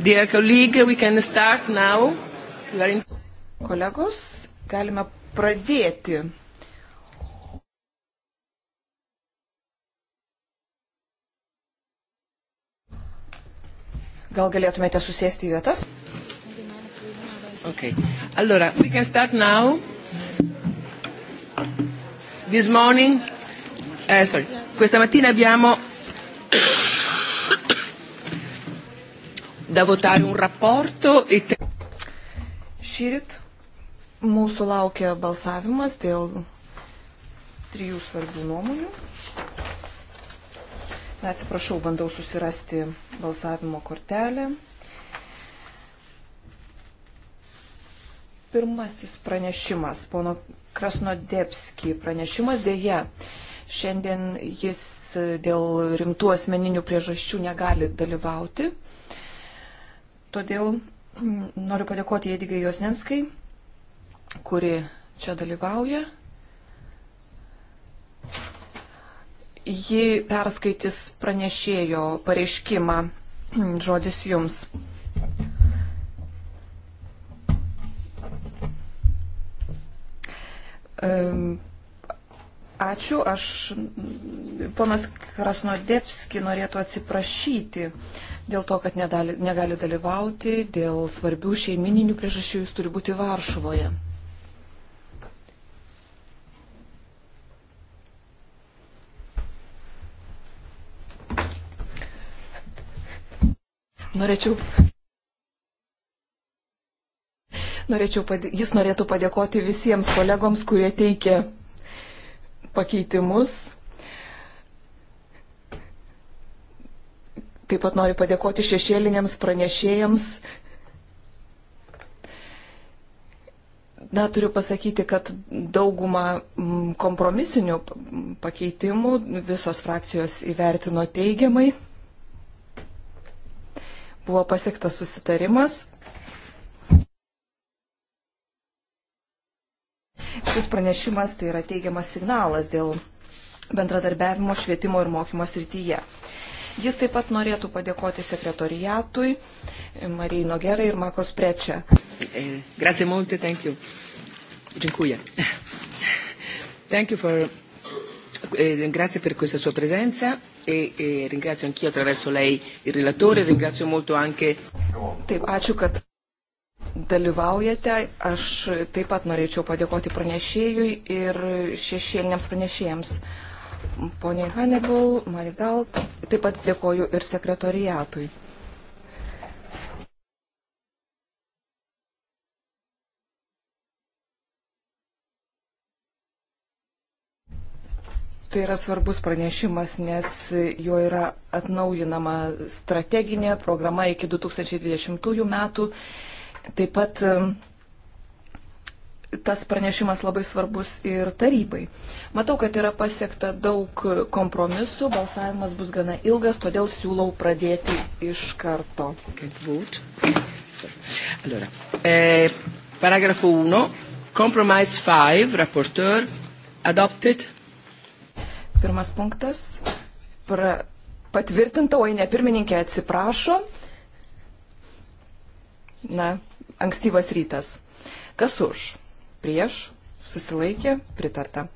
Dear colleague, we can start now. You are in... Kolegos, galime pradėti. Gal galėtumėte susėsti į vietas? Okay. Allora, we can start now. This morning, eh, sorry, questa mattina abbiamo da votare un rapporto. E Šįryt mūsų laukia balsavimas dėl trijų svarbių nuomonių. Na, atsiprašau, bandau susirasti balsavimo kortelę. Pirmasis pranešimas, pono Krasnodepski pranešimas, dėje. Šiandien jis dėl rimtų asmeninių priežasčių negali dalyvauti. Todėl mm, noriu padėkoti Jedigai Josnenskai, kuri čia dalyvauja. Ji perskaitys pranešėjo pareiškimą. Mm, žodis jums. Um, Ačiū. Aš ponas Krasnodepski norėtų atsiprašyti dėl to, kad nedali, negali dalyvauti, dėl svarbių šeimininių priežasčių jis turi būti Varšuvoje. Norėčiau. Norėčiau, jis norėtų padėkoti visiems kolegoms, kurie teikia pakeitimus. Taip pat noriu padėkoti šešėliniams pranešėjams. Na, turiu pasakyti, kad daugumą kompromisinių pakeitimų visos frakcijos įvertino teigiamai. Buvo pasiektas susitarimas Šis pranešimas tai yra teigiamas signalas dėl bendradarbiavimo švietimo ir mokymo srityje. Jis taip pat norėtų padėkoti sekretoriatui Marijai Nogerai ir Makos Prečia. Eh, grazie molte, thank you. Dziękuję. Thank you for, eh, grazie per questa sua presenza e, e ringrazio anch'io attraverso lei il relatore, ringrazio molto anche. Taip, ačiū, kad dalyvaujate. Aš taip pat norėčiau padėkoti pranešėjui ir šešėliniams pranešėjams. Pone Hannibal, Marigal, taip pat dėkoju ir sekretoriatui. Tai yra svarbus pranešimas, nes jo yra atnaujinama strateginė programa iki 2020 metų Taip pat tas pranešimas labai svarbus ir tarybai. Matau, kad yra pasiekta daug kompromisų, balsavimas bus gana ilgas, todėl siūlau pradėti iš karto. Allora, eh, paragrafo 1, compromise 5, rapporteur, adopted. Pirmas punktas, pra, patvirtinta, oi ne pirmininkė atsiprašo. Na, ankstyvas rytas. Kas už? Prieš, susilaikė, pritarta.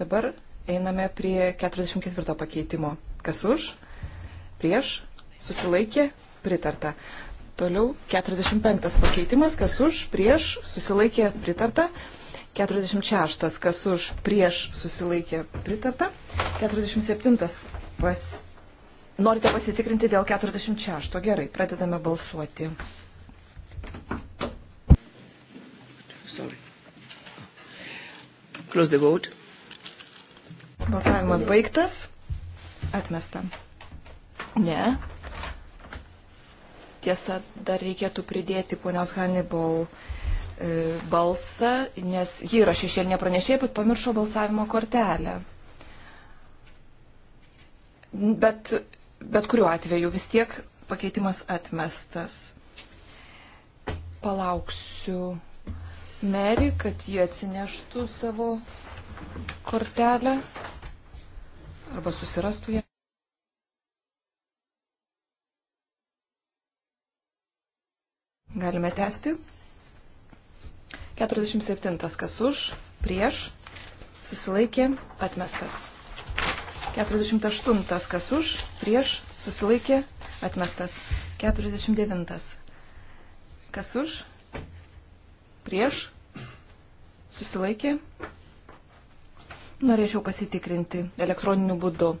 Dabar einame prie 44 pakeitimo. Kas už? Prieš, susilaikė, pritarta. Toliau 45 pakeitimas, kas už, prieš, susilaikė, pritarta. 46, kas už, prieš, susilaikė, pritarta. 47, pas... norite pasitikrinti dėl 46, gerai, pradedame balsuoti. Sorry. Close the vote. Balsavimas baigtas. Atmesta. Ne. Tiesa, dar reikėtų pridėti ponios Hannibal e, balsą, nes ji yra šešėlinė pranešėja, bet pamiršo balsavimo kortelę. Bet, bet kuriuo atveju vis tiek pakeitimas atmestas. Palauksiu Meri, kad jie atsineštų savo kortelę arba susirastų ją. Galime tęsti. 47. Kas už, prieš, susilaikė, atmestas. 48. Kas už, prieš, susilaikė, atmestas. 49. Kas už, prieš, susilaikė. Norėčiau pasitikrinti elektroniniu būdu.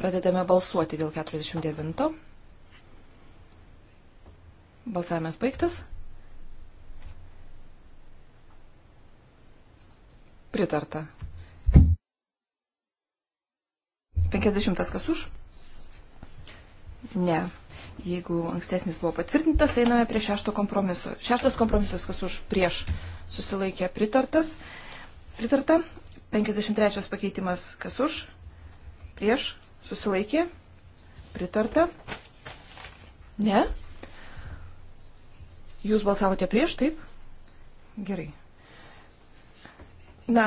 Pradedame balsuoti dėl 49. Balsavimas baigtas. Pritarta. 50 kas už? Ne. Jeigu ankstesnis buvo patvirtintas, einame prie šešto kompromiso. Šeštas kompromisas, kas už prieš susilaikė pritartas. Pritarta. 53 pakeitimas, kas už prieš susilaikė pritarta. Ne? Jūs balsavote prieš, taip? Gerai. Na,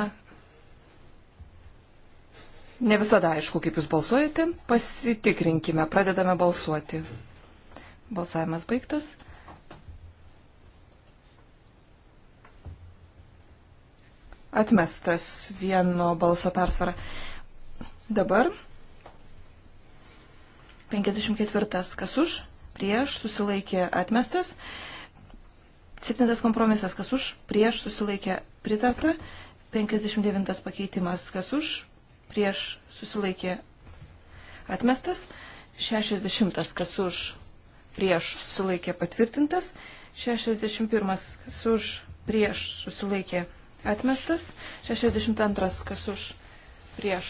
ne visada aišku, kaip jūs balsuojate. Pasitikrinkime, pradedame balsuoti. Balsavimas baigtas. Atmestas vieno balso persvara. Dabar 54. Kas už? Prieš susilaikė atmestas. 7. Kompromisas. Kas už? Prieš susilaikė pritarta. 59. Pakeitimas. Kas už? Prieš susilaikė atmestas. 60. Kas už? prieš susilaikė patvirtintas, 61 kas už prieš susilaikė atmestas, 62 kas už prieš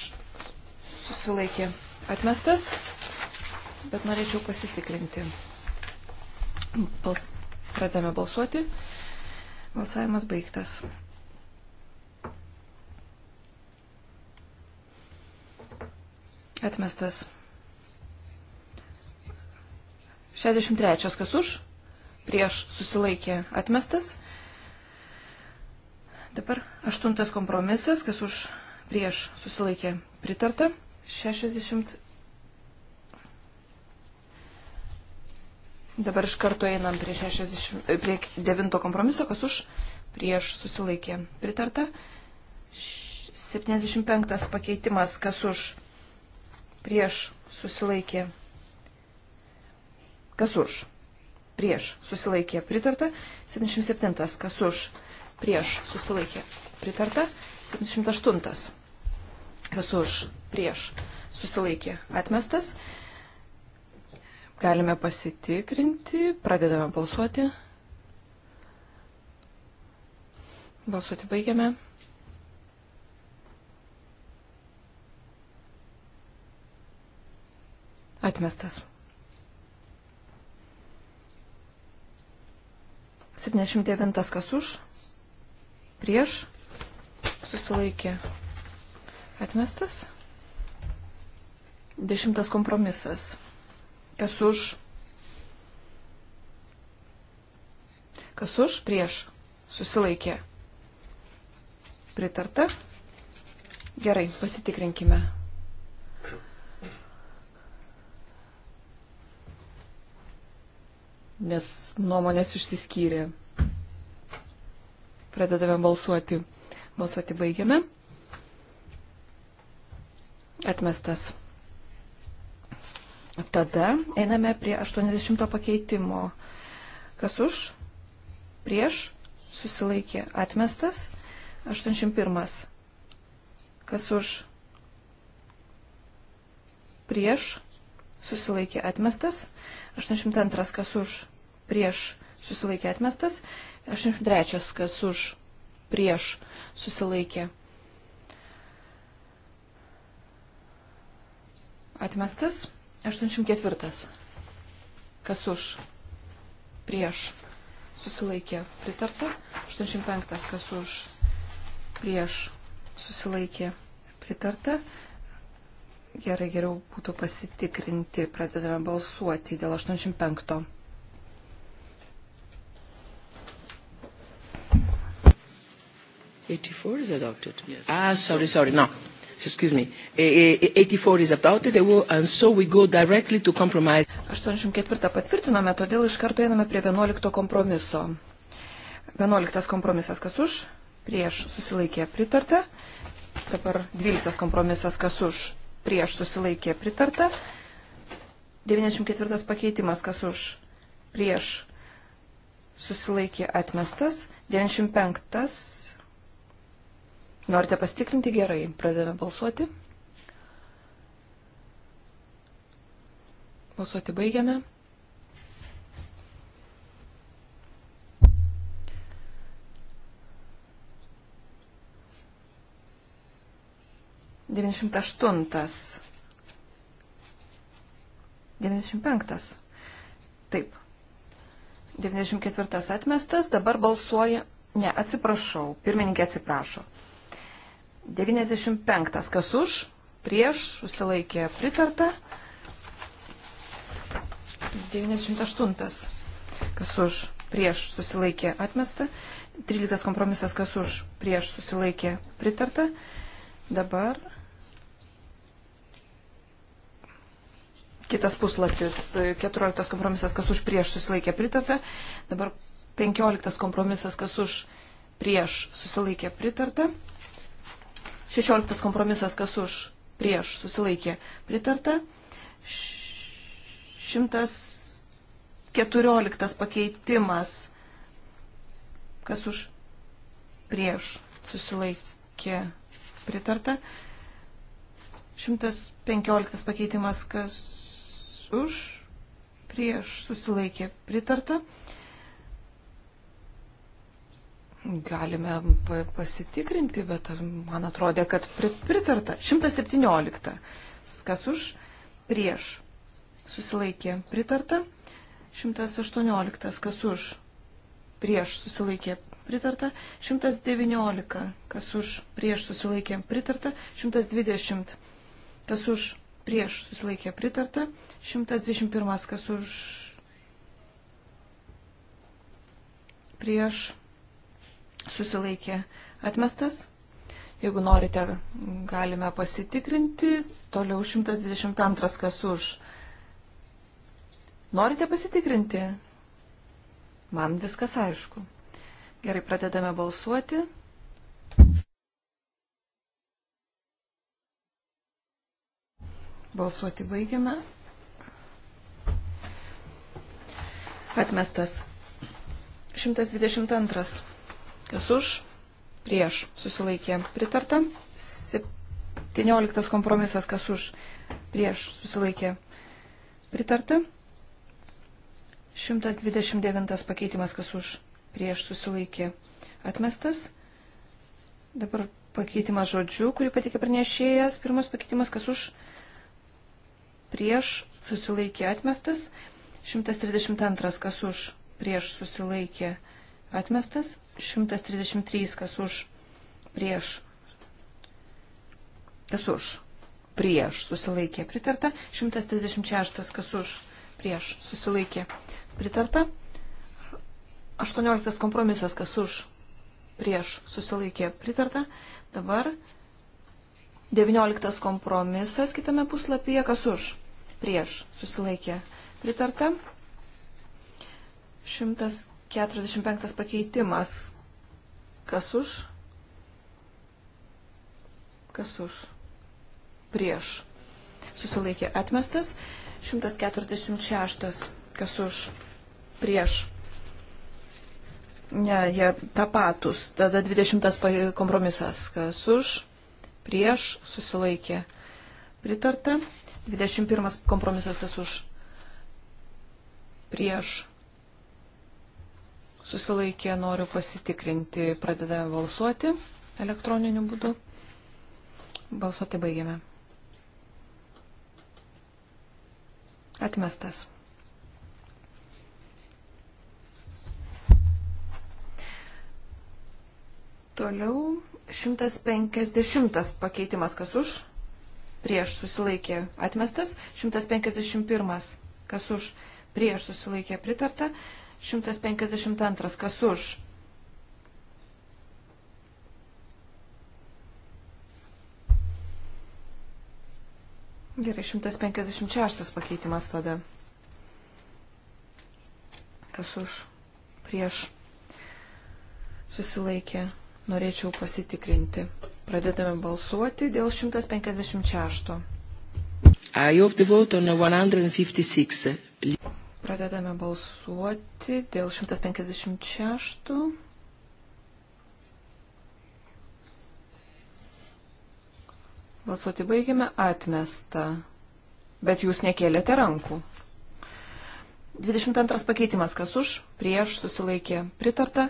susilaikė atmestas, bet norėčiau pasitikrinti. Bals, pradame balsuoti. Balsavimas baigtas. Atmestas. 63. Kas už? Prieš susilaikė atmestas. Dabar 8. Kompromisas. Kas už? Prieš susilaikė pritarta. 60. Dabar iš karto einam prie, 60, e, prie 9 kompromiso, kas už prieš susilaikė pritarta. 75 pakeitimas, kas už prieš susilaikė pritarta Kas už? Prieš susilaikė pritarta. 77. Kas už? Prieš susilaikė pritarta. 78. Kas už? Prieš susilaikė atmestas. Galime pasitikrinti. Pradedame balsuoti. Balsuoti baigiame. Atmestas. 79 kas už, prieš, susilaikė atmestas. 10 kompromisas, kas už, kas už, prieš, susilaikė pritarta. Gerai, pasitikrinkime. nes nuomonės išsiskyrė. Pradedame balsuoti. Balsuoti baigiame. Atmestas. Tada einame prie 80 pakeitimo. Kas už? Prieš? Susilaikė. Atmestas. 81. Kas už? Prieš? Susilaikė. Atmestas. 82. Kas už? prieš susilaikė atmestas, 83 kas už prieš susilaikė atmestas, 84 kas už prieš susilaikė pritarta, 85 kas už prieš susilaikė pritarta. Gerai, geriau būtų pasitikrinti, pradedame balsuoti dėl 85. 84 is adopted. Yes. Ah, sorry, sorry. No. Excuse me. 84 is adopted, and so we go directly to compromise. 84 patvirtinome, todėl iš karto einame prie 11 kompromiso. 11 kompromisas kas už, prieš susilaikė pritarta. Dabar 12 kompromisas kas už, prieš susilaikė pritarta. 94 pakeitimas kas už, prieš susilaikė atmestas. 95 Norite pasitikrinti gerai. Pradedame balsuoti. Balsuoti baigiame. Devinšimtas aštuntas. Devinšimt penktas. Taip. 94 atmestas, dabar balsuoja, ne, atsiprašau, pirmininkė atsiprašo. 95. Kas už? Prieš susilaikė pritarta. 98. Kas už? Prieš susilaikė atmesta. 13 kompromisas. Kas už? Prieš susilaikė pritarta. Dabar kitas puslapis. 14 kompromisas. Kas už? Prieš susilaikė pritarta. Dabar 15 kompromisas. Kas už? Prieš susilaikė pritarta. 16 kompromisas, kas už, prieš, susilaikė, pritarta. 114 pakeitimas, kas už, prieš, susilaikė, pritarta. 115 pakeitimas, kas už, prieš, susilaikė, pritarta. Galime pasitikrinti, bet man atrodė, kad pritarta. 117. Kas už? Prieš. Susilaikė. Pritarta. 118. Kas už? Prieš. Susilaikė. Pritarta. 119. Kas už? Prieš. Susilaikė. Pritarta. 120. Kas už? Prieš. Susilaikė. Pritarta. 121. Kas už? Prieš susilaikė atmestas. Jeigu norite, galime pasitikrinti. Toliau 122 kas už. Norite pasitikrinti? Man viskas aišku. Gerai, pradedame balsuoti. Balsuoti baigiame. Atmestas. 122. Kas už? Prieš. Susilaikė. Pritarta. 17 kompromisas. Kas už? Prieš. Susilaikė. Pritarta. 129 pakeitimas. Kas už? Prieš. Susilaikė. Atmestas. Dabar pakeitimas žodžių, kurį patikė pranešėjas. Pirmas pakeitimas, kas už prieš susilaikė atmestas. 132, kas už prieš susilaikė atmestas. 133, kas už, prieš, kas už, prieš, susilaikė, pritarta. 136, kas už, prieš, susilaikė, pritarta. 18 kompromisas, kas už, prieš, susilaikė, pritarta. Dabar 19 kompromisas kitame puslapyje, kas už, prieš, susilaikė, pritarta. 100. 45 pakeitimas. Kas už? Kas už? Prieš. Susilaikė atmestas. 146. Kas už? Prieš. Ne, jie tapatus. Tada 20 kompromisas. Kas už? Prieš. Susilaikė. Pritarta. 21 kompromisas. Kas už? Prieš susilaikė, noriu pasitikrinti, pradedame balsuoti elektroniniu būdu. Balsuoti baigiame. Atmestas. Toliau 150 pakeitimas, kas už, prieš susilaikė atmestas, 151 kas už, prieš susilaikė pritarta, 152. Kas už? Gerai, 156 pakeitimas tada. Kas už? Prieš. Susilaikė. Norėčiau pasitikrinti. Pradedame balsuoti dėl 156. I hope the vote on 156. Pradedame balsuoti dėl 156. Balsuoti baigėme atmestą, bet jūs nekėlėte rankų. 22 pakeitimas, kas už, prieš, susilaikė, pritarta.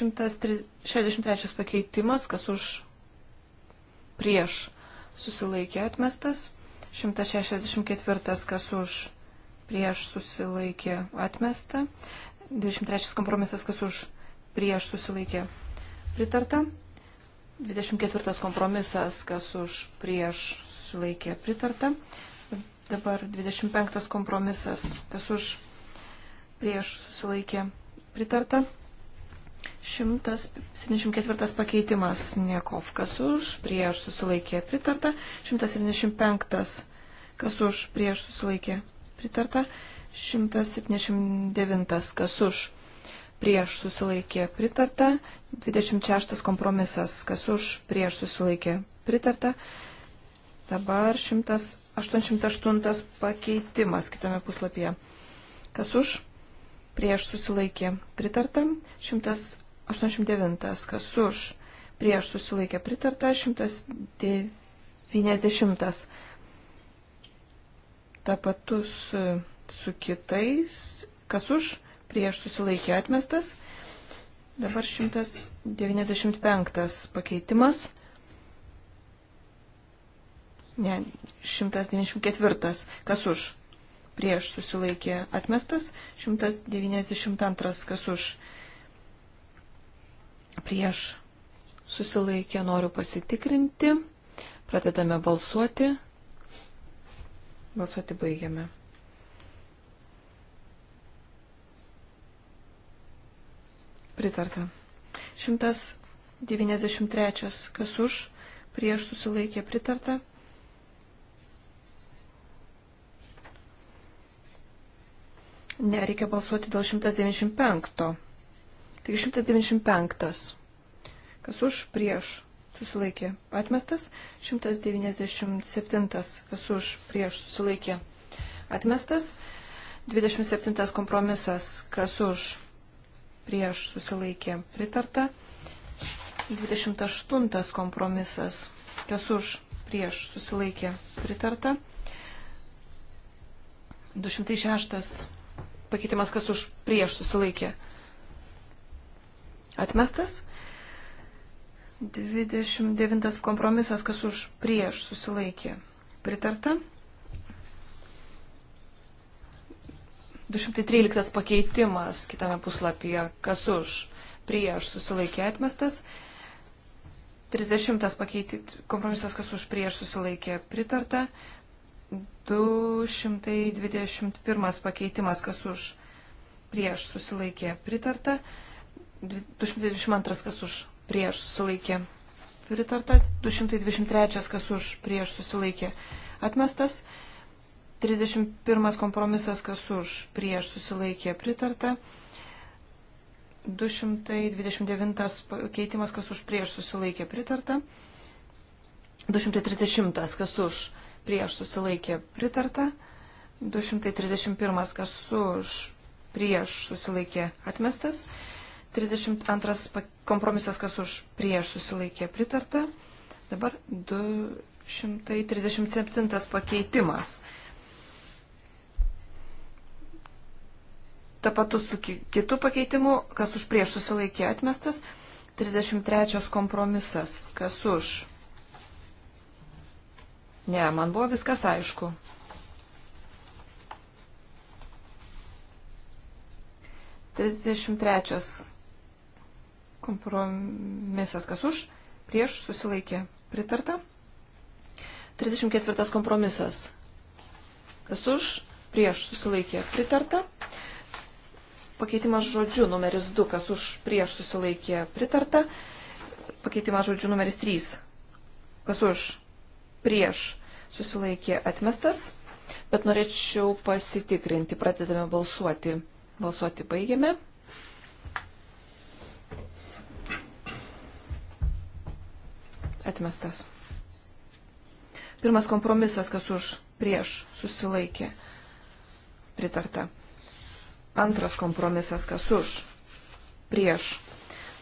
163 pakeitimas, kas už, prieš, susilaikė, atmestas. 164, kas už, prieš susilaikė atmesta. 23 kompromisas, kas už prieš susilaikė pritarta. 24 kompromisas, kas už prieš susilaikė pritarta. Dabar 25 kompromisas, kas už prieš susilaikė pritarta. 174 pakeitimas Nekov, kas už, prieš susilaikė pritarta. 175, kas už, prieš susilaikė pritarta pritarta. 179 kas už prieš susilaikė pritarta. 26 kompromisas kas už prieš susilaikė pritarta. Dabar 188 pakeitimas kitame puslapyje. Kas už prieš susilaikė pritarta. 189 kas už prieš susilaikė pritarta. 190 tapatus su kitais, kas už, prieš susilaikė atmestas. Dabar 195 pakeitimas. Ne, 194. Kas už? Prieš susilaikė atmestas. 192. Kas už? Prieš susilaikė noriu pasitikrinti. Pradedame balsuoti. Balsuoti baigiame. Pritarta. 193. Kas už? Prieš susilaikė pritarta. Ne, reikia balsuoti dėl 195. Taigi 195. Kas už? Prieš susilaikė atmestas, 197 kas už prieš susilaikė atmestas, 27 kompromisas kas už prieš susilaikė pritarta, 28 kompromisas kas už prieš susilaikė pritarta, 206 pakeitimas kas už prieš susilaikė atmestas, 207 29 kompromisas, kas už prieš susilaikė. Pritarta. 213 pakeitimas kitame puslapyje, kas už prieš susilaikė atmestas. 30 pakeiti, kompromisas, kas už prieš susilaikė pritarta. 221 pakeitimas, kas už prieš susilaikė pritarta. 222 kas už prieš susilaikė. Pritarta 223, kas už prieš susilaikė. Atmestas 31 kompromisas, kas už prieš susilaikė. Pritarta 229 keitimas, kas už prieš susilaikė. Pritarta 230, kas už prieš susilaikė. Pritarta 231, kas už prieš susilaikė. Atmestas 32 kompromisas, kas už prieš susilaikė pritarta. Dabar 237 pakeitimas. Tapatus su kitu pakeitimu, kas už prieš susilaikė atmestas. 33 kompromisas, kas už. Ne, man buvo viskas aišku. Trisdešimt trečias Kompromisas kas už, prieš susilaikė pritarta. 34 kompromisas kas už, prieš susilaikė pritarta. Pakeitimas žodžiu numeris 2, kas už, prieš susilaikė pritarta. Pakeitimas žodžiu numeris 3, kas už, prieš susilaikė atmestas. Bet norėčiau pasitikrinti, pradedame balsuoti. Balsuoti baigiame. Atmestas. Pirmas kompromisas, kas už prieš susilaikė. Pritarta. Antras kompromisas, kas už prieš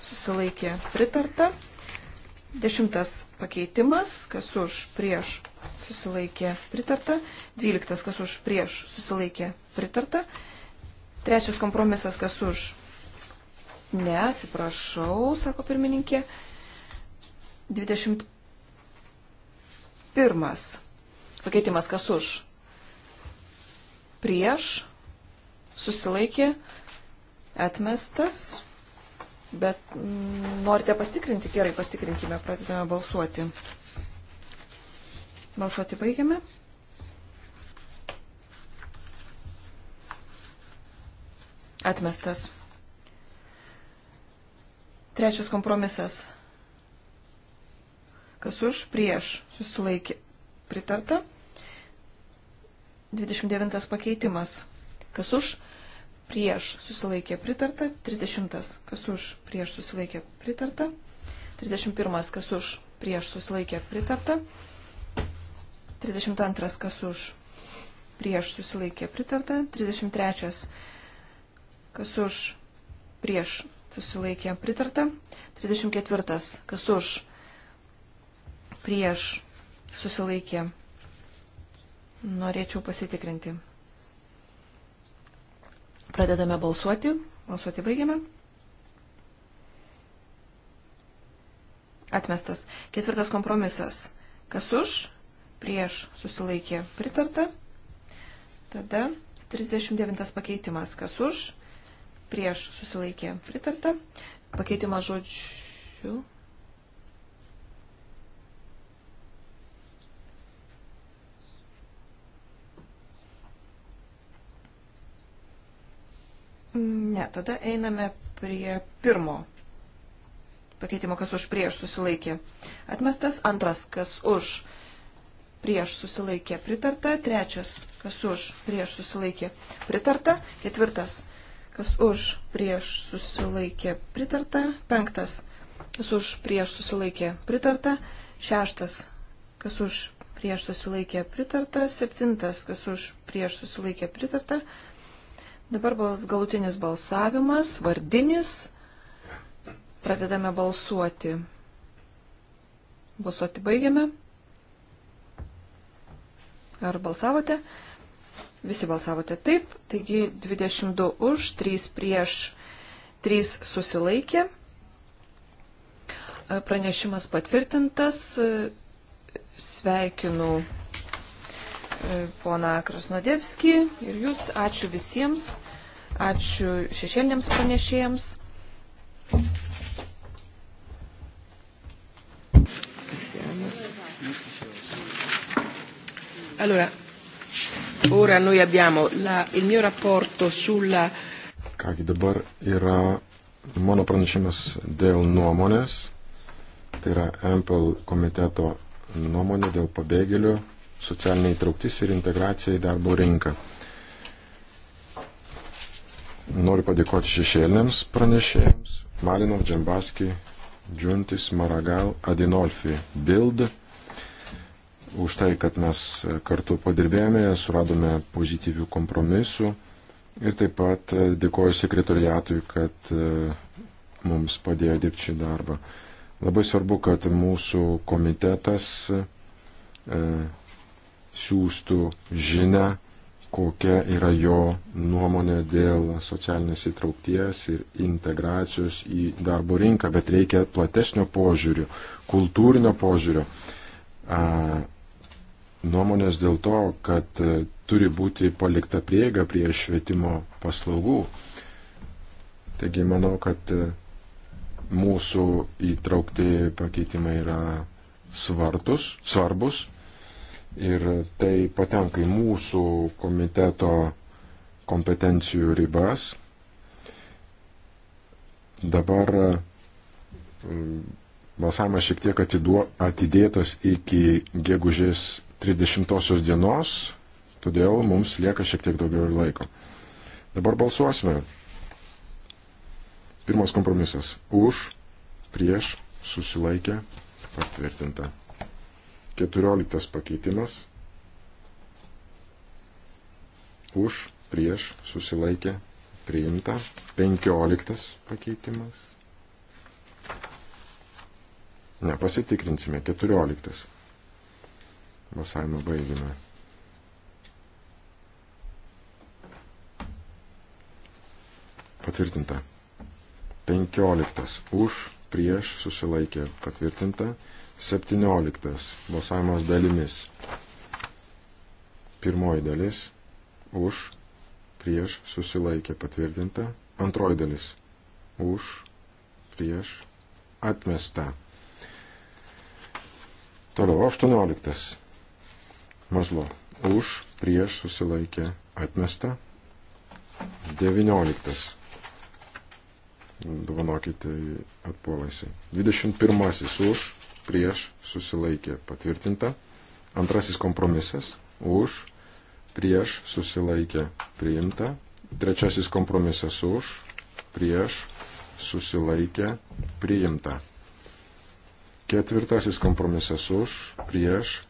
susilaikė. Pritarta. Dešimtas pakeitimas, kas už prieš susilaikė. Pritarta. Dvyliktas, kas už prieš susilaikė. Pritarta. Trečias kompromisas, kas už. Ne, atsiprašau, sako pirmininkė. 21. Pakeitimas kas už? Prieš susilaikė atmestas, bet mm, norite pastikrinti, gerai pastikrinkime, pradedame balsuoti. Balsuoti baigiame. Atmestas. Trečias kompromisas. Kas už, prieš, susilaikė, pritarta. 29 pakeitimas. Kas už, prieš, susilaikė, pritarta. 30. Kas už, prieš, susilaikė, pritarta. 31. Kas už, prieš, susilaikė, pritarta. 32. Kas už, prieš, susilaikė, pritarta. 33. Kas už, prieš, susilaikė, pritarta. 34. Kas už, prieš susilaikė. Norėčiau pasitikrinti. Pradedame balsuoti. Balsuoti baigiame. Atmestas. Ketvirtas kompromisas. Kas už, prieš susilaikė pritarta. Tada 39 pakeitimas. Kas už, prieš susilaikė pritarta. Pakeitimas žodžiu Ne, tada einame prie pirmo pakeitimo, kas už prieš susilaikė. Atmestas antras, kas už prieš susilaikė pritarta, trečias, kas už prieš susilaikė pritarta, ketvirtas, kas už prieš susilaikė pritarta, penktas, kas už prieš susilaikė pritarta, šeštas, kas už prieš susilaikė pritarta, septintas, kas už prieš susilaikė pritarta, Dabar galutinis balsavimas, vardinis. Pradedame balsuoti. Balsuoti baigiame. Ar balsavote? Visi balsavote taip. Taigi 22 už, 3 prieš, 3 susilaikė. Pranešimas patvirtintas. Sveikinu E, pona Krasnodėpski ir jūs. Ačiū visiems. Ačiū šešėliniams pranešėjams. Allora, ora noi abbiamo la, il mio rapporto sulla. Kągi dabar yra mano pranešimas dėl nuomonės, tai yra Ample komiteto nuomonė dėl pabėgėlių socialinė įtrauktis ir integracija į darbo rinką. Noriu padėkoti šešėlėms pranešėjams Malinov, Džambaski, Džuntis, Maragal, Adinolfi, Bild už tai, kad mes kartu padirbėjome, suradome pozityvių kompromisų ir taip pat e, dėkoju sekretoriatui, kad e, mums padėjo dirbti šį darbą. Labai svarbu, kad mūsų komitetas e, siūstų žinę, kokia yra jo nuomonė dėl socialinės įtraukties ir integracijos į darbo rinką, bet reikia platesnio požiūrių, kultūrinio požiūrio. A, nuomonės dėl to, kad e, turi būti palikta prieiga prie švietimo paslaugų. Taigi manau, kad e, mūsų įtraukti pakeitimai yra svartus, svarbus ir tai patenka į mūsų komiteto kompetencijų ribas. Dabar mm, balsavimas šiek tiek atiduo, atidėtas iki gegužės 30 dienos, todėl mums lieka šiek tiek daugiau ir laiko. Dabar balsuosime. Pirmas kompromisas. Už, prieš, susilaikę, patvirtinta. Keturioliktas pakeitimas. Už, prieš, susilaikė, priimta. Penkioliktas pakeitimas. Nepasitikrinsime. Keturioliktas. Vasavimą baigime. Patvirtinta. Penkioliktas. Už, prieš susilaikė patvirtinta. 17. Balsavimas dalimis. Pirmoji dalis už prieš susilaikė patvirtinta. Antroji dalis už prieš atmesta. Toliau 18. Mazlo už prieš susilaikė atmesta. 19 dovanokite atpuolaisiai. 21 už, prieš, susilaikė, patvirtinta. Antrasis kompromisas už, prieš, susilaikė, priimta. Trečiasis kompromisas už, prieš, susilaikė, priimta. Ketvirtasis kompromisas už, prieš,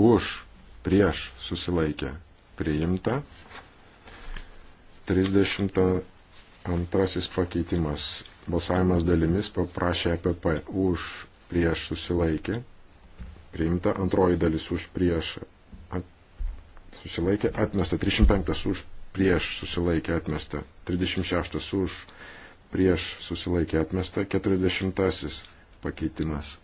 už, prieš, susilaikė, priimta. 30 Antrasis pakeitimas. Balsavimas dalimis paprašė EPP už prieš susilaikė. Priimta antroji dalis už prieš at, susilaikė atmesta. 35 už prieš susilaikė atmesta. 36 už prieš susilaikė atmesta. 40 pakeitimas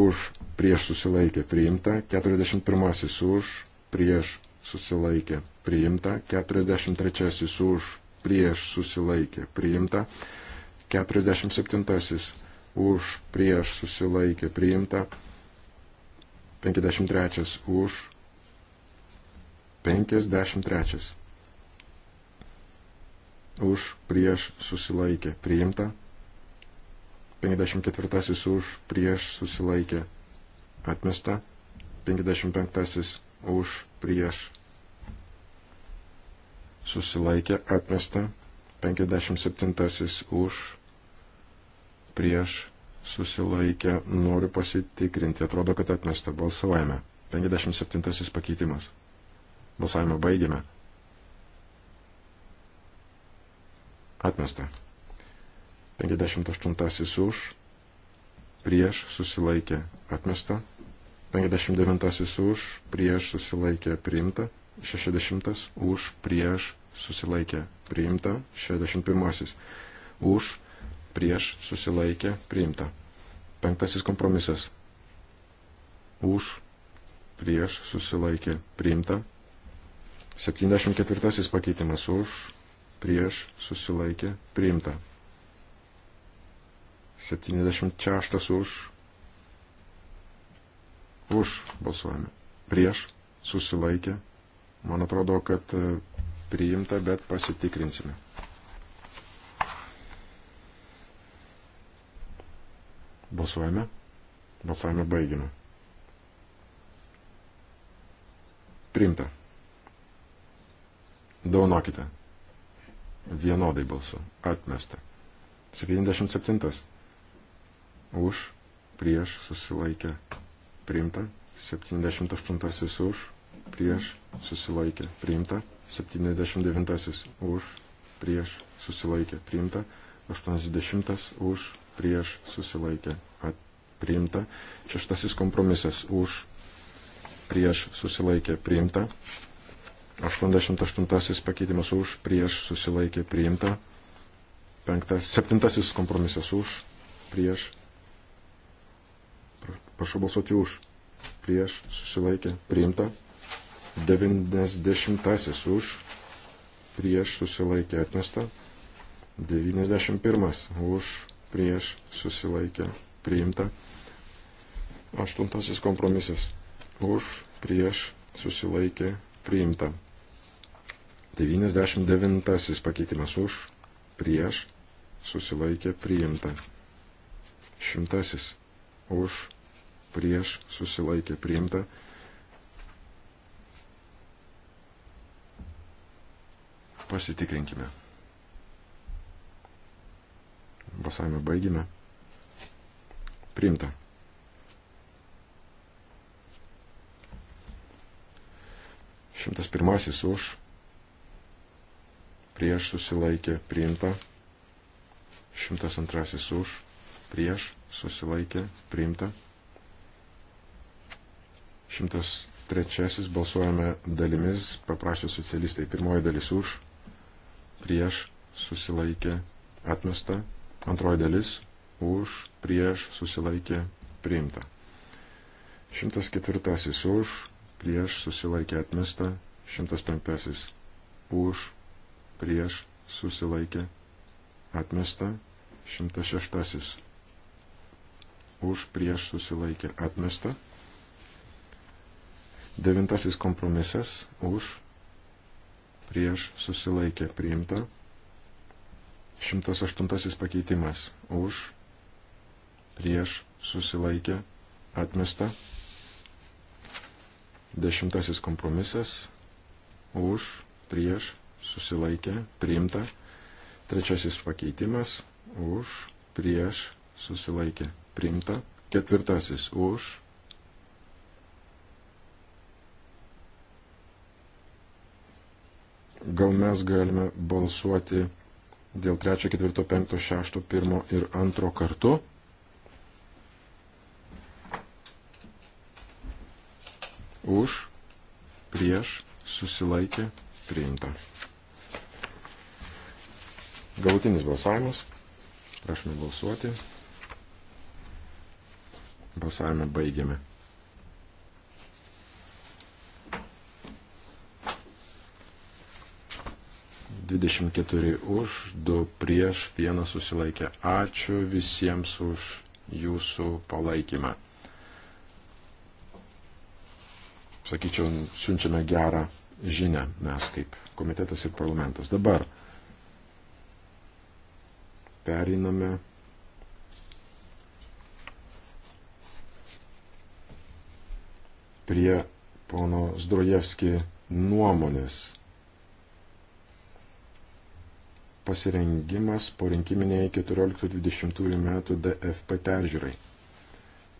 už prieš susilaikė priimta, 41 už prieš susilaikė priimta, 43 už prieš susilaikė priimta, 47 už prieš susilaikė priimta, 53 už 53 už prieš susilaikė priimta, 54 už prieš susilaikė atmesta, 55 už prieš susilaikė atmesta, 57 už prieš susilaikė, noriu pasitikrinti, atrodo, kad atmesta, balsavime, 57 pakeitimas, balsavimą baigėme, atmesta, 58 už prieš susilaikė, atmesta, 59 už, prieš susilaikė priimta, 60 už, prieš susilaikė priimta, 61 už, prieš susilaikė priimta. Penktasis kompromisas. Už, prieš susilaikė priimta. 74 pakeitimas už, prieš susilaikė priimta. 76 už, Už balsuojame. Prieš susilaikė. Man atrodo, kad e, priimta, bet pasitikrinsime. Balsuojame. Balsavimą baigime. Priimta. Daunokite. Vienodai balsu. Atmesta. 77. Už, prieš, susilaikę, priimta, 78 už, prieš, susilaikė, priimta, 79 už, prieš, susilaikė, priimta, 80 už, prieš, susilaikė, at, priimta, šeštasis kompromisas už, prieš, susilaikė, priimta, 88 pakeitimas už, prieš, susilaikė, priimta, penktas, septintasis kompromisas už, prieš, Prašau balsuoti už. Prieš susilaikė priimta. 90 už. Prieš susilaikė atmesta. 91 už. Prieš susilaikė priimta. Aštuntasis kompromisas. Už, prieš, susilaikė, priimta. 99 pakeitimas už, prieš, susilaikė, priimta. Šimtasis. Už, prieš susilaikė priimta. Pasitikrinkime. Balsavimą baigime. Priimta. Šimtas pirmasis už. Prieš susilaikė priimta. Šimtas antrasis už. Prieš susilaikė priimta. 103 balsuojame dalimis, paprašė socialistai. Pirmoji dalis už, prieš, susilaikė, atmesta. Antroji dalis už, prieš, susilaikė, priimta. 104 už, prieš, susilaikė, atmesta. 105 už, prieš, susilaikė, atmesta. 106 už, prieš, susilaikė, atmesta. Devintasis kompromisas už, prieš susilaikė priimta. 108 pakeitimas už, prieš susilaikė atmesta. Dešimtasis kompromisas už, prieš susilaikė priimta. Trečiasis pakeitimas už, prieš susilaikė priimta. Ketvirtasis už, gal mes galime balsuoti dėl 3, 4, 5, 6, 1 ir 2 kartu. Už, prieš, susilaikė, priimta. Galutinis balsavimas. Prašome balsuoti. Balsavimą baigiame. 24 už, 2 prieš, 1 susilaikė. Ačiū visiems už jūsų palaikymą. Sakyčiau, siunčiame gerą žinę mes kaip komitetas ir parlamentas. Dabar periname prie pono Zdrojevski nuomonės pasirengimas po rinkiminiai 14-20 metų DFP peržiūrai.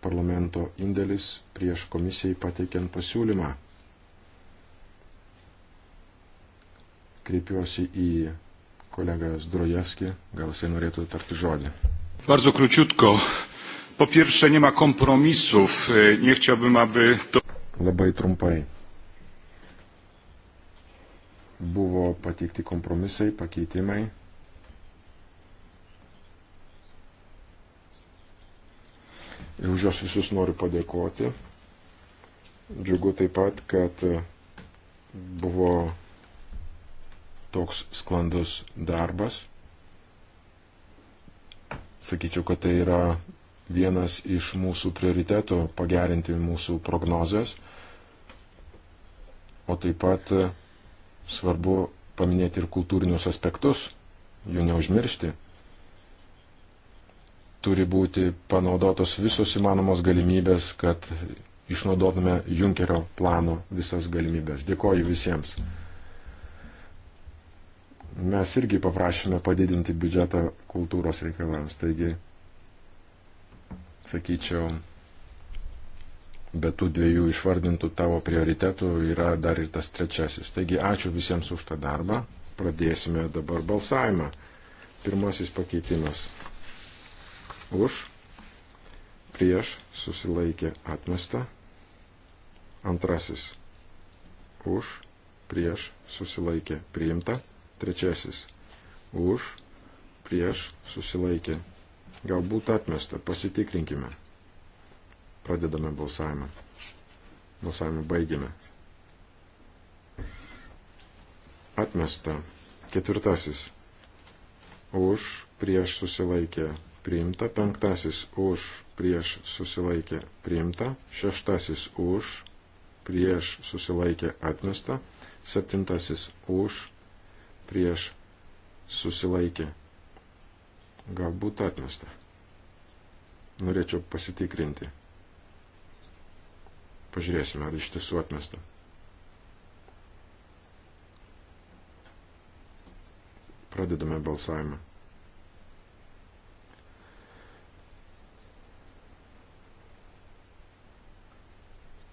Parlamento indėlis prieš komisijai pateikiant pasiūlymą. Kreipiuosi į kolegą Zdrojewski, gal jisai norėtų tarti žodį. Bardzo króciutko. Po pierwsze, nie ma kompromisów. Nie chciałbym, aby to. Labai trumpai. Buvo pateikti kompromisai, pakeitimai. Už juos visus noriu padėkoti. Džiugu taip pat, kad buvo toks sklandus darbas. Sakyčiau, kad tai yra vienas iš mūsų prioritetų pagerinti mūsų prognozes. O taip pat svarbu paminėti ir kultūrinius aspektus, jų neužmiršti turi būti panaudotos visos įmanomos galimybės, kad išnaudotume Junkerio plano visas galimybės. Dėkoju visiems. Mes irgi paprašėme padidinti biudžetą kultūros reikalams. Taigi, sakyčiau, be tų dviejų išvardintų tavo prioritetų yra dar ir tas trečiasis. Taigi, ačiū visiems už tą darbą. Pradėsime dabar balsavimą. Pirmasis pakeitimas už, prieš susilaikė atmesta, antrasis už, prieš susilaikė priimta, trečiasis už, prieš susilaikė. Galbūt atmesta, pasitikrinkime. Pradedame balsavimą. Balsavimą baigiame. Atmesta. Ketvirtasis. Už prieš susilaikė priimta, penktasis už, prieš susilaikė priimta, šeštasis už, prieš susilaikė atmesta, septintasis už, prieš susilaikė galbūt atmesta. Norėčiau pasitikrinti. Pažiūrėsime, ar iš tiesų atmesta. Pradedame balsavimą.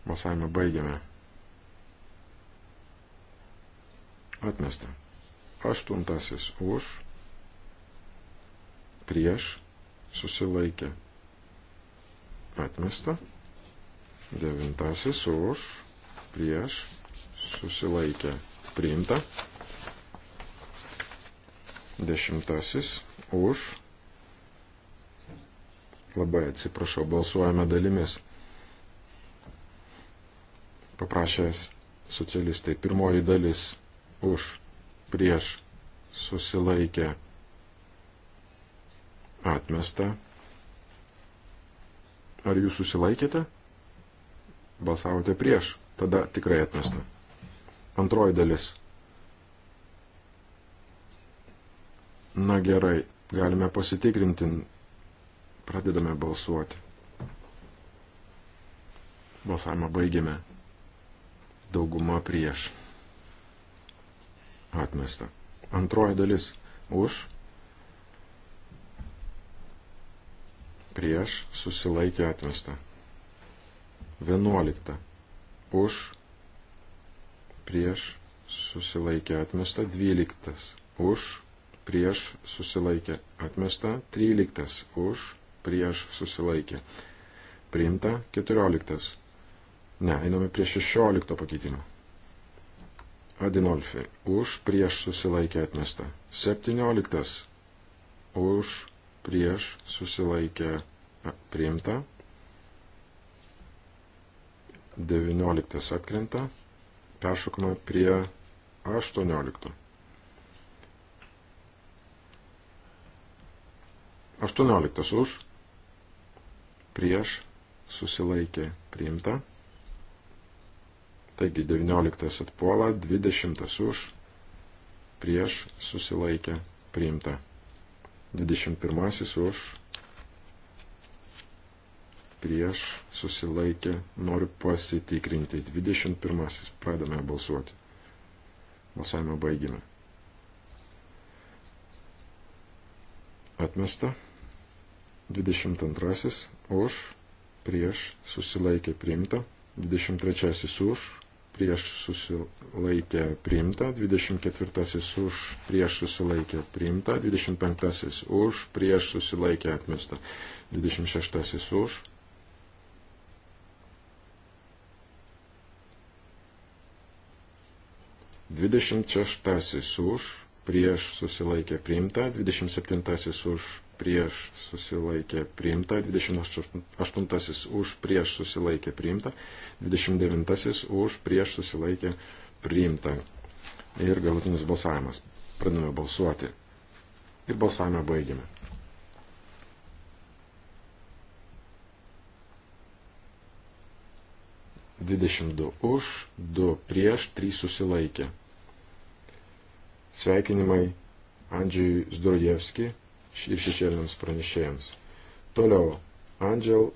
Balsavimą baigiame. Atmesta. Aštuntasis už, prieš, susilaikė. Atmesta. Devintasis už, prieš, susilaikė. Priimta. Dešimtasis už. Labai atsiprašau, balsuojame dalimis paprašęs socialistai. Pirmoji dalis už, prieš, susilaikę, atmesta. Ar jūs susilaikėte? Balsavote prieš, tada tikrai atmesta. Antroji dalis. Na gerai, galime pasitikrinti, pradedame balsuoti. Balsavimą baigiame dauguma prieš. Atmesta. Antroji dalis už, prieš, susilaikė atmesta. Vienuolikta. Už, prieš, susilaikė atmesta. Dvyliktas. Už, prieš, susilaikė atmesta. Tryliktas. Už, prieš, susilaikė. Priimta. Keturioliktas Ne, einame prie 16 pakeitimo. Adinolfi. Už prieš susilaikė atmesta. 17. Už prieš susilaikė priimta. 19 atkrenta. Peršokama prie 18. 18 už prieš susilaikė priimta. Taigi 19 atpuola, 20 už, prieš susilaikę priimta. 21 už, prieš susilaikę, noriu pasitikrinti. 21 pradame balsuoti. Balsavimą baigime. Atmesta. 22 už, prieš susilaikė priimta. 23 už, prieš susilaikę priimta, 24 už prieš susilaikę priimta, 25 už prieš susilaikę atmesta, 26 už. Dvidešimt šeštasis už, prieš susilaikę priimta, dvidešimt septintasis už, prieš susilaikė priimta, 28 už prieš susilaikė priimta, 29 už prieš susilaikė priimta. Ir galutinis balsavimas. Pradėjome balsuoti. Ir balsavimą baigėme. Dvidešimt du už, du prieš, trys susilaikė. Sveikinimai Andžiui Zdorjevski ir šešėliniams pranešėjams. Toliau, Andžel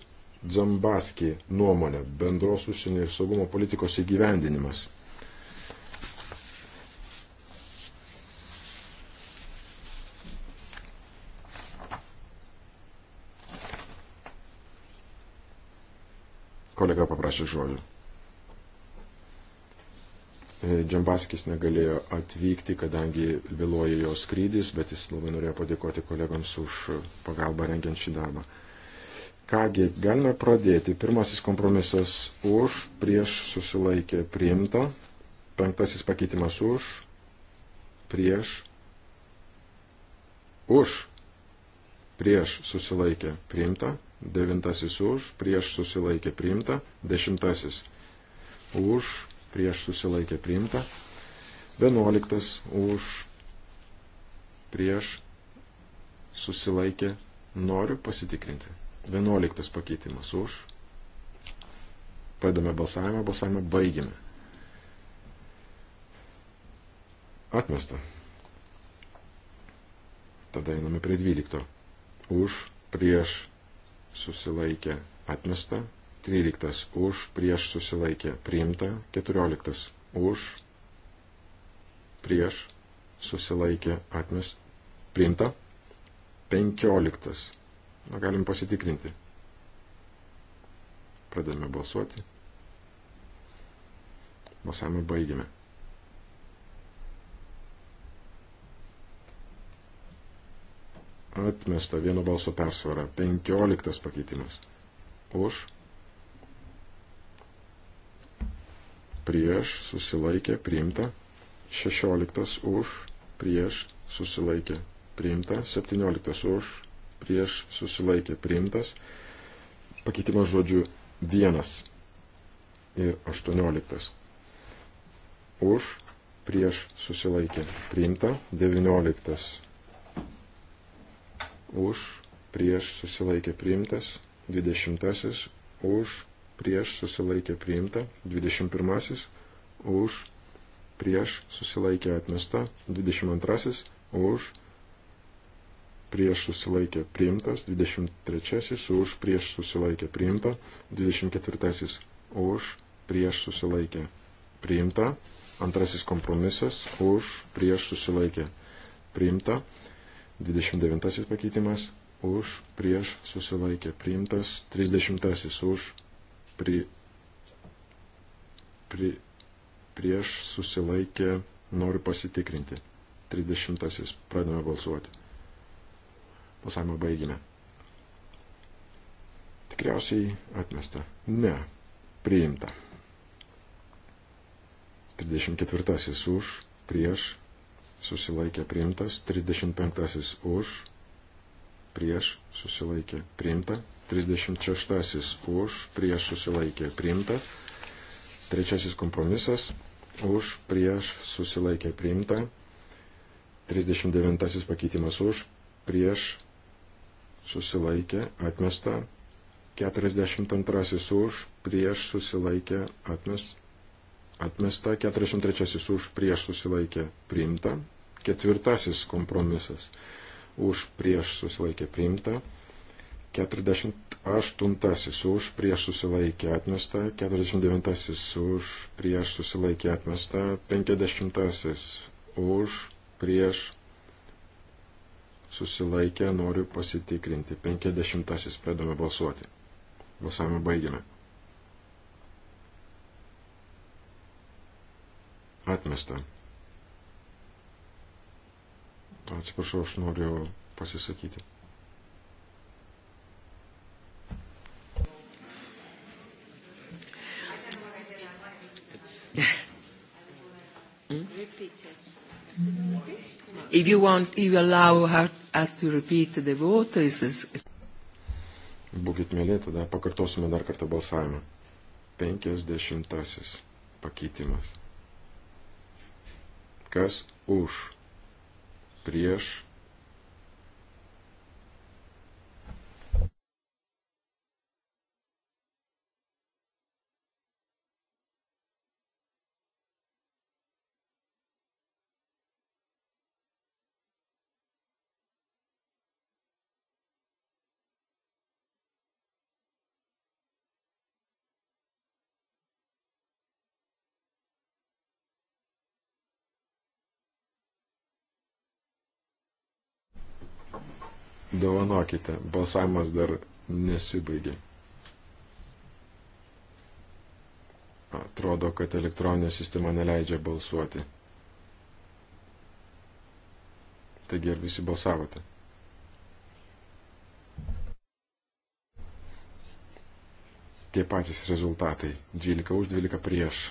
Dzambaski nuomonė - bendros užsienio ir saugumo politikos įgyvendinimas. Kolega paprašė žodžių. Džambaskis negalėjo atvykti, kadangi vėluoja jo skrydis, bet jis labai norėjo padėkoti kolegams už pagalbą rengiant šį darbą. Kągi, galime pradėti. Pirmasis kompromisas už, prieš susilaikė priimta. Penktasis pakeitimas už, prieš, už, prieš susilaikė priimta. Devintasis už, prieš susilaikė priimta. Dešimtasis už, prieš susilaikė priimta, 11 už prieš susilaikė noriu pasitikrinti. 11 pakeitimas už. Pradame balsavimą, balsavimą baigiame. Atmesta. Tada einame prie 12. Už prieš susilaikė atmesta, 13 už, prieš susilaikė priimta, 14 už, prieš susilaikė atmes priimta, 15. Na, galim pasitikrinti. Pradame balsuoti. Balsavimą baigėme. Atmesta vieno balso persvara. 15 pakeitimas. Už prieš susilaikė priimta, 16 už, prieš susilaikė priimta, 17 už, prieš susilaikė priimtas, pakeitimas žodžiu 1 ir 18. Už, prieš susilaikė priimta, 19 už, prieš susilaikė priimtas, 20 už, prieš susilaikė priimta, 21 už, prieš susilaikė atmesta, 22 už, prieš susilaikė priimtas, 23 už, prieš susilaikė priimta, 24 už, prieš susilaikė priimta, antrasis kompromisas už, prieš susilaikė priimta, 29 pakeitimas už, prieš susilaikė priimtas, 30 už, pri, pri, prieš susilaikė, noriu pasitikrinti. 30. Pradame balsuoti. Pasamą baigime. Tikriausiai atmesta. Ne. Priimta. 34. Už, prieš, susilaikė priimtas. 35. Už, prieš, susilaikė priimta. 36 už, prieš susilaikė priimta. Trečiasis kompromisas už, prieš susilaikė priimta. 39 pakeitimas už, prieš susilaikė atmesta. 42 už, prieš susilaikė atmesta. Atmesta 43 už prieš susilaikė priimta. Ketvirtasis kompromisas už prieš susilaikė priimta. 48 už prieš susilaikė atmesta, 49 už prieš susilaikė atmesta, 50 už prieš susilaikė, noriu pasitikrinti. 50 pradome balsuoti. Balsavimą baigime. Atmesta. Atsiprašau, aš noriu pasisakyti. If you want, you allow her, us to repeat the vote. Is, is... Būkit mėly, tada pakartosime dar kartą balsavimą. 50 pakeitimas. Kas už? Prieš Dovanokite, balsavimas dar nesibaigė. Atrodo, kad elektroninė sistema neleidžia balsuoti. Taigi ir visi balsavote. Tie patys rezultatai. 12 už 12 prieš.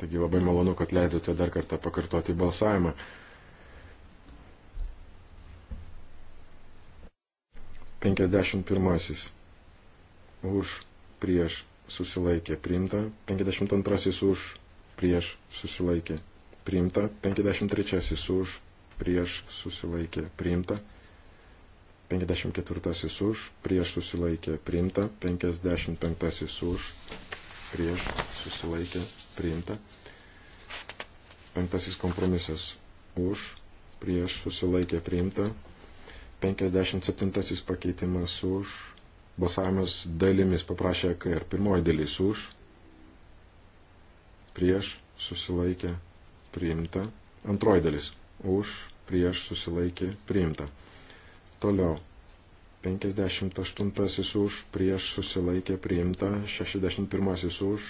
Taigi labai malonu, kad leidote dar kartą pakartoti balsavimą. Penkiasdešimt pirmasis. Už, prieš, susilaikė, priimta. Penkiasdešimt antrasis už, prieš, susilaikė, priimta. Penkiasdešimt trečiasis už, prieš, susilaikė, priimta. 54 už, prieš susilaikė priimta, 55 už, prieš susilaikė priimta. Penktasis kompromisas už, prieš susilaikė priimta. 57 pakeitimas už, balsavimas dalimis paprašė KR. Pirmoji dalis už, prieš susilaikė priimta. Antroji dalis už, prieš susilaikė priimta. Toliau. 58 už, prieš susilaikė priimta. 61 už,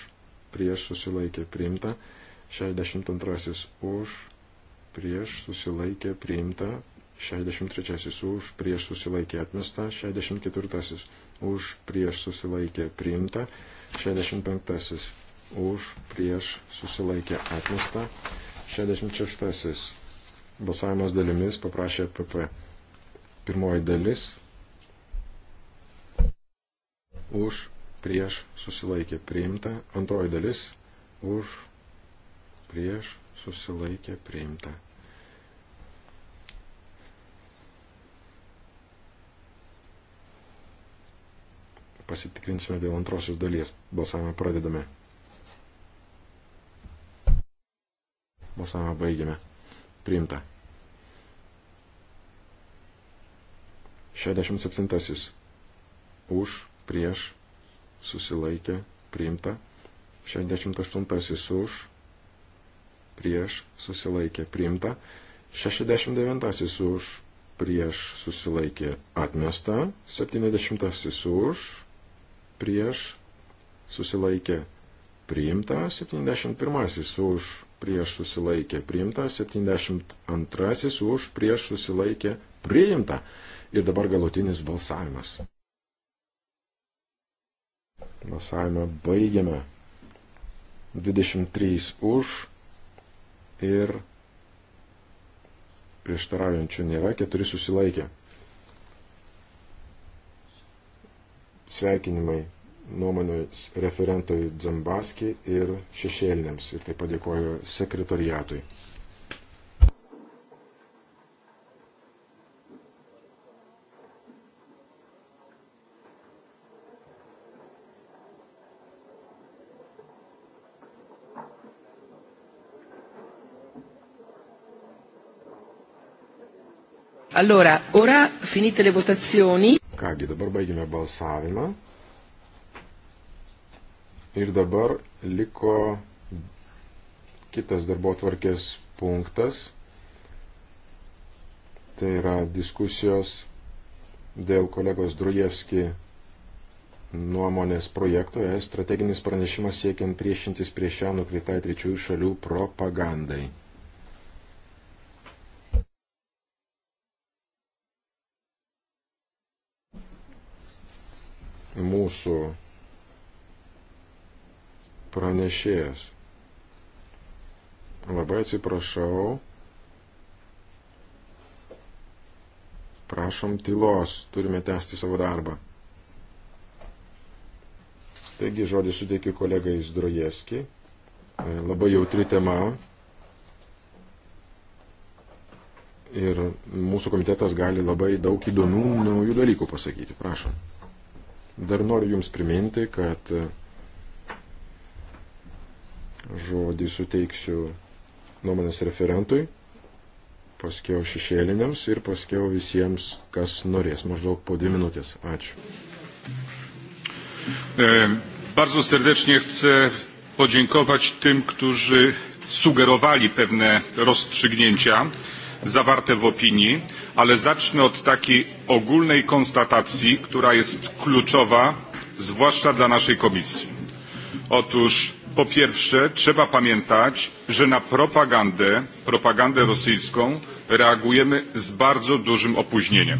prieš susilaikė priimta, 62 už, prieš susilaikė priimta, 63 už, prieš susilaikė atmesta, 64 už, prieš susilaikė priimta, 65 už, prieš susilaikė atmesta, 66 balsavimas dalimis paprašė PP. Pirmoji dalis už prieš susilaikė priimta, antroji dalis už prieš susilaikė priimta. Pasitikrinsime dėl antrosios dalies. Balsavimą pradedame. Balsavimą baigiame. Priimta. 67. Už, prieš, susilaikė, priimta. 68 už, prieš, susilaikė, priimta. 69 už, prieš, susilaikė, atmesta. 70 už, prieš, susilaikė, priimta. 71 už, prieš, susilaikė, priimta. 72 už, prieš, susilaikė, priimta. Ir dabar galutinis balsavimas. Balsavimą baigiame. 23 už ir prieštaraujančių nėra, 4 susilaikė. Sveikinimai nuomonės referentui Dzambaski ir šešėlinėms ir taip padėkoju sekretoriatui. Allora, ora finite le votazioni. Kągi, dabar baigime balsavimą. Ir dabar liko kitas darbo tvarkės punktas. Tai yra diskusijos dėl kolegos Drujevski nuomonės projektoje strateginis pranešimas siekiant priešintis prieš ją nukreitai trečiųjų šalių propagandai. mūsų pranešėjas. Labai atsiprašau. Prašom tylos, turime tęsti savo darbą. Taigi žodį suteikiu kolegai Zdrojeski. Labai jautri tema. Ir mūsų komitetas gali labai daug įdomių naujų dalykų pasakyti. Prašom. Dar noriu Jums priminti, kad e, žodį suteiksiu nuomonės referentui, paskiau šešėliniams ir paskiau visiems, kas norės, maždaug po dvi minutės. Ačiū. E, bardzo serdecznie chcę podziękować tym, którzy sugerowali pewne rozstrzygnięcia. E, zawarte w opinii, ale zacznę od takiej ogólnej konstatacji, która jest kluczowa, zwłaszcza dla naszej komisji. Otóż po pierwsze trzeba pamiętać, że na propagandę, propagandę rosyjską reagujemy z bardzo dużym opóźnieniem.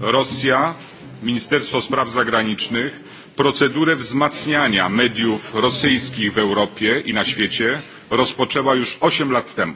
Rosja, Ministerstwo Spraw Zagranicznych procedurę wzmacniania mediów rosyjskich w Europie i na świecie rozpoczęła już 8 lat temu.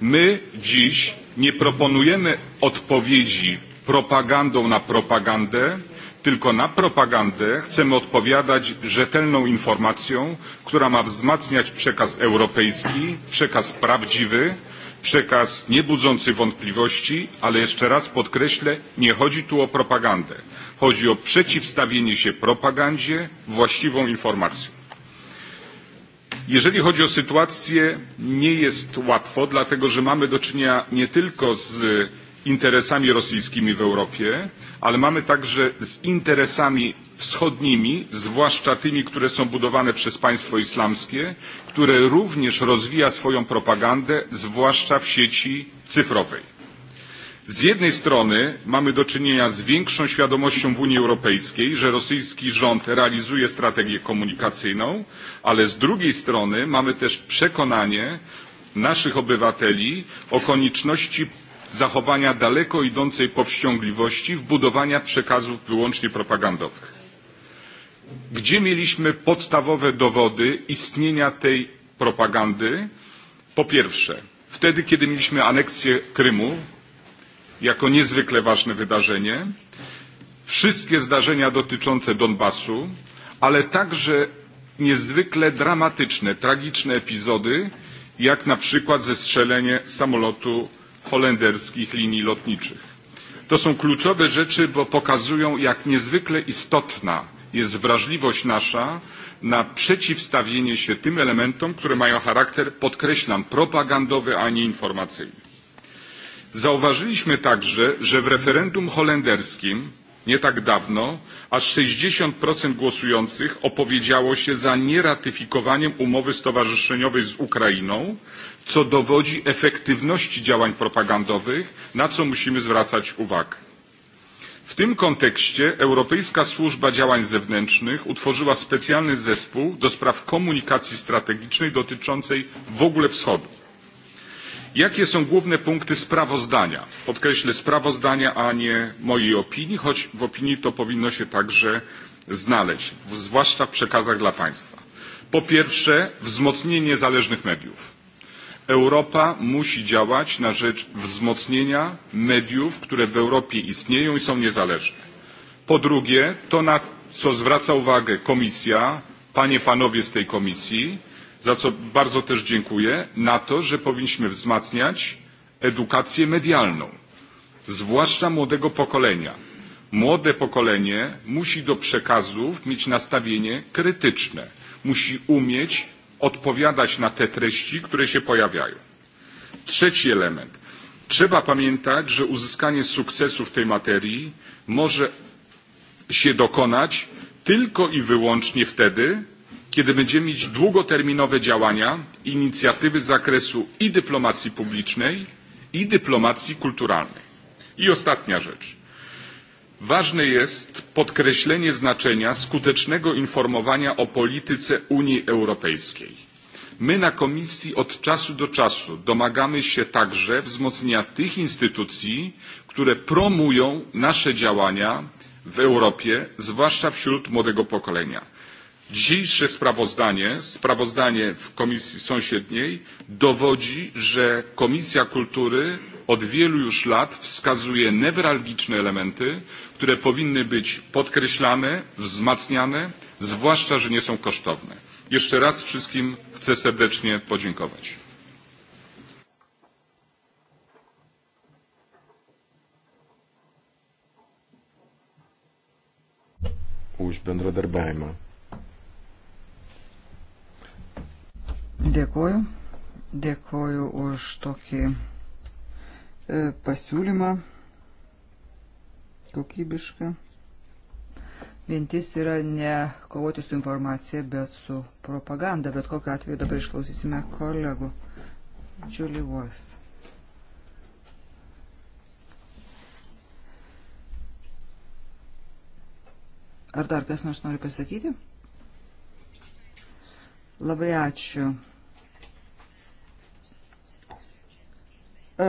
My dziś nie proponujemy odpowiedzi propagandą na propagandę, tylko na propagandę chcemy odpowiadać rzetelną informacją, która ma wzmacniać przekaz europejski, przekaz prawdziwy, przekaz nie budzący wątpliwości, ale jeszcze raz podkreślę, nie chodzi tu o propagandę. Chodzi o przeciwstawienie się propagandzie właściwą informacją. Jeżeli chodzi o sytuację, nie jest łatwo, dlatego że mamy do czynienia nie tylko z interesami rosyjskimi w Europie, ale mamy także z interesami wschodnimi, zwłaszcza tymi, które są budowane przez państwo islamskie, które również rozwija swoją propagandę, zwłaszcza w sieci cyfrowej. Z jednej strony mamy do czynienia z większą świadomością w Unii Europejskiej, że rosyjski rząd realizuje strategię komunikacyjną, ale z drugiej strony mamy też przekonanie naszych obywateli o konieczności zachowania daleko idącej powściągliwości w budowaniu przekazów wyłącznie propagandowych. Gdzie mieliśmy podstawowe dowody istnienia tej propagandy? Po pierwsze, wtedy, kiedy mieliśmy aneksję Krymu jako niezwykle ważne wydarzenie, wszystkie zdarzenia dotyczące Donbasu, ale także niezwykle dramatyczne, tragiczne epizody, jak na przykład zestrzelenie samolotu holenderskich linii lotniczych. To są kluczowe rzeczy, bo pokazują, jak niezwykle istotna jest wrażliwość nasza na przeciwstawienie się tym elementom, które mają charakter, podkreślam, propagandowy, a nie informacyjny. Zauważyliśmy także, że w referendum holenderskim nie tak dawno aż 60% głosujących opowiedziało się za nieratyfikowaniem umowy stowarzyszeniowej z Ukrainą, co dowodzi efektywności działań propagandowych, na co musimy zwracać uwagę. W tym kontekście Europejska Służba Działań Zewnętrznych utworzyła specjalny zespół do spraw komunikacji strategicznej dotyczącej w ogóle Wschodu. Jakie są główne punkty sprawozdania? Podkreślę sprawozdania, a nie mojej opinii, choć w opinii to powinno się także znaleźć, zwłaszcza w przekazach dla państwa. Po pierwsze, wzmocnienie niezależnych mediów. Europa musi działać na rzecz wzmocnienia mediów, które w Europie istnieją i są niezależne. Po drugie, to na co zwraca uwagę Komisja, panie, panowie z tej Komisji, za co bardzo też dziękuję, na to, że powinniśmy wzmacniać edukację medialną, zwłaszcza młodego pokolenia. Młode pokolenie musi do przekazów mieć nastawienie krytyczne, musi umieć odpowiadać na te treści, które się pojawiają. Trzeci element. Trzeba pamiętać, że uzyskanie sukcesu w tej materii może się dokonać tylko i wyłącznie wtedy, kiedy będziemy mieć długoterminowe działania, inicjatywy z zakresu i dyplomacji publicznej, i dyplomacji kulturalnej. I ostatnia rzecz. Ważne jest podkreślenie znaczenia skutecznego informowania o polityce Unii Europejskiej. My na Komisji od czasu do czasu domagamy się także wzmocnienia tych instytucji, które promują nasze działania w Europie, zwłaszcza wśród młodego pokolenia Dzisiejsze sprawozdanie, sprawozdanie w Komisji Sąsiedniej dowodzi, że Komisja Kultury od wielu już lat wskazuje newralgiczne elementy, które powinny być podkreślane, wzmacniane, zwłaszcza, że nie są kosztowne. Jeszcze raz wszystkim chcę serdecznie podziękować. už bendradarbiavimą. Dėkoju. Dėkoju už tokį e, pasiūlymą kokybišką. Mintis yra ne kovoti su informacija, bet su propaganda. Bet kokiu atveju dabar išklausysime kolegų. Džiulivos. Ar dar kas nors nori pasakyti? Labai ačiū. E,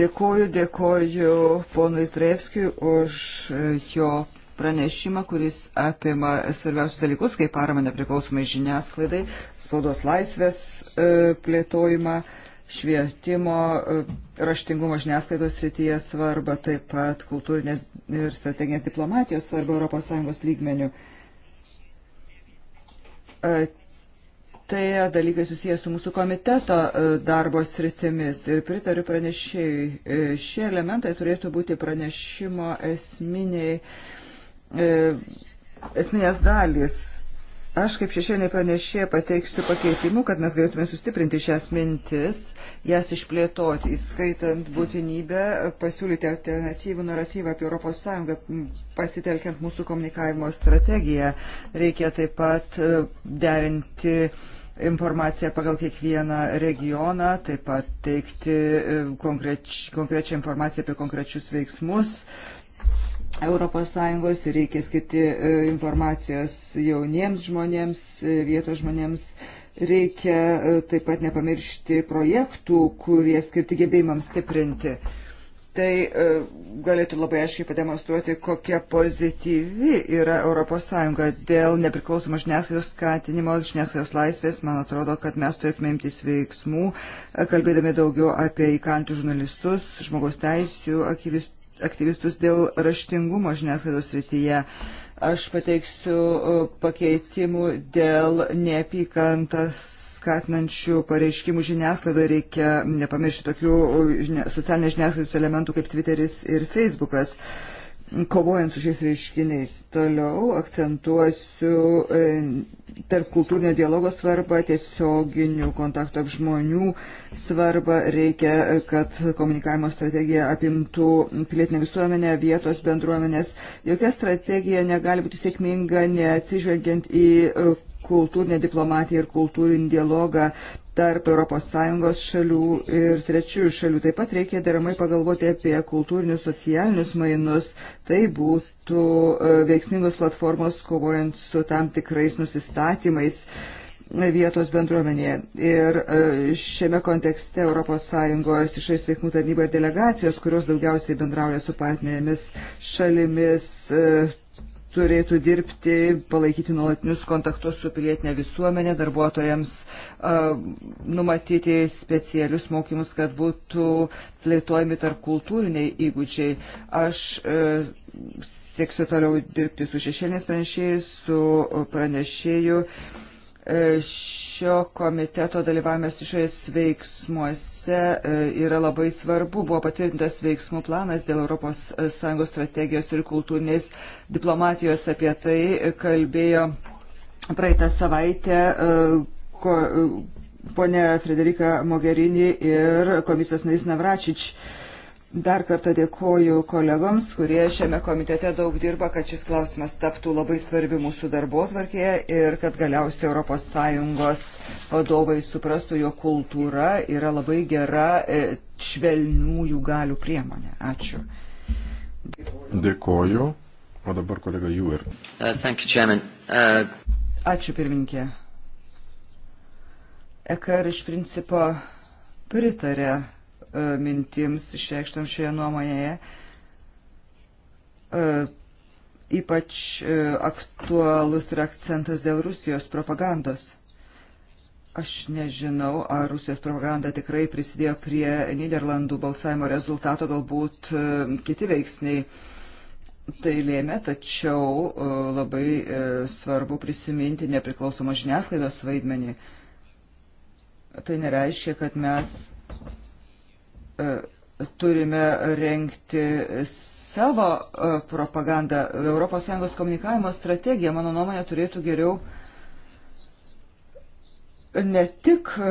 dėkoju, dėkoju ponui Zdrevskiui už jo pranešimą, kuris apima svarbiausius dalykus, kaip parama nepriklausomai žiniasklaidai, spaudos laisvės e, plėtojimą, švietimo, e, raštingumo žiniasklaidos srityje svarbą, taip pat kultūrinės ir strateginės diplomatijos svarbą ES lygmenių Tai dalykai susijęs su mūsų komiteto e, darbo sritimis ir pritariu pranešėjui. E, šie elementai turėtų būti pranešimo esminiai, e, esminės dalys. Aš kaip šešėliniai pranešėja pateiksiu pakeitimų, kad mes galėtume sustiprinti šias mintis, jas išplėtoti, įskaitant būtinybę pasiūlyti alternatyvų naratyvą apie ES, pasitelkiant mūsų komunikavimo strategiją. Reikia taip pat derinti informaciją pagal kiekvieną regioną, taip pat teikti e, konkreč, konkrečią informaciją apie konkrečius veiksmus. ES reikia skirti e, informacijos jauniems žmonėms, e, vietos žmonėms. Reikia taip pat nepamiršti projektų, kurie skirti gebėjimams stiprinti tai e, galėtų labai aiškiai pademonstruoti, kokia pozityvi yra ES dėl nepriklausomos žiniasklaidos skatinimo, žiniasklaidos laisvės. Man atrodo, kad mes turėtume imtis veiksmų, e, kalbėdami daugiau apie įkalintų žurnalistus, žmogaus teisų aktyvistus dėl raštingumo žiniasklaidos srityje. Aš pateiksiu e, pakeitimų dėl neapykantas skatinančių pareiškimų žiniasklaidoje reikia nepamiršti tokių socialinės žiniasklaidos elementų kaip Twitteris ir Facebookas. Kovojant su šiais reiškiniais toliau akcentuosiu e, tarp kultūrinio dialogo svarbą, tiesioginių kontaktų ap žmonių svarbą. Reikia, kad komunikavimo strategija apimtų pilietinę visuomenę, vietos bendruomenės. Jokia strategija negali būti sėkminga neatsižvelgiant į kultūrinę diplomatiją ir kultūrinį dialogą tarp ES šalių ir trečiųjų šalių. Taip pat reikia deramai pagalvoti apie kultūrinius socialinius mainus. Tai būtų e, veiksmingos platformos kovojant su tam tikrais nusistatymais vietos bendruomenėje. Ir e, šiame kontekste ES išais veikmų tarnyba ir delegacijos, kurios daugiausiai bendrauja su partnerėmis šalimis, e, turėtų dirbti, palaikyti nuolatinius kontaktus su pilietinė visuomenė, darbuotojams numatyti specialius mokymus, kad būtų plėtojami tarp kultūriniai įgūdžiai. Aš e, sėksiu toliau dirbti su šešėlinės pranešėjais, su pranešėjų. pranešėjų E, šio komiteto dalyvavimas išorės veiksmuose e, yra labai svarbu. Buvo patvirtintas veiksmų planas dėl ES strategijos ir kultūrinės diplomatijos. Apie tai kalbėjo praeitą savaitę e, ponė Frederika Mogherini ir komisijos narys Navračič. Dar kartą dėkoju kolegoms, kurie šiame komitete daug dirba, kad šis klausimas taptų labai svarbi mūsų darbo tvarkėje ir kad galiausiai ES vadovai suprastų, jo kultūra yra labai gera e, švelniųjų galių priemonė. Ačiū. Dėkoju. dėkoju. O dabar kolega Jūr. Uh, you, uh... Ačiū pirmininkė. EKR iš principo pritarė E, mintims išreikštam šioje nuomonėje. E, ypač e, aktualus yra akcentas dėl Rusijos propagandos. Aš nežinau, ar Rusijos propaganda tikrai prisidėjo prie Niderlandų balsavimo rezultato, galbūt kiti veiksniai tai lėmė, tačiau labai svarbu prisiminti nepriklausomos žiniasklaidos vaidmenį. Tai nereiškia, kad mes E, turime renkti savo e, propagandą. ES komunikavimo strategija, mano nuomonė, turėtų geriau ne tik e,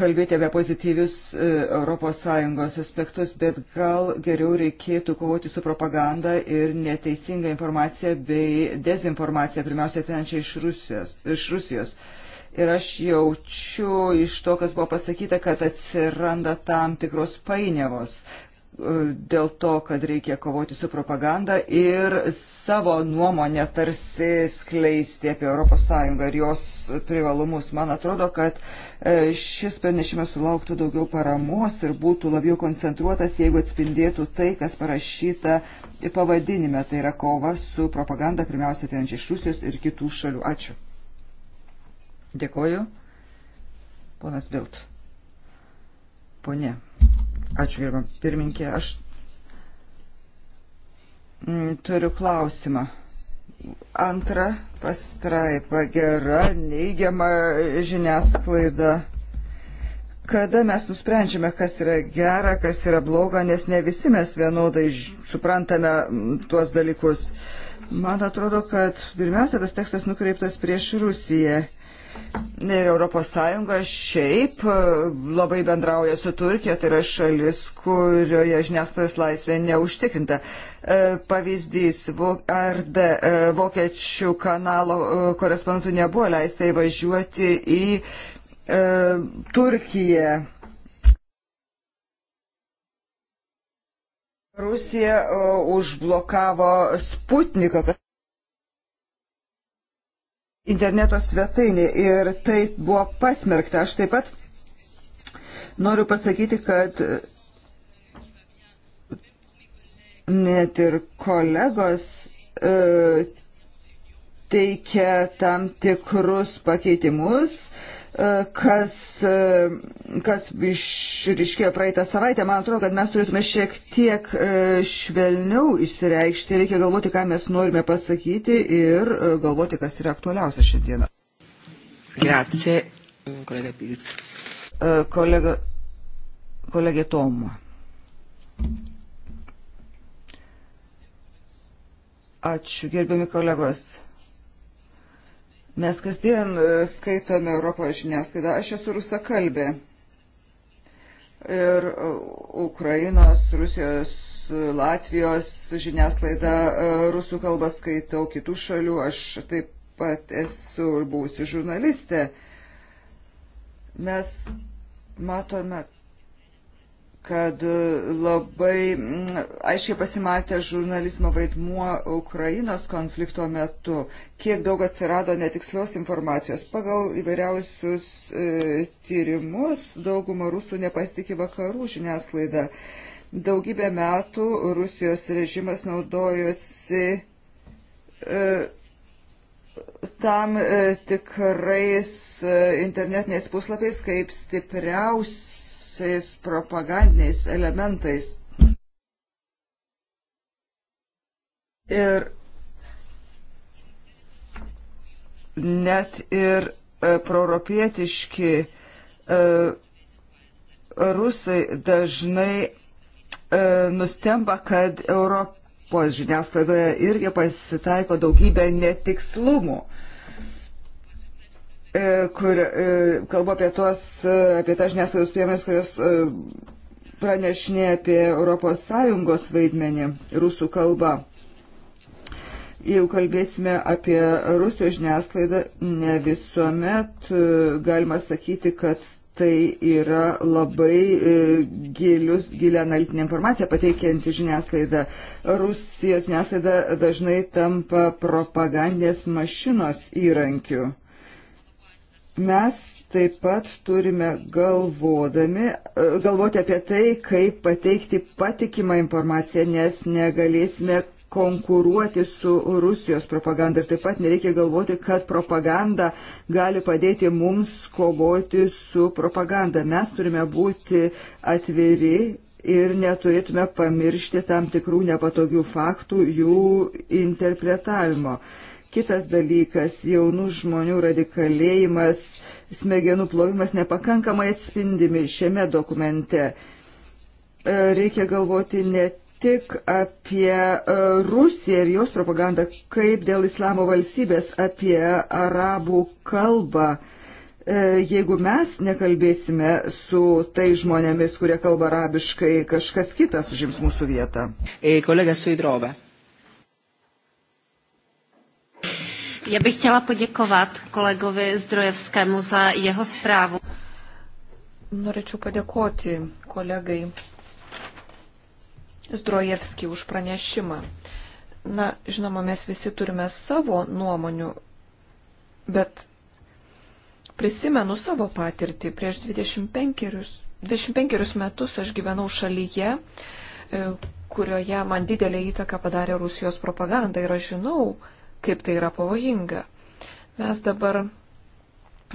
kalbėti apie pozityvius ES aspektus, bet gal geriau reikėtų kovoti su propaganda ir neteisinga informacija bei dezinformacija, pirmiausia, atinančia iš Rusijos. Iš Rusijos. Uh, Ir aš jaučiu iš to, kas buvo pasakyta, kad atsiranda tam tikros painiavos e, dėl to, kad reikia kovoti su propaganda ir savo nuomonę tarsi skleisti apie ES ir jos privalumus. Man atrodo, kad e, šis pranešimas sulauktų daugiau paramos ir būtų labiau koncentruotas, jeigu atspindėtų tai, kas parašyta pavadinime. Tai yra kova su propaganda, pirmiausia, atėjančia iš Rusijos ir kitų šalių. Ačiū. Dėkoju. Ponas Bilt. Pone. Ačiū, gerbam pirminkė. Aš turiu klausimą. Antra pastraipa gera, neigiama žiniasklaida. Kada mes nusprendžiame, kas yra gera, kas yra bloga, nes ne visi mes vienodai suprantame tuos dalykus. Man atrodo, kad pirmiausia, tas tekstas nukreiptas prieš Rusiją Ir ES šiaip e, labai bendrauja su Turkija, tai yra šalis, kurioje žiniasklaidos laisvė neužtikrinta. E, pavyzdys, RD e, vokiečių kanalo korespondentų nebuvo leista įvažiuoti į Turkiją. Rusija užblokavo Sputniką interneto svetainė ir tai buvo pasmerkta. Aš taip pat noriu pasakyti, kad net ir kolegos e, teikia tam tikrus pakeitimus, uh, kas, kas išriškėjo praeitą savaitę, man atrodo, kad mes turėtume šiek tiek e, švelniau išsireikšti, reikia galvoti, ką mes norime pasakyti ir e, galvoti, kas yra aktualiausia šiandieną. Grazie, kolega Pilt. E, kolega, kolegė Toma. Ačiū, gerbiami kolegos. Mes kasdien e, skaitome Europos žiniasklaidą. Aš esu rusakalbė. Ir e, Ukrainos, Rusijos, Latvijos žiniasklaidą e, rusų kalbą skaitau kitų šalių. Aš taip pat esu buvusi žurnalistė. Mes matome, kad e, labai mm, aiškiai pasimatė žurnalizmo vaidmuo Ukrainos konflikto metu, kiek daug atsirado netikslios informacijos. Pagal įvairiausius e, tyrimus dauguma rusų nepasitikė vakarų žiniasklaidą. Daugybę metų Rusijos režimas naudojosi e, tam e, tikrais e, internetiniais puslapiais kaip stipriausi įvairiausiais propagandiniais elementais. Ir net ir e, proeuropietiški e, rusai dažnai e, nustemba, kad Europos žiniasklaidoje irgi pasitaiko daugybė netikslumų. E, kur e, kalbu apie tuos, e, apie tą žiniasklaidos priemonės, kurios pranešinė apie ES vaidmenį rusų kalba. Jeigu kalbėsime apie Rusijos žiniasklaidą, ne visuomet galima sakyti, kad tai yra labai gilius, gilę analitinę informaciją pateikianti žiniasklaida. Rusijos žiniasklaida dažnai tampa propagandės mašinos įrankiu. Mes taip pat turime galvodami, e, galvoti apie tai, kaip pateikti patikimą informaciją, nes negalėsime konkuruoti su Rusijos propaganda. Ir taip pat nereikia galvoti, kad propaganda gali padėti mums kovoti su propaganda. Mes turime būti atviri ir neturėtume pamiršti tam tikrų nepatogių faktų jų interpretavimo. Uh, Kitas dalykas - jaunų žmonių radikalėjimas, smegenų plovimas nepakankamai atspindimi šiame dokumente. E, reikia galvoti ne tik apie e, Rusiją ir jos propagandą, kaip dėl islamo valstybės, apie arabų kalbą. E, jeigu mes nekalbėsime su tai žmonėmis, kurie kalba arabiškai, kažkas kitas užims mūsų vietą. Kolega Suidrova. Já bych chtěla poděkovat kolegovi Zdrojevskému za jeho zprávu. Norėčiau padėkoti kolegai Zdrojevskį už pranešimą. Na, žinoma, mes visi turime savo nuomonių, bet prisimenu savo patirtį. Prieš 25, 25 metus aš gyvenau šalyje, e, kurioje man didelį įtaką padarė Rusijos propaganda ir aš žinau, kaip tai yra pavojinga. Mes dabar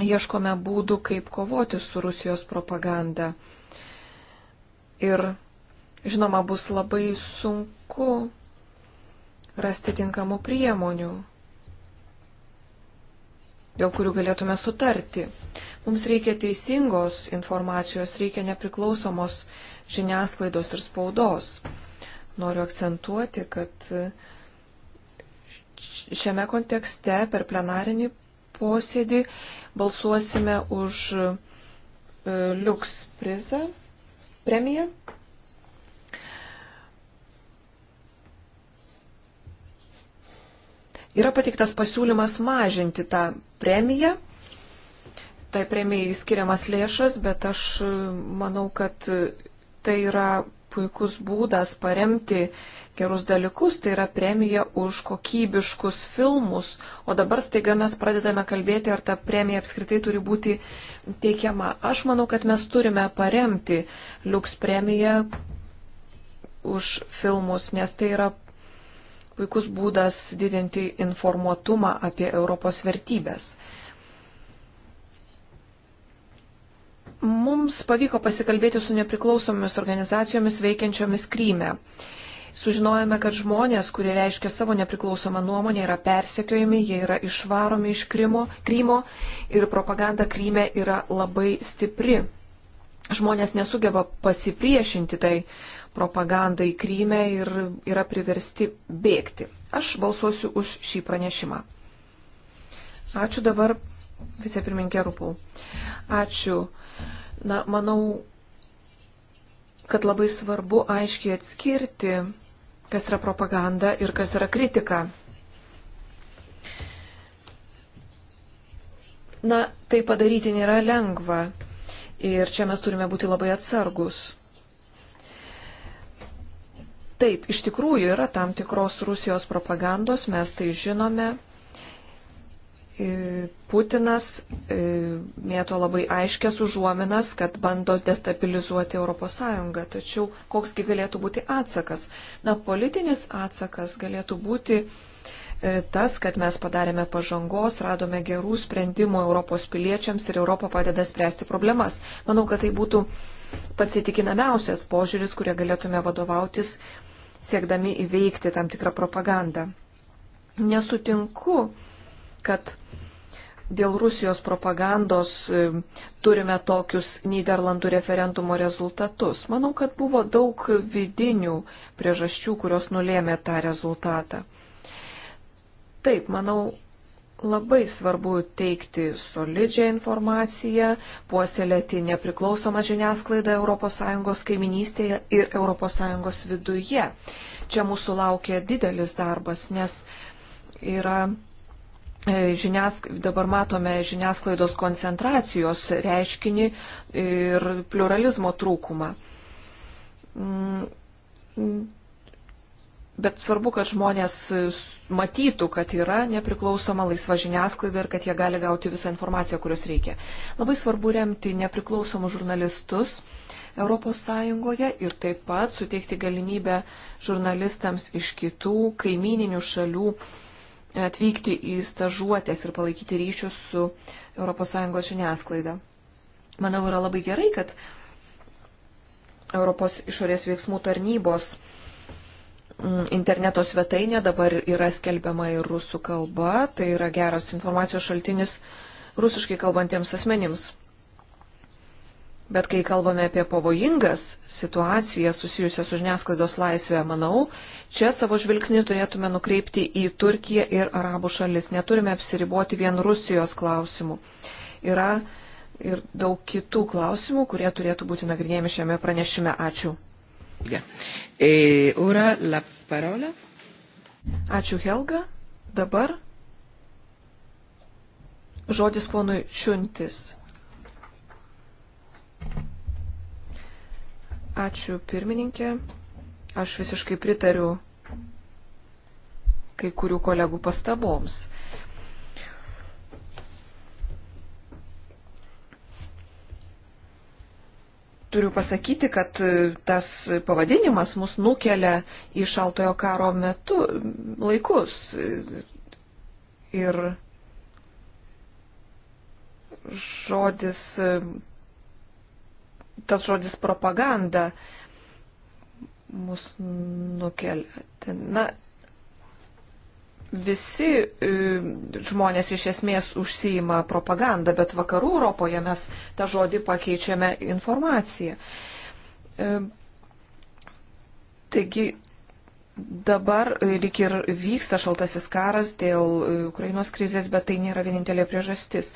ieškome būdų, kaip kovoti su Rusijos propaganda. Ir žinoma, bus labai sunku rasti tinkamų priemonių, dėl kurių galėtume sutarti. Mums reikia teisingos informacijos, reikia nepriklausomos žiniasklaidos ir spaudos. Noriu akcentuoti, kad šiame kontekste per plenarinį posėdį balsuosime už e, Liuks prizą, premiją. Yra patiktas pasiūlymas mažinti tą premiją. Tai premijai skiriamas lėšas, bet aš e, manau, kad tai yra puikus būdas paremti uh, gerus dalykus, tai yra premija už kokybiškus filmus, o dabar staiga mes pradedame kalbėti, ar ta premija apskritai turi būti teikiama. Aš manau, kad mes turime paremti Liuks premiją už filmus, nes tai yra puikus būdas didinti informuotumą apie Europos vertybės. mums pavyko pasikalbėti su nepriklausomomis organizacijomis veikiančiomis Kryme. Sužinojame, kad žmonės, kurie reiškia savo nepriklausomą nuomonę, yra persekiojami, jie yra išvaromi iš Krymo, Krymo ir propaganda Kryme yra labai stipri. Žmonės nesugeba pasipriešinti tai propagandai Kryme ir yra priversti bėgti. Aš balsuosiu už šį pranešimą. Ačiū dabar vicepirminkė Rupul. Ačiū. Na, manau, kad labai svarbu aiškiai atskirti kas yra propaganda ir kas yra kritika. Na, tai padaryti nėra lengva. Ir čia mes turime būti labai atsargus. Taip, iš tikrųjų yra tam tikros Rusijos propagandos, mes tai žinome. E, Putinas e, mėto labai aiškės užuominas, kad bando destabilizuoti ES. Tačiau koksgi galėtų būti atsakas? Na, politinis atsakas galėtų būti e, tas, kad mes padarėme pažangos, radome gerų sprendimų Europos piliečiams ir Europą padeda spręsti problemas. Manau, kad tai būtų pats įtikinamiausias požiūris, kurie galėtume vadovautis siekdami įveikti tam tikrą propagandą. Nesutinku kad dėl Rusijos propagandos e, turime tokius Niderlandų referendumo rezultatus. Manau, kad buvo daug vidinių priežasčių, kurios nulėmė tą rezultatą. Taip, manau, labai svarbu teikti solidžią informaciją, puoselėti nepriklausomą žiniasklaidą ES kaiminystėje ir ES viduje. Čia mūsų laukia didelis darbas, nes yra E, žiniask... dabar matome žiniasklaidos koncentracijos reiškinį ir pluralizmo trūkumą. Mm, mm, bet svarbu, kad žmonės matytų, kad yra nepriklausoma laisva žiniasklaida ir kad jie gali gauti visą informaciją, kurios reikia. Labai svarbu remti nepriklausomus žurnalistus ES ir taip pat suteikti galimybę žurnalistams iš kitų kaimininių šalių uh, atvykti į stažuotės ir palaikyti ryšius su ES žiniasklaida. Manau, yra labai gerai, kad Europos išorės veiksmų tarnybos mm, interneto svetainė dabar yra skelbiama ir rusų kalba, tai yra geras informacijos šaltinis rusiškai kalbantiems asmenims. Bet kai kalbame apie pavojingas situacijas susijusias su žiniasklaidos laisvė, manau, čia savo žvilgsnį turėtume nukreipti į Turkiją ir Arabų šalis. Neturime apsiriboti vien Rusijos klausimų. Yra ir daug kitų klausimų, kurie turėtų būti nagrinėjami šiame pranešime. Ačiū. E, Ačiū Helga. Dabar žodis ponui Čiuntis. Ačiū pirmininkė. Aš visiškai pritariu kai kurių kolegų pastaboms. Turiu pasakyti, kad e, tas pavadinimas mus nukelia į šaltojo karo metu laikus. Ir žodis e, tas žodis propaganda mus nukelia. Ten, na, visi e, žmonės iš esmės užsijima propagandą, bet vakarų Europoje mes tą žodį pakeičiame informaciją. E, taigi dabar e, lyg ir vyksta šaltasis karas dėl e, Ukrainos krizės, bet tai nėra vienintelė priežastis.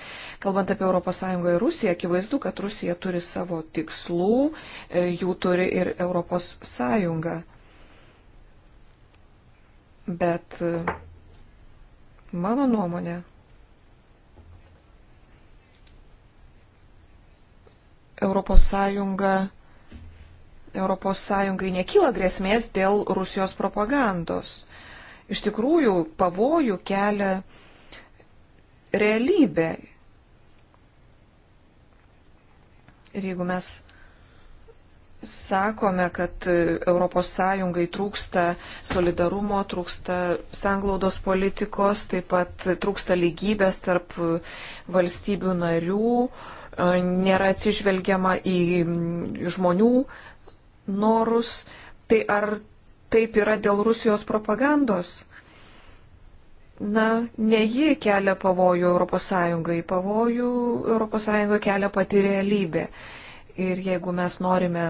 Kalbant apie ES ir Rusiją, akivaizdu, kad Rusija turi savo tikslų, e, jų turi ir ES. Bet mano nuomonė. ES ES nekyla grėsmės dėl Rusijos propagandos. Iš tikrųjų, pavojų kelia realybė. Ir jeigu mes sakome, kad ES trūksta solidarumo, trūksta sanglaudos politikos, taip pat trūksta lygybės tarp valstybių narių, nėra atsižvelgiama į žmonių norus, tai ar taip yra dėl Rusijos propagandos? Na, ne ji kelia pavojų ES, pavojų ES kelia pati realybė. Ir jeigu mes norime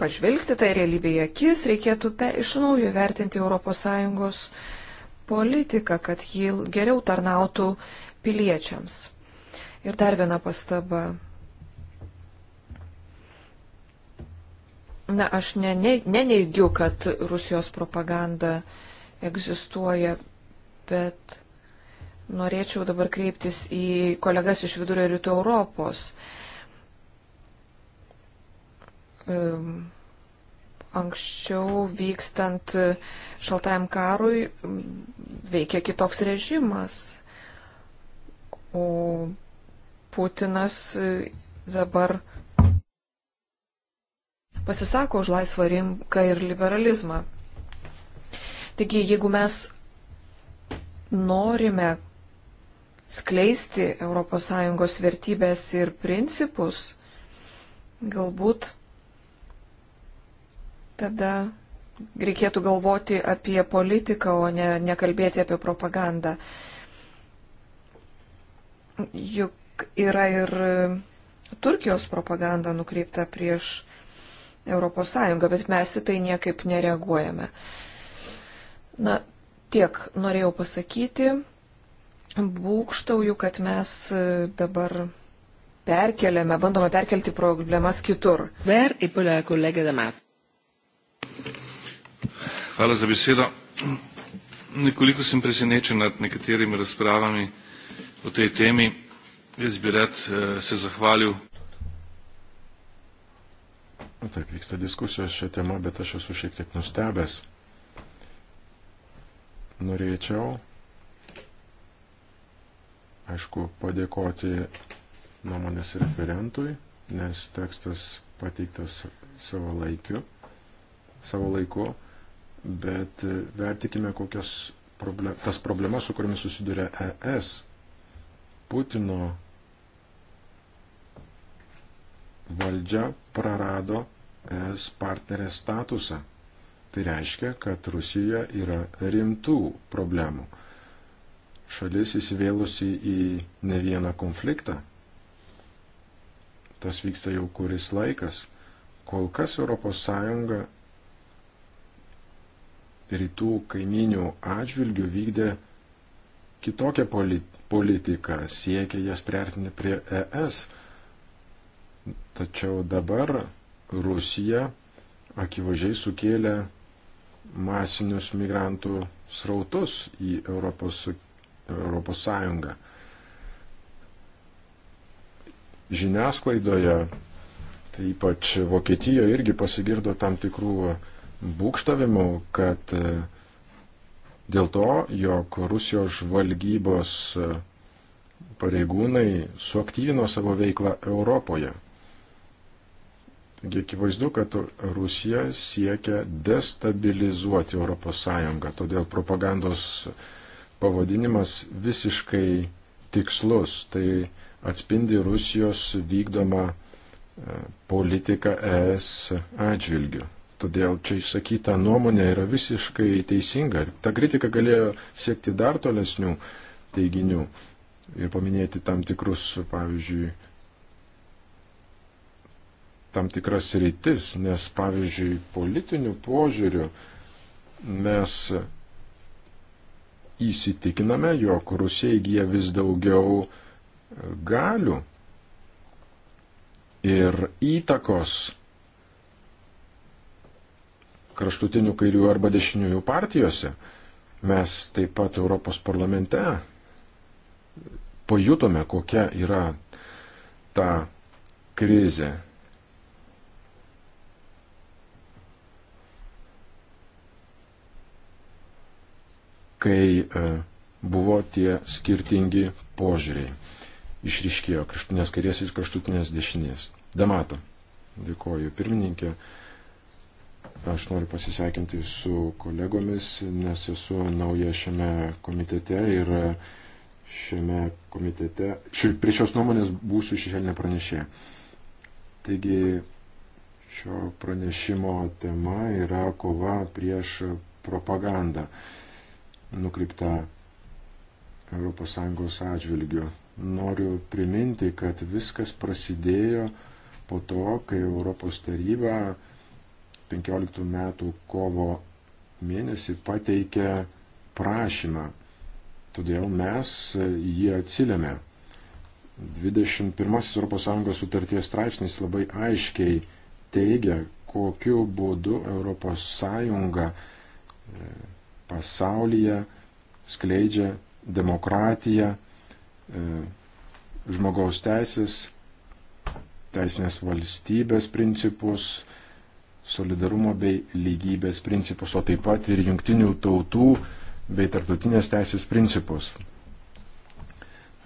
pažvelgti tai realybėje akis, reikėtų pe, iš naujo vertinti ES politiką, kad ji geriau tarnautų piliečiams. Ir dar viena pastaba Na, aš ne, ne, neneigiu, kad Rusijos propaganda egzistuoja, bet norėčiau dabar kreiptis į kolegas iš vidurio rytų Europos. Ehm, anksčiau vykstant šaltajam karui veikia kitoks režimas, o Putinas e, dabar pasisako už laisvą rinką ir liberalizmą. Taigi, jeigu mes norime skleisti ES vertybės ir principus, galbūt tada reikėtų galvoti apie politiką, o ne, nekalbėti apie propagandą. Juk yra ir Turkijos propaganda nukreipta prieš ES, bet mes į tai niekaip nereaguojame. Na, tiek norėjau pasakyti. Būkštauju, kad mes e, dabar perkeliame, bandome perkelti problemas kitur. Ver i e pola kolega Damat. Hvala za besedo. Nekoliko sem presenečen nad nekaterimi razpravami o tej temi. Jaz bi rad e, se zahvalil Taip, vyksta diskusijos šią temą, bet aš esu šiek tiek nustebęs. Norėčiau, aišku, padėkoti nuomonės referentui, nes tekstas pateiktas savo laikiu, savo laiku, bet vertikime, kokios problem, tas problemas, su kuriamis susiduria ES, Putino valdžia prarado es partnerės statusą. Tai reiškia, kad Rusijoje yra rimtų problemų. Šalis įsivėlusi į ne vieną konfliktą. Tas vyksta jau kuris laikas. Kol kas ES rytų kaiminių atžvilgių vykdė kitokią politiką, siekė jas priartinti prie ES. Tačiau dabar Rusija akivaizdžiai sukėlė masinius migrantų srautus į Europos, Europos Sąjungą. Žiniasklaidoje, tai ypač Vokietijoje irgi pasigirdo tam tikrų būkštavimų, kad e, dėl to, jog Rusijos žvalgybos e, pareigūnai suaktyvino savo veiklą Europoje. Taigi akivaizdu, kad Rusija siekia destabilizuoti ES, todėl propagandos pavadinimas visiškai tikslus. Tai atspindi Rusijos vykdomą e, politiką ES atžvilgiu. Todėl čia išsakyta nuomonė yra visiškai teisinga. Ta kritika galėjo siekti dar tolesnių teiginių ir paminėti tam tikrus, pavyzdžiui, tam tikras rytis, nes pavyzdžiui, politinių požiūrių mes įsitikiname, jog Rusija įgyja vis daugiau galių ir įtakos kraštutinių kairių arba dešiniųjų partijose. Mes taip pat Europos parlamente pajutome, kokia yra ta krizė. kai e, buvo tie skirtingi požiūriai. Išryškėjo kraštutinės kairės ir kraštutinės dešinės. Damato. Dėkoju pirmininkė. Aš noriu pasisveikinti su kolegomis, nes esu nauja šiame komitete ir šiame komitete, ši, prie šios nuomonės būsiu šešėlinė pranešė. Taigi šio pranešimo tema yra kova prieš propagandą. Uh, nukreipta ES atžvilgiu. Noriu priminti, kad viskas prasidėjo po to, kai Europos taryba 15 metų kovo mėnesį pateikė prašymą. Todėl mes jį atsiliame. 21 ES sutarties straipsnis labai aiškiai teigia, kokiu būdu ES pasaulyje, skleidžia demokratiją, e, žmogaus teisės, teisinės valstybės principus, solidarumo bei lygybės principus, o taip pat ir jungtinių tautų bei tarptautinės teisės principus.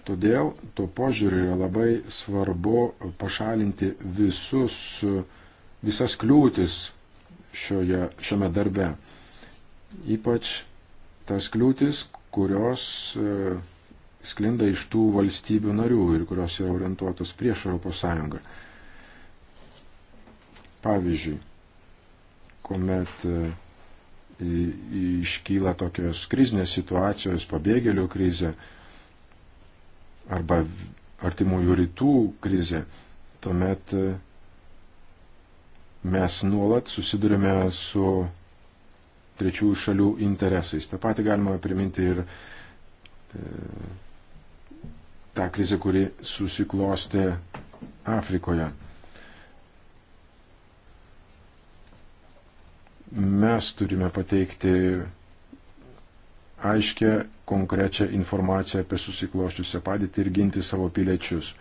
Todėl tuo požiūriu yra labai svarbu pašalinti visus, visas kliūtis šioje, šiame darbe ypač tas kliūtis, kurios e, sklinda iš tų valstybių narių ir kurios yra orientuotos prieš Europos Sąjungą. Pavyzdžiui, kuomet e, iškyla tokios krizinės situacijos, pabėgėlių krizė arba artimųjų rytų krizė, tuomet e, mes nuolat susidurime su trečiųjų šalių interesais. Ta pati galima priminti ir e, tą krizę, kuri susiklosti Afrikoje. Mes turime pateikti aiškę, konkrečią informaciją apie susikloščiusią padėtį ir ginti savo piliečius.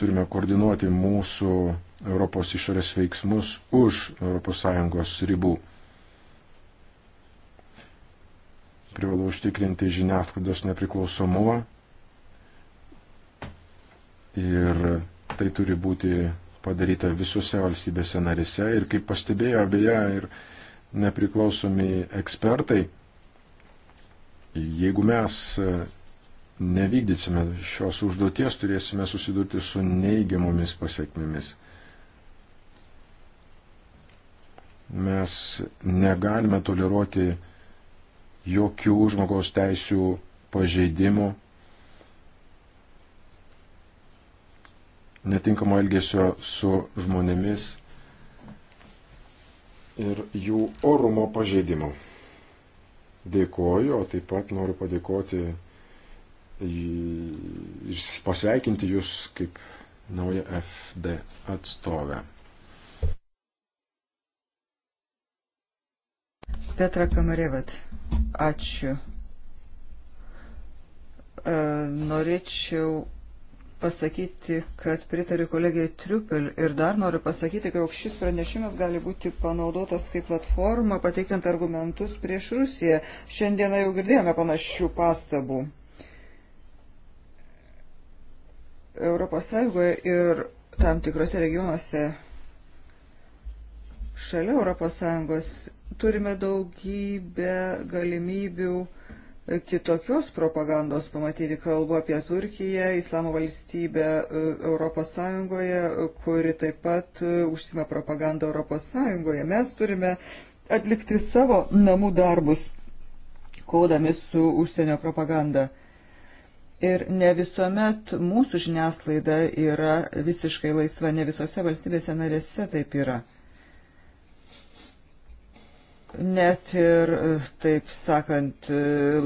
Turime koordinuoti mūsų Europos išorės veiksmus už ES ribų. Privalau užtikrinti žiniasklaidos nepriklausomumą ir tai turi būti padaryta visose valstybėse narėse. Ir kaip pastebėjo beje ir nepriklausomi ekspertai, jeigu mes nevykdysime šios užduoties, turėsime susidurti su neigiamomis pasiekmėmis. Mes negalime toleruoti jokių žmogaus teisių pažeidimų, netinkamo elgesio su žmonėmis ir jų orumo pažeidimų. Dėkoju, o taip pat noriu padėkoti pasveikinti Jūs kaip naują FD atstovę. Petra Kamarevat, ačiū. E, norėčiau pasakyti, kad pritariu kolegijai Triupel ir dar noriu pasakyti, kad šis pranešimas gali būti panaudotas kaip platforma pateikiant argumentus prieš Rusiją. Šiandieną jau girdėjome panašių pastabų. Europos Sąjungoje ir tam tikrose regionuose šalia Europos Sąjungos turime daugybę galimybių kitokios propagandos pamatyti. Kalbu apie Turkiją, Islamo valstybę e, Europos Sąjungoje, kuri taip pat e, užsima propagandą Europos Sąjungoje. Mes turime atlikti savo namų darbus, kodami su užsienio propaganda. Ir ne visuomet mūsų žiniasklaida yra visiškai laisva, ne visose valstybėse narėse taip yra. Net ir, taip sakant,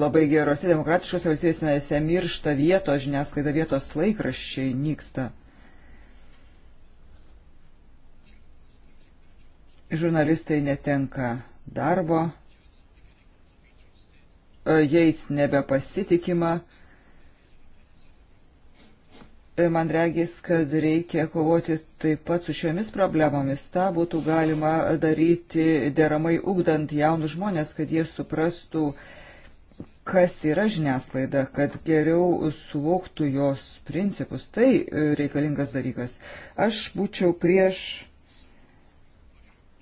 labai gerose demokratiškose valstybėse narėse miršta vietos žiniasklaida, vietos laikraščiai nyksta. Žurnalistai netenka darbo, jais nebepasitikima man regis, kad reikia kovoti taip pat su šiomis problemomis. Ta būtų galima daryti deramai ugdant jaunus žmonės, kad jie suprastų, kas yra žiniasklaida, kad geriau suvoktų jos principus. Tai reikalingas dalykas. Aš būčiau prieš.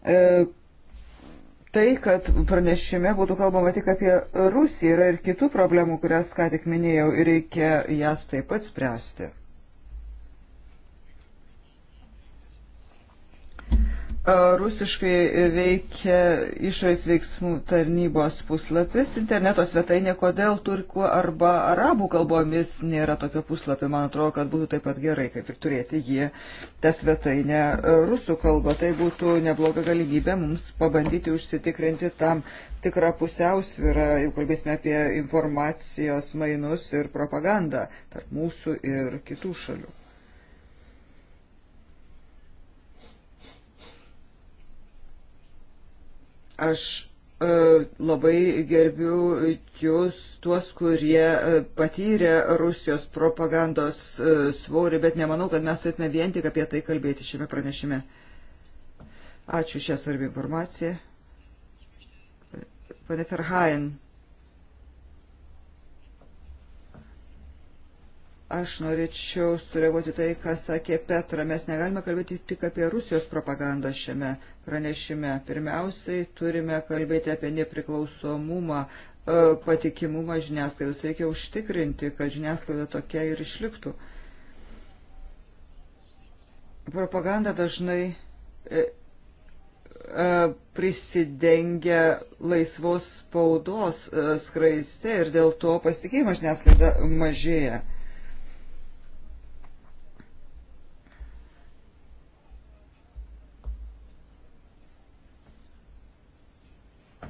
E, Tai, kad pranešime būtų kalbama tik apie Rusiją, yra ir kitų problemų, kurias ką tik minėjau, ir reikia jas taip pat spręsti. Rusiškai veikia išorės veiksmų tarnybos puslapis interneto svetainė, kodėl turkų arba arabų kalbomis nėra tokio puslapio. Man atrodo, kad būtų taip pat gerai, kaip ir turėti jį tą svetainę rusų kalbą. Tai būtų nebloga galimybė mums pabandyti užsitikrinti tam tikrą pusiausvyrą, jau kalbėsime apie informacijos mainus ir propagandą tarp mūsų ir kitų šalių. Aš e, labai gerbiu jūs, tuos, kurie e, patyrė Rusijos propagandos e, svorį, bet nemanau, kad mes turėtume vien tik apie tai kalbėti šiame pranešime. Ačiū šią svarbią informaciją. Pane Ferhain, Aš norėčiau sureaguoti tai, ką sakė Petra. Mes negalime kalbėti tik apie Rusijos propagandą šiame pranešime. Pirmiausiai turime kalbėti apie nepriklausomumą, e, patikimumą žiniasklaidos. Reikia užtikrinti, kad žiniasklaida tokia ir išliktų. Propaganda dažnai e, e, prisidengia laisvos spaudos skraiste ir dėl to pasitikėjimas žiniasklaida mažėja.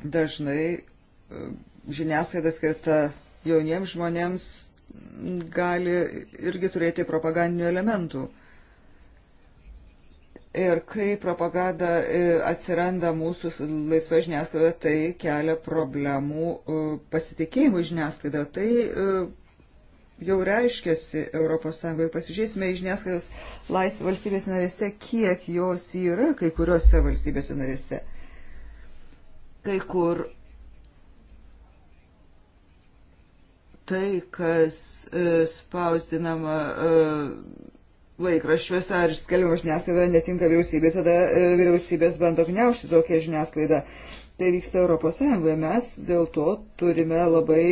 dažnai e, žiniasklaida skirta jauniems žmonėms gali irgi turėti propagandinių elementų. Ir kai propaganda e, atsiranda mūsų laisva žiniasklaida, tai kelia problemų e, pasitikėjimų žiniasklaida. Tai jau reiškiasi ES. Pasižiūrėsime į žiniasklaidos laisvę valstybės narėse, kiek jos yra kai kuriuose valstybėse narėse kai kur tai, kas e, spausdinama e, laikraščiuose ar skelbiama žiniasklaidoje netinka vyriausybė, tada e, vyriausybės bando gniaužti tokią žiniasklaidą. Tai vyksta Europos Sąjungoje. Mes dėl to turime labai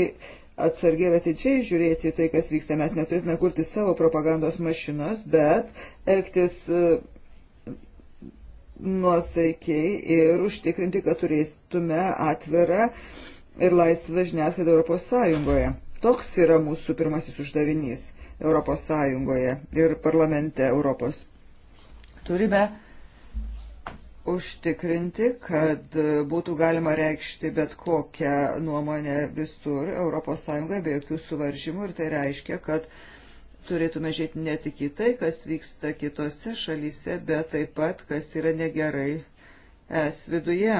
atsargiai ir atidžiai žiūrėti tai, kas vyksta. Mes neturėtume kurti savo propagandos mašinos, bet elgtis nuosaikiai ir užtikrinti, kad turėtume atvirą ir laisvą žiniasklaidą Europos Sąjungoje. Toks yra mūsų pirmasis uždavinys Europos Sąjungoje ir parlamente Europos. Turime užtikrinti, kad būtų galima reikšti bet kokią nuomonę visur Europos Sąjungoje be jokių suvaržymų ir tai reiškia, kad uh, turėtume žiūrėti ne tik į tai, kas vyksta kitose šalyse, bet taip pat, kas yra negerai es viduje.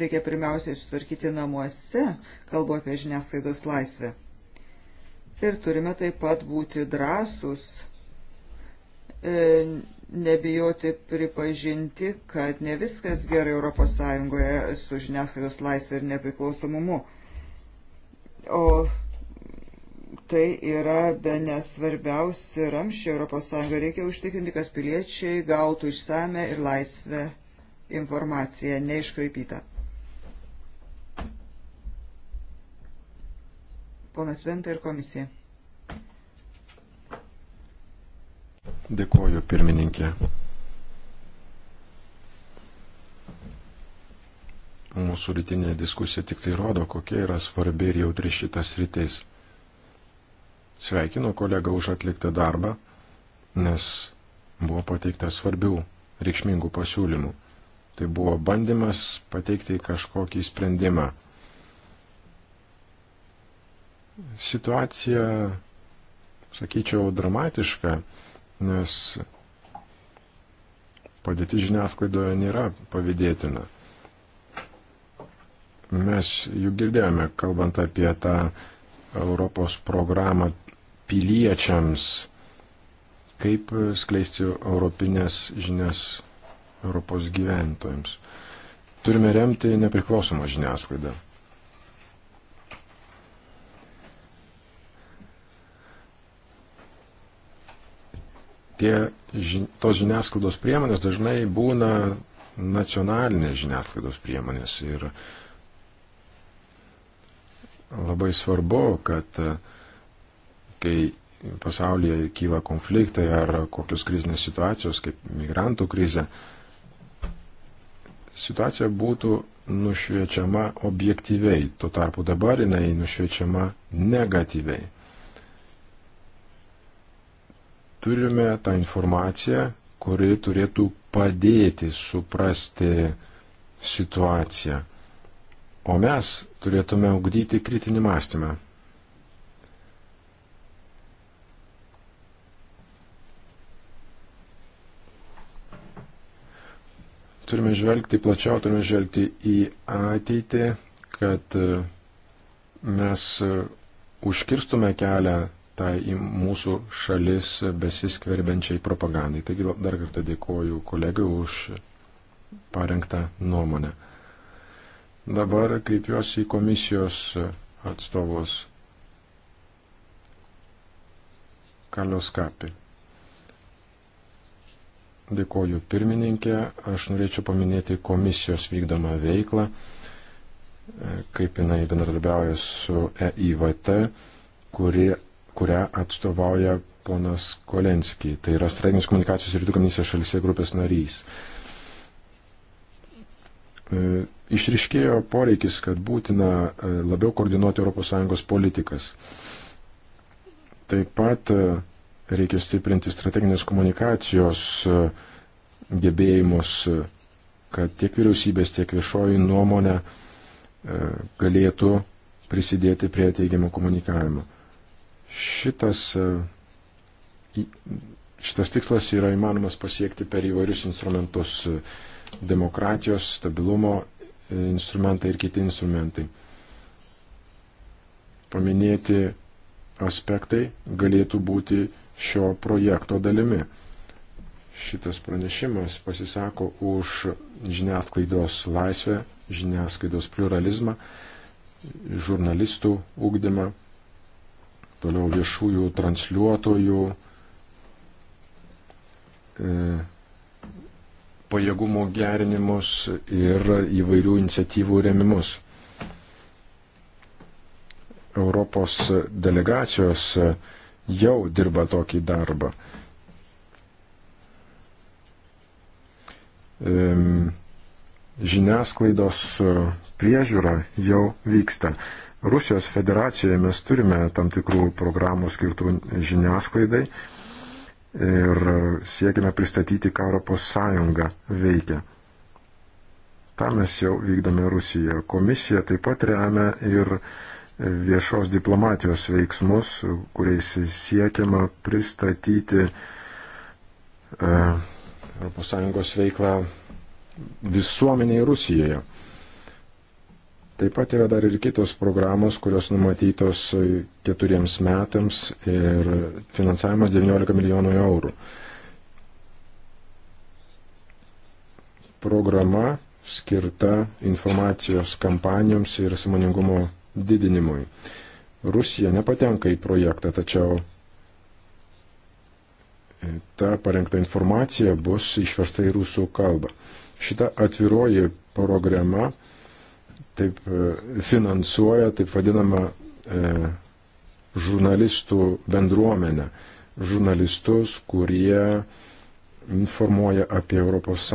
Reikia pirmiausiai sutvarkyti namuose, kalbu apie žiniasklaidos laisvę. Ir turime taip pat būti drąsūs, e, nebijoti pripažinti, kad ne viskas gerai ES su žiniasklaidos laisvė ir nepriklausomumu. O tai yra be nesvarbiausi ramščiai ES. Reikia užtikrinti, kad piliečiai gautų išsame ir laisvę informaciją, neiškraipytą. Ponas Venta ir komisija. Dėkuoju, pirmininkė. Mūsų rytinė diskusija tik tai rodo, kokia yra svarbi ir jautri šitas rytis. Sveikinu kolegą už atliktą darbą, nes buvo pateikta svarbių, reikšmingų pasiūlymų. Tai buvo bandymas pateikti kažkokį sprendimą. Situacija, sakyčiau, dramatiška, nes padėti žiniasklaidoje nėra pavydėtina. Mes juk girdėjome, kalbant apie tą Europos programą piliečiams, kaip skleisti europinės žinias Europos gyventojams. Turime remti nepriklausomą žiniasklaidą. tie, tos žiniasklaidos priemonės dažnai būna nacionalinės žiniasklaidos priemonės. Ir labai svarbu, kad kai pasaulyje kyla konfliktai ar kokios krizinės situacijos, kaip migrantų krizė, situacija būtų nušviečiama objektyviai, tuo tarpu dabar jinai nušviečiama negatyviai. Turime tą informaciją, kuri turėtų padėti suprasti situaciją, o mes turėtume ugdyti kritinį mąstymą. Turime žvelgti plačiau, turime žvelgti į ateitį, kad e, mes e, užkirstume kelią tai į mūsų šalis besiskverbiančiai propagandai. Taigi dar kartą dėkoju kolegai už parengtą nuomonę. Dabar kreipiuosi į komisijos atstovus Kalios Kapi. Dėkoju pirmininkė. Aš norėčiau paminėti komisijos vykdomą veiklą, kaip jinai bendradarbiauja su EIVT, kuri, kurią atstovauja ponas Kolenski. Tai yra strateginės komunikacijos rytų komisijos šalyse grupės narys. E, Išriškėjo poreikis, kad būtina e, labiau koordinuoti ES politikas. Taip pat e, Reikia stiprinti strateginės komunikacijos e, gebėjimus, e, kad tiek vyriausybės, tiek viešoji nuomonė e, galėtų prisidėti prie teigiamo komunikavimo. Šitas, šitas tikslas yra įmanomas pasiekti per įvairius instrumentus - demokratijos, stabilumo instrumentai ir kiti instrumentai. Paminėti aspektai galėtų būti šio projekto dalimi. Šitas pranešimas pasisako už žiniasklaidos laisvę, žiniasklaidos pluralizmą, žurnalistų ūkdymą, toliau viešųjų transliuotojų e, pajėgumo gerinimus ir įvairių iniciatyvų remimus. Europos delegacijos e, jau dirba tokį darbą. Žiniasklaidos priežiūra jau vyksta. Rusijos federacijoje mes turime tam tikrų programų skirtų žiniasklaidai ir siekime pristatyti, ką Europos Sąjunga veikia. Ta mes jau vykdome Rusijoje. Komisija taip pat remia ir uh, viešos diplomatijos veiksmus, kuriais siekiama pristatyti ES veiklą visuomeniai Rusijoje. Taip pat yra dar ir kitos programos, kurios numatytos keturiems metams ir finansavimas 19 milijonų eurų. Programa skirta informacijos kampanijoms ir samoningumo didinimui. Rusija nepatenka į projektą, tačiau e, ta parengta informacija bus išversta į rusų kalbą. Šita atviroji programa taip e, finansuoja taip vadinamą e, žurnalistų bendruomenę. Žurnalistus, kurie informuoja apie ES.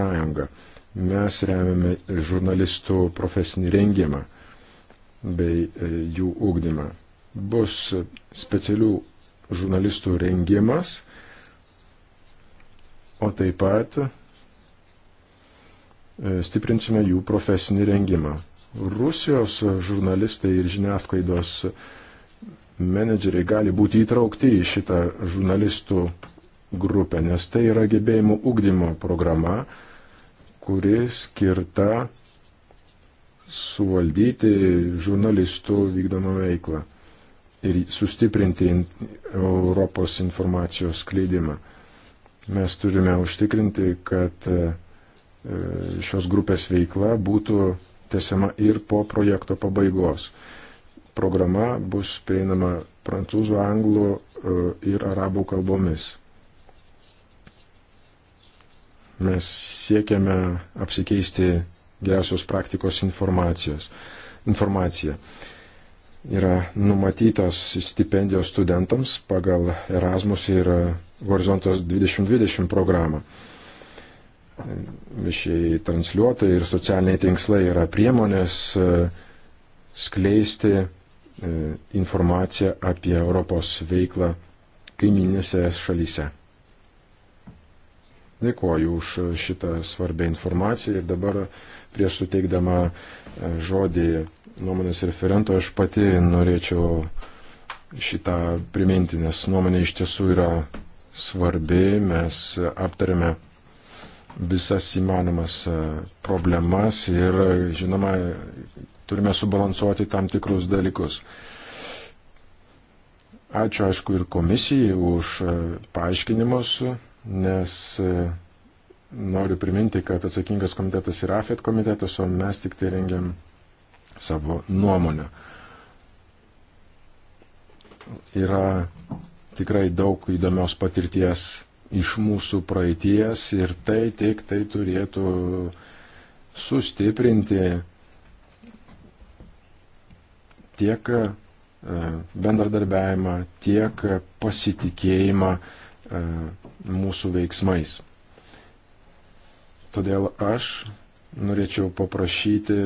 Mes remiame žurnalistų profesinį rengimą bei e, jų ūkdymą. Bus specialių žurnalistų rengimas, o taip pat e, stiprinsime jų profesinį rengimą. Rusijos žurnalistai ir žiniasklaidos menedžeriai gali būti įtraukti į šitą žurnalistų grupę, nes tai yra gebėjimų ugdymo programa, kuri skirta suvaldyti žurnalistų vykdomą veiklą ir sustiprinti Europos informacijos skleidimą. Mes turime užtikrinti, kad e, e, šios grupės veikla būtų tesama ir po projekto pabaigos. Programa bus prieinama prancūzų, anglų e, ir arabų kalbomis. Mes siekiame apsikeisti geriausios praktikos informacijos. informacija. Yra numatytos stipendijos studentams pagal Erasmus ir Horizontas 2020 programą. Viešieji transliuotojai ir socialiniai tinklai yra priemonės e, skleisti e, informaciją apie Europos veiklą kaiminėse šalyse. Dėkuoju už šitą svarbę informaciją ir dabar prieš suteikdama e, žodį nuomonės referento aš pati norėčiau šitą priminti, nes nuomonė iš tiesų yra svarbi, mes aptarėme visas įmanomas e, problemas ir, žinoma, turime subalansuoti tam tikrus dalykus. Ačiū, aišku, ir komisijai už e, paaiškinimus nes e, noriu priminti, kad atsakingas komitetas yra AFET komitetas, o mes tik tai rengiam savo nuomonę. Yra tikrai daug įdomios patirties iš mūsų praeities ir tai tik tai turėtų sustiprinti tiek e, bendradarbiavimą, tiek pasitikėjimą e, mūsų veiksmais. Todėl aš norėčiau paprašyti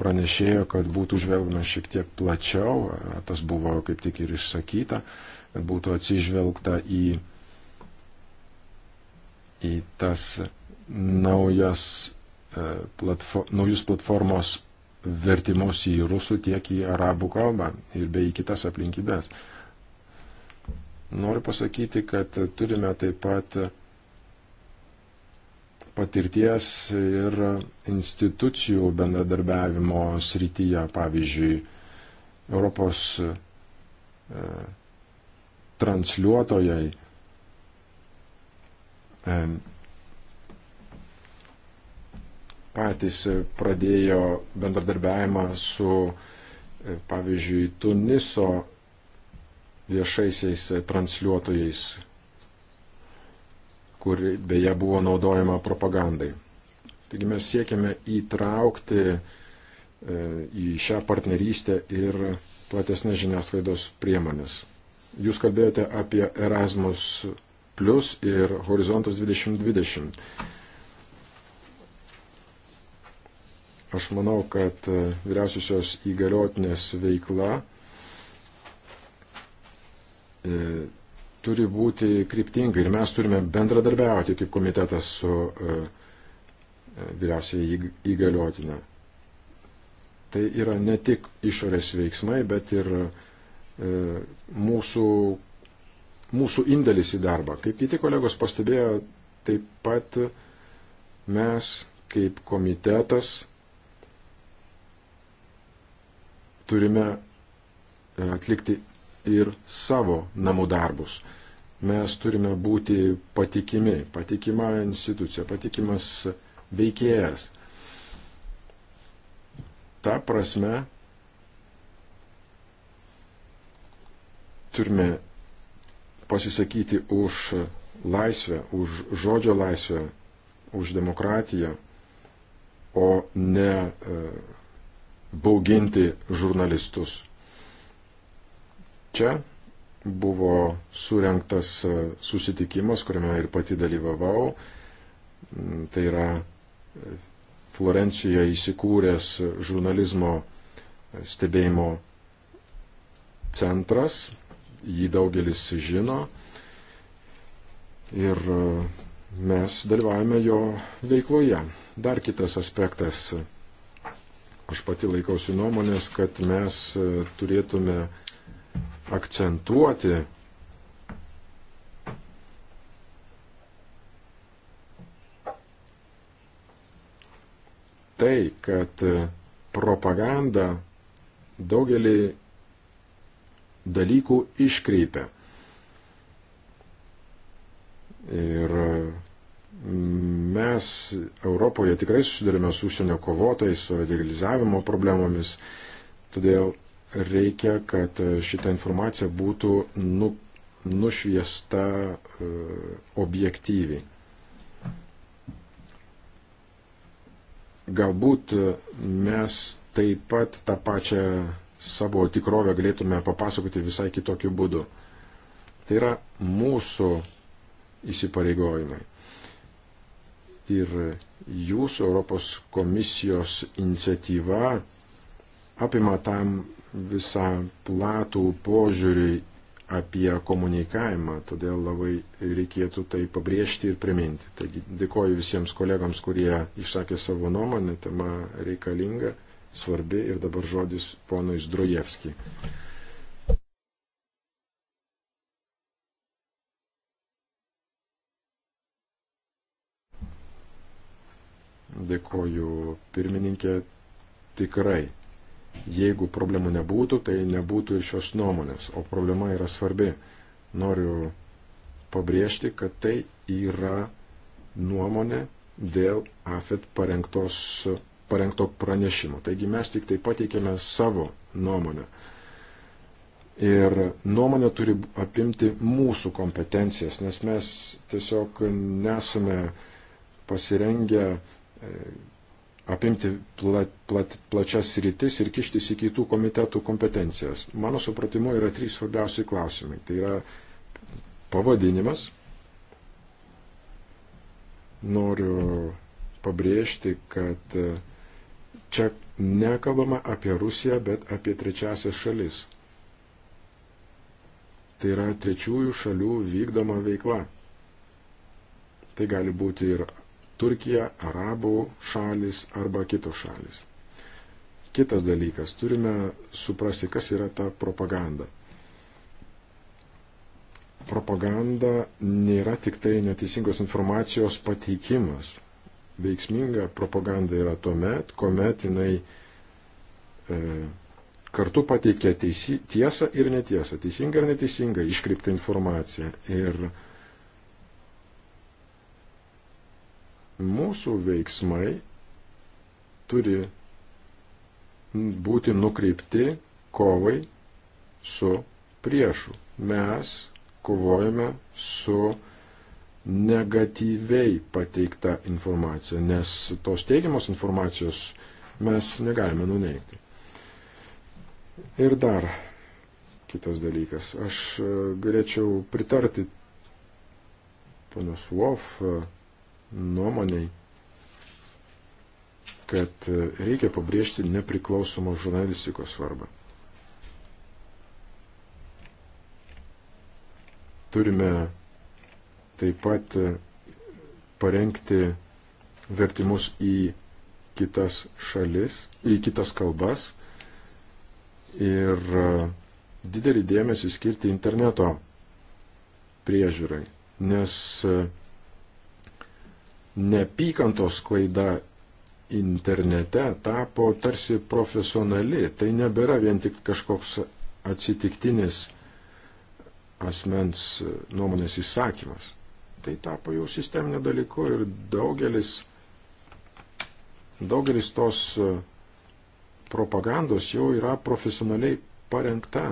pranešėjo, kad būtų žvelgama šiek tiek plačiau, tas buvo kaip tik ir išsakyta, kad būtų atsižvelgta į, į tas naujas, e, platfo, naujus platformos vertimus į rusų tiek į arabų kalbą ir bei į kitas aplinkybės. Noriu pasakyti, kad turime taip pat patirties ir institucijų bendradarbiavimo srityje, pavyzdžiui, Europos e, transliuotojai e, patys pradėjo bendradarbiavimą su, e, pavyzdžiui, Tuniso viešaisiais transliuotojais, kuri beje buvo naudojama propagandai. Taigi mes siekiame įtraukti e, į šią partnerystę ir platesnės žiniasklaidos priemonės. Jūs kalbėjote apie Erasmus Plus ir Horizontas 2020. Aš manau, kad e, vyriausiosios įgaliotinės veikla E, turi būti kryptinga ir mes turime bendradarbiauti kaip komitetas su e, e, vyriausiai įgaliotina. Tai yra ne tik išorės veiksmai, bet ir mūsų, mūsų indėlis į darbą. Kaip kiti kolegos pastebėjo, taip pat mes kaip komitetas turime atlikti ir savo namų darbus. Mes turime būti patikimi, patikima institucija, patikimas veikėjas. Ta prasme, turime pasisakyti už laisvę, už žodžio laisvę, už demokratiją, o ne e, bauginti žurnalistus. Čia buvo surinktas e, susitikimas, kuriame ir pati dalyvavau. Mm, tai yra e, Florencijoje įsikūręs žurnalizmo e, stebėjimo centras, jį daugelis žino ir mes dalyvavome jo veikloje. Dar kitas aspektas, aš pati laikausi nuomonės, kad mes turėtume akcentuoti tai, kad propaganda daugelį dalykų iškreipia. Ir mes Europoje tikrai susidurime su užsienio kovotojais, su radikalizavimo problemomis, todėl reikia, kad šita informacija būtų nu, nušviesta e, objektyviai. Galbūt mes taip pat tą pačią savo tikrovę galėtume papasakoti visai kitokiu būdu. Tai yra mūsų įsipareigojimai. Ir jūsų Europos komisijos iniciatyva apima tam visą platų požiūrį apie komunikavimą, todėl labai reikėtų tai pabrėžti ir priminti. Taigi dėkoju visiems kolegams, kurie išsakė savo nuomonę, tema reikalinga, svarbi ir dabar žodis ponui Zdrojevski. Dėkoju pirmininkė, tikrai Jeigu problemų nebūtų, tai nebūtų ir šios nuomonės, o problema yra svarbi. Noriu pabrėžti, kad tai yra nuomonė dėl AFET parengtos, parengto pranešimo. Taigi mes tik tai pateikėme savo nuomonę. Ir nuomonė turi apimti mūsų kompetencijas, nes mes tiesiog nesame pasirengę apimti plat, plat, plačias rytis ir kištis į kitų komitetų kompetencijas. Mano supratimu yra trys svarbiausi klausimai. Tai yra pavadinimas. Noriu pabrėžti, kad e, čia nekalbama apie Rusiją, bet apie trečiasias šalis. Tai yra trečiųjų šalių vykdoma veikla. Tai gali būti ir Turkija, arabų šalis arba kitos šalis. Kitas dalykas, turime suprasti, kas yra ta propaganda. Propaganda nėra tik tai neteisingos informacijos pateikimas. Veiksminga propaganda yra tuomet, kuomet jinai e, kartu pateikia teisi, tiesą ir netiesą, teisingą ir neteisingą iškreiptą informaciją. Ir mūsų veiksmai turi būti nukreipti kovai su priešu. Mes kovojame su negatyviai pateikta informacija, nes tos teigiamos informacijos mes negalime nuneikti. Ir dar kitas dalykas. Aš e, galėčiau pritarti ponios Wolf e, nuomoniai, kad reikia pabrėžti nepriklausomos žurnalistikos svarbą. Turime taip pat parengti vertimus į kitas šalis, į kitas kalbas ir didelį dėmesį skirti interneto priežiūrai, nes Nepykantos klaida internete tapo tarsi profesionali. Tai nebėra vien tik kažkoks atsitiktinis asmens nuomonės įsakymas. Tai tapo jau sisteminio dalyku ir daugelis, daugelis tos e, propagandos jau yra profesionaliai parengta.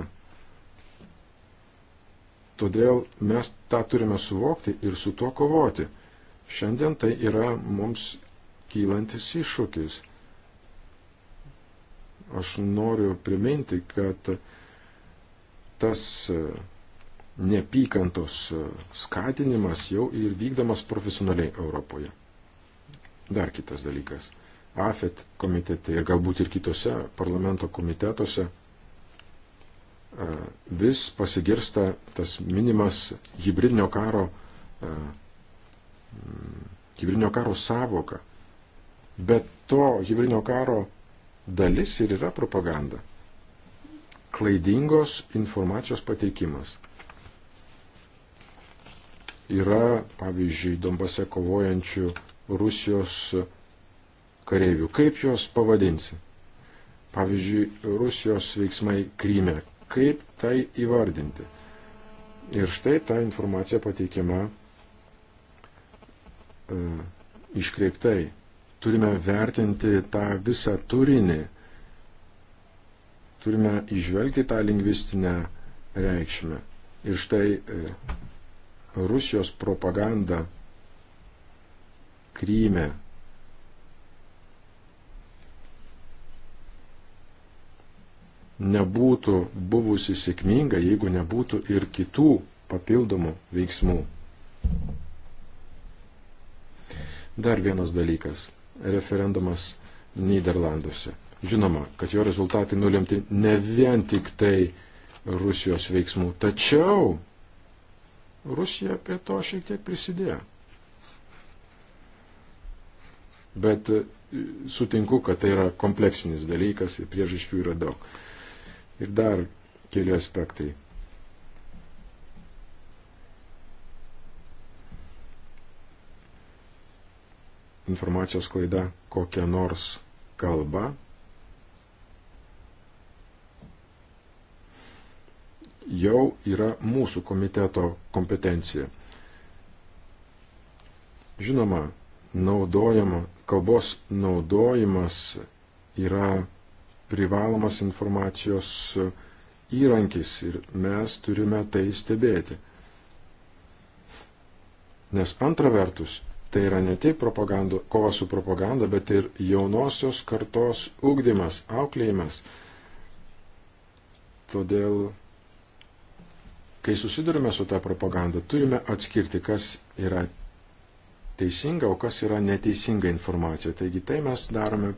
Todėl mes tą turime suvokti ir su tuo kovoti. Šiandien tai yra mums kylantis iššūkis. Aš noriu priminti, kad tas e, neapykantos e, skatinimas jau ir vykdomas profesionaliai Europoje. Dar kitas dalykas. AFET komitete ir galbūt ir kitose parlamento komitetuose e, vis pasigirsta tas minimas hybridinio karo hybridinio karo savoka. Bet to hybridinio karo dalis ir yra propaganda. Klaidingos informacijos pateikimas. Yra, pavyzdžiui, Dombase kovojančių Rusijos kareivių. Kaip juos pavadinsi? Pavyzdžiui, Rusijos veiksmai Kryme. Kaip tai įvardinti? Ir štai ta informacija pateikiama E, iškreiptai. Turime vertinti tą visą turinį. Turime išvelgti tą lingvistinę reikšmę. Ir štai e, Rusijos propaganda Kryme nebūtų buvusi sėkminga, jeigu nebūtų ir kitų papildomų veiksmų. Dar vienas dalykas - referendumas Niderlanduose. Žinoma, kad jo rezultatai nulemti ne vien tik tai Rusijos veiksmų, tačiau Rusija prie to šiek tiek prisidėjo. Bet e, sutinku, kad tai yra kompleksinis dalykas ir priežasčių yra daug. Ir dar keli aspektai. informacijos klaida kokia nors kalba, jau yra mūsų komiteto kompetencija. Žinoma, naudojama, kalbos naudojimas yra privalomas informacijos įrankis ir mes turime tai stebėti. Nes antra vertus, Tai yra ne tik kova su propaganda, bet ir jaunosios kartos ugdymas, auklėjimas. Todėl, kai susidurime su tą propagandą, turime atskirti, kas yra teisinga, o kas yra neteisinga informacija. Taigi tai mes darome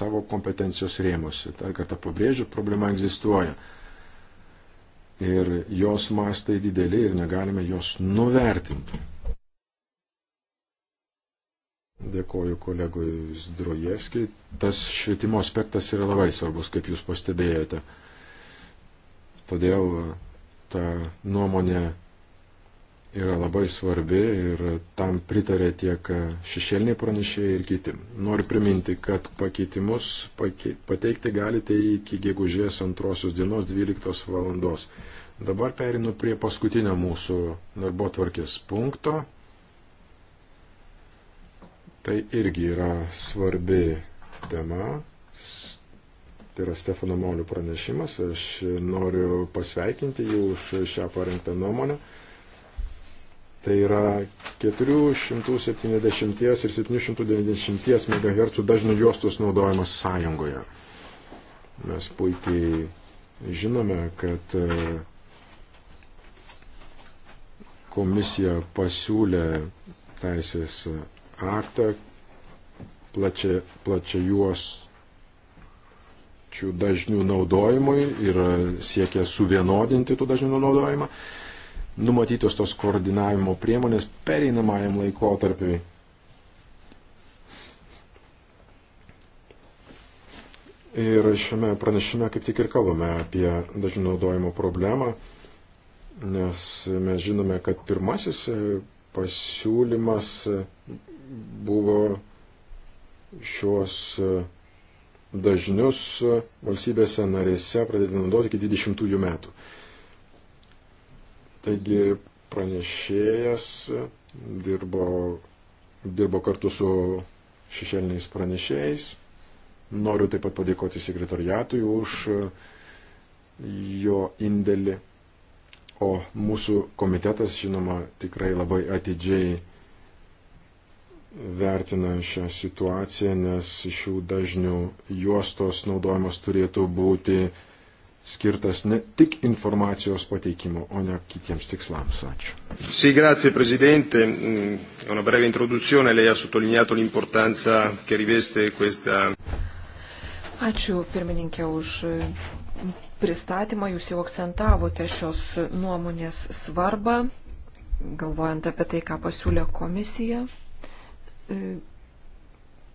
savo kompetencijos rėmusi. Dar kartą pabrėžiu, problema egzistuoja. Ir jos mastai dideli ir negalime jos nuvertinti. Dėkoju kolegui Zdrojevskiai. Tas švietimo aspektas yra labai svarbus, kaip jūs pastebėjote. Todėl e, ta nuomonė yra labai svarbi ir tam pritarė tiek e, šešėliniai pranešėjai ir kiti. Noriu priminti, kad pakeitimus pateikti galite iki gegužės antrosios dienos 12 valandos. Dabar perinu prie paskutinio mūsų darbo tvarkės punkto. Tai irgi yra svarbi tema. Tai yra Stefano Molių pranešimas. Aš noriu pasveikinti jį už šią parengtą nuomonę. Tai yra 470 ir 790 MHz dažnių juostos naudojimas sąjungoje. Mes puikiai žinome, kad e, komisija pasiūlė teisės aktą plačia, plačia juos šių dažnių naudojimui ir siekia suvienodinti tų dažnių naudojimą. Numatytos tos koordinavimo priemonės pereinamajam laikotarpiui. Ir šiame pranešime kaip tik ir kalbame apie dažnių naudojimo problemą, nes mes žinome, kad pirmasis pasiūlymas buvo šios e, dažnius e, valstybėse narėse pradėti naudoti iki 20 metų. Taigi pranešėjas e, dirbo, dirbo kartu su šešėliniais pranešėjais. Noriu taip pat padėkoti sekretariatui už jo indėlį. O mūsų komitetas, žinoma, tikrai labai atidžiai vertina šią situaciją, nes šių dažnių juostos naudojimas turėtų būti skirtas ne tik informacijos pateikimu, o ne kitiems tikslams. Ačiū. Sì, grazie Presidente. Mm, una breve introduzione, lei ha sottolineato l'importanza che riveste questa. Ačiū pirmininkė už pristatymą, jūs jau akcentavote šios nuomonės svarbą, galvojant apie tai, ką pasiūlė komisija. E,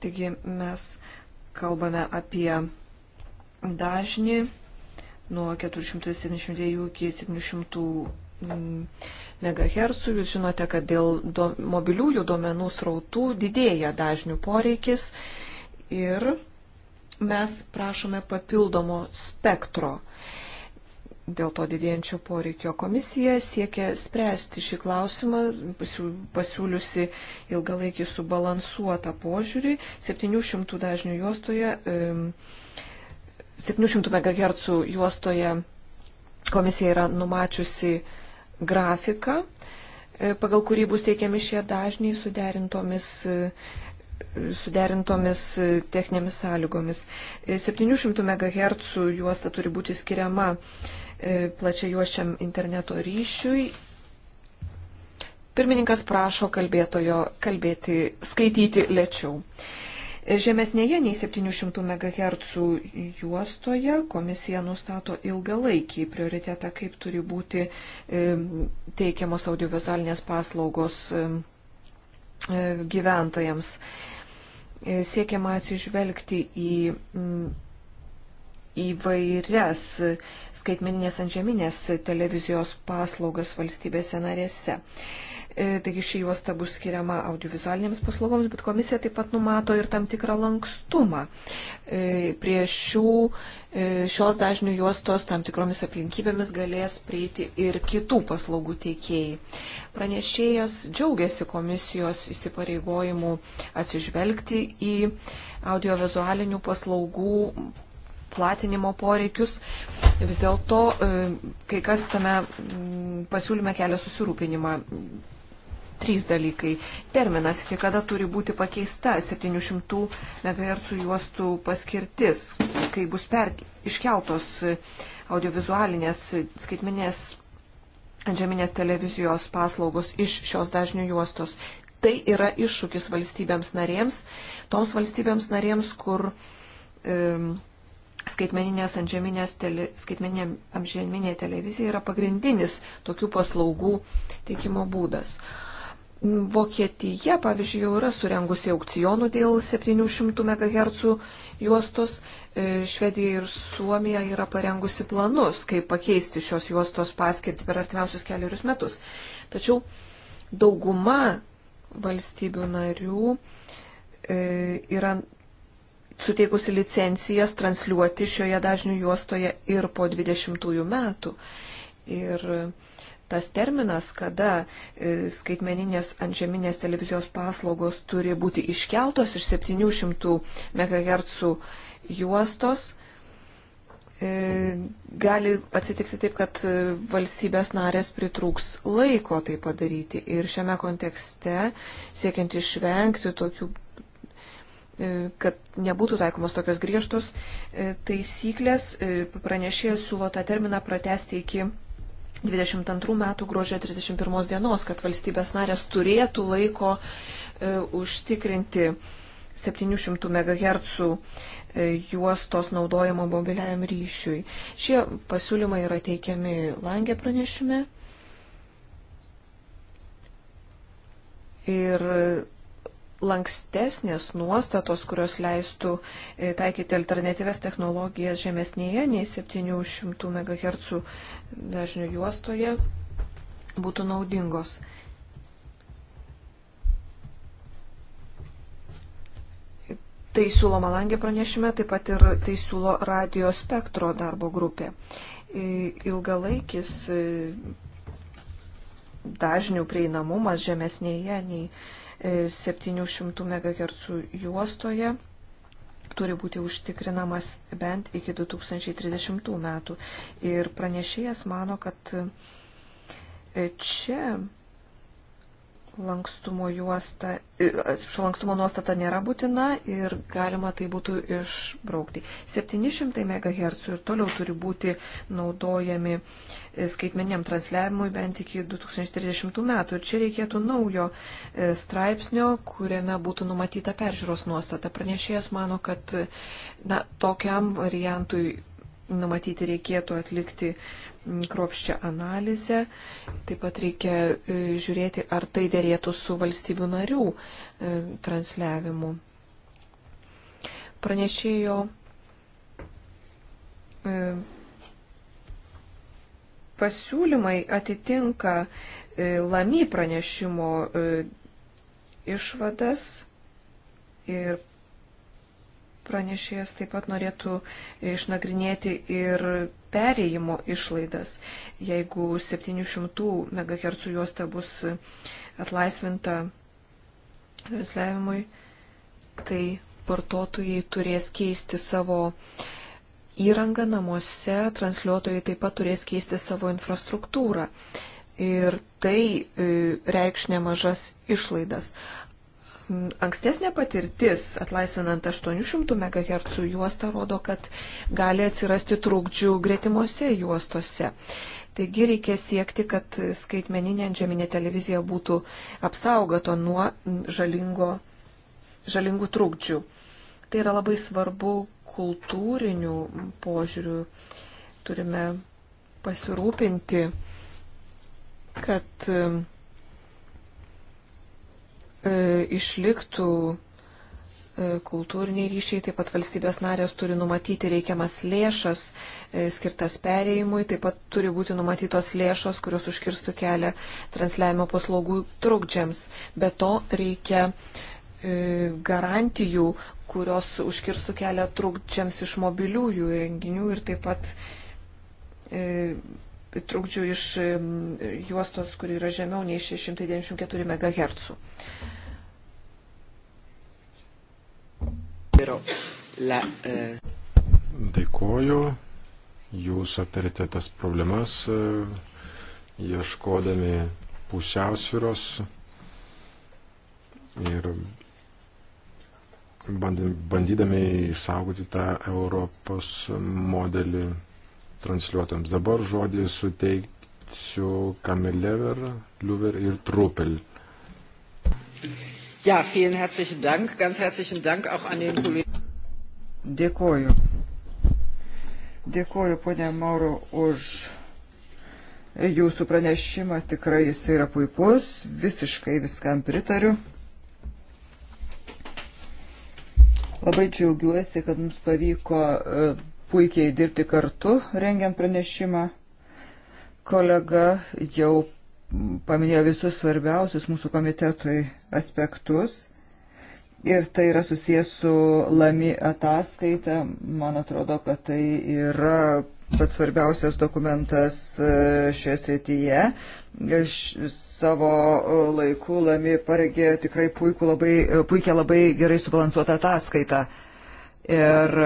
taigi mes kalbame apie dažnį nuo 472 iki 700 MHz. Mm, Jūs žinote, kad dėl do, mobiliųjų duomenų srautų didėja dažnių poreikis ir mes prašome papildomo spektro dėl to didėjančio poreikio. Komisija siekia spręsti šį klausimą, pasiūliusi ilgalaikį subalansuotą požiūrį 700 dažnių juostoje, 700 MHz juostoje komisija yra numačiusi grafiką, e, pagal kurį bus teikiami šie dažniai suderintomis e, suderintomis e, techninėmis sąlygomis. 700 MHz juosta turi būti skiriama uh, E, plačia juošiam interneto ryšiui. Pirmininkas prašo kalbėtojo kalbėti, skaityti lėčiau. E, žemesnėje nei 700 MHz juostoje komisija nustato ilgalaikį prioritetą, kaip turi būti e, teikiamos audiovizualinės paslaugos gyventojams. Siekiama atsižvelgti į įvairias skaitmeninės antžeminės televizijos paslaugas valstybėse narėse. E, taigi ši juosta bus skiriama audiovizualinėms paslaugoms, bet komisija taip pat numato ir tam tikrą lankstumą. E, prie šių, e, šios dažnių juostos tam tikromis aplinkybėmis galės prieiti ir kitų paslaugų teikėjai. Pranešėjas džiaugiasi komisijos įsipareigojimu atsižvelgti į audiovizualinių paslaugų platinimo poreikius. Vis dėlto e, kai kas tame pasiūlyme kelia susirūpinimą. Trys dalykai. Terminas, iki kada turi būti pakeista 700 MHz juostų paskirtis, kai bus per, iškeltos e, audiovizualinės e, skaitminės antžeminės televizijos paslaugos iš šios dažnių juostos tai yra iššūkis valstybėms narėms, toms valstybėms narėms, kur e, skaitmeninės antžeminės tele, skaitmeninė amžeminė televizija yra pagrindinis tokių paslaugų teikimo būdas. Vokietija, pavyzdžiui, jau yra surengusi aukcionų dėl 700 MHz juostos. E, Švedija ir Suomija yra parengusi planus, kaip pakeisti šios juostos paskirtį per artimiausius keliarius metus. Tačiau dauguma valstybių narių e, yra suteikusi licencijas transliuoti šioje dažnių juostoje ir po 20 metų. Ir tas terminas, kada e, skaitmeninės antžeminės televizijos paslaugos turi būti iškeltos iš 700 MHz juostos, e, gali atsitikti taip, kad e, valstybės narės pritrūks laiko tai padaryti. Ir šiame kontekste, siekiant išvengti tokių E, kad nebūtų taikomos tokios griežtos e, taisyklės. E, pranešėjas siūlo tą terminą pratesti iki 22 metų gruodžio 31 dienos, kad valstybės narės turėtų laiko užtikrinti 700 MHz juostos naudojimo mobiliajam ryšiui. Šie pasiūlymai yra teikiami langė pranešime. Ir lankstesnės nuostatos, kurios leistų e, taikyti alternatyves technologijas žemesnėje nei 700 MHz dažnių juostoje, būtų naudingos. Tai siūlo Malangė pranešime, taip pat ir tai siūlo radio spektro darbo grupė. E, ilgalaikis e, dažnių prieinamumas žemesnėje nei 700 MHz juostoje turi būti užtikrinamas bent iki 2030 metų. Ir pranešėjas mano, kad e, čia lankstumo juosta, e, atsiprašau, lankstumo nuostata nėra būtina ir galima tai būtų išbraukti. 700 MHz ir toliau turi būti naudojami e, skaitmeniam transliavimui bent iki 2030 metų. Ir čia reikėtų naujo e, straipsnio, kuriame būtų numatyta peržiūros nuostata. Pranešėjas mano, kad na, tokiam variantui numatyti reikėtų atlikti kruopščią analizę. Taip pat reikia e, žiūrėti, ar tai dėrėtų su valstybių narių e, transliavimu. Pranešėjo e, pasiūlymai atitinka lamy pranešimo išvadas ir pranešėjas taip pat norėtų išnagrinėti ir perėjimo išlaidas. Jeigu 700 MHz juosta bus atlaisvinta transliavimui, tai vartotojai turės keisti savo įrangą namuose, transliuotojai taip pat turės keisti savo infrastruktūrą. Ir tai e, reikš nemažas išlaidas ankstesnė patirtis, atlaisvinant 800 MHz juostą, rodo, kad gali atsirasti trūkdžių greitimose juostose. Taigi reikia siekti, kad skaitmeninė antžeminė televizija būtų apsaugoto nuo žalingo, žalingų trūkdžių. Tai yra labai svarbu kultūrinių požiūrių. Turime pasirūpinti, kad E, išliktų e, kultūriniai ryšiai, taip pat valstybės narės turi numatyti reikiamas lėšas e, skirtas perėjimui, taip pat turi būti numatytos lėšos, kurios užkirstų kelią transliavimo paslaugų trukdžiams. Be to reikia garantijų, kurios užkirstų kelią trukdžiams iš mobiliųjų renginių ir taip pat trukdžių iš juostos, kuri yra žemiau nei 694 MHz. Eh, Dėkoju, jūs aptarėte tas problemas, eh, ieškodami pusiausviros ir bandydami išsaugoti tą Europos modelį transliuotams. Dabar žodį suteiksiu Kamelever, Liuver ir Trupel. Ja, vielen herzlichen Dank, ganz herzlichen Dank auch an den Kollegen. Dėkoju. Dėkoju, ponė Mauro, už jūsų pranešimą. Tikrai jis yra puikus, visiškai viskam pritariu. Labai džiaugiuosi, kad mums pavyko e, puikiai dirbti kartu, rengiant pranešimą. Kolega jau paminėjo visus svarbiausius mūsų komitetui aspektus. Ir tai yra susijęs su lami ataskaita. Man atrodo, kad tai yra pats svarbiausias dokumentas e, šioje srityje. Aš savo laiku lami pareigė tikrai puikia labai, e, puikia labai gerai subalansuota ataskaita. Ir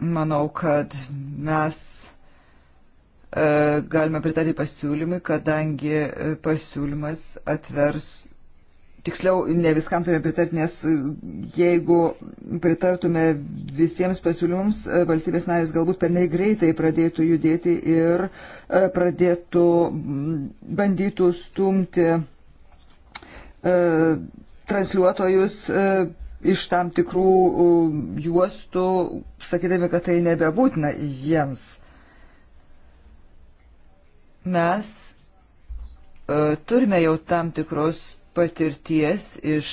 Manau, kad mes e, galime pritarti pasiūlymui, kadangi e, pasiūlymas atvers tiksliau ne viskam turime pritarti, nes e, jeigu pritartume visiems pasiūlymams, valstybės narės galbūt per greitai pradėtų judėti ir pradėtų, bandytų stumti transliuotojus iš tam tikrų juostų, sakydami, kad tai nebebūtina jiems. Mes e, turime jau tam tikros patirties iš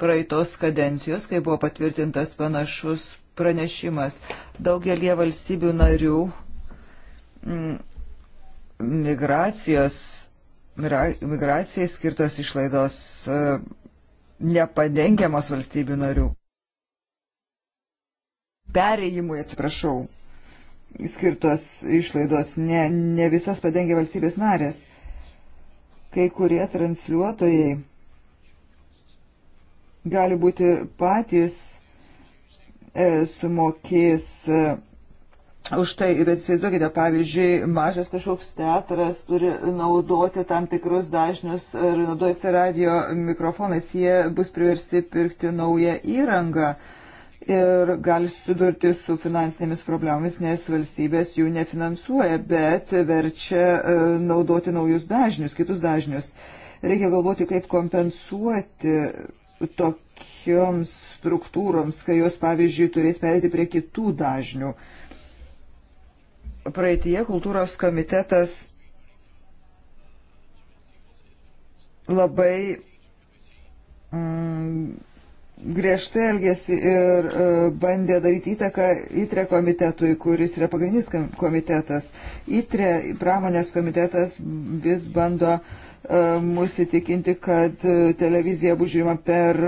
praeitos kadencijos, kai buvo patvirtintas panašus pranešimas. Daugelie valstybių narių migracijos, migracijai skirtos išlaidos e, nepadengiamos valstybių narių. Perėjimui, atsiprašau, skirtos išlaidos ne, ne visas padengia valstybės narės. Kai kurie transliuotojai gali būti patys e, sumokės e, Už tai, bet įsivaizduokite, pavyzdžiui, mažas kažkoks teatras turi naudoti tam tikrus dažnius ir naudojasi radio mikrofonais, jie bus priversti pirkti naują įrangą ir gali susidurti su finansinėmis problemomis, nes valstybės jų nefinansuoja, bet verčia e, naudoti naujus dažnius, kitus dažnius. Reikia galvoti, kaip kompensuoti tokioms struktūroms, kai jos, pavyzdžiui, turės perėti prie kitų dažnių. Praeitie kultūros komitetas labai mm, griežtai elgėsi ir e, bandė daryti įtaką ITRE komitetui, kuris yra pagrindinis komitetas. ITRE pramonės komitetas vis bando e, mus įtikinti, kad e, televizija bus žiūrima per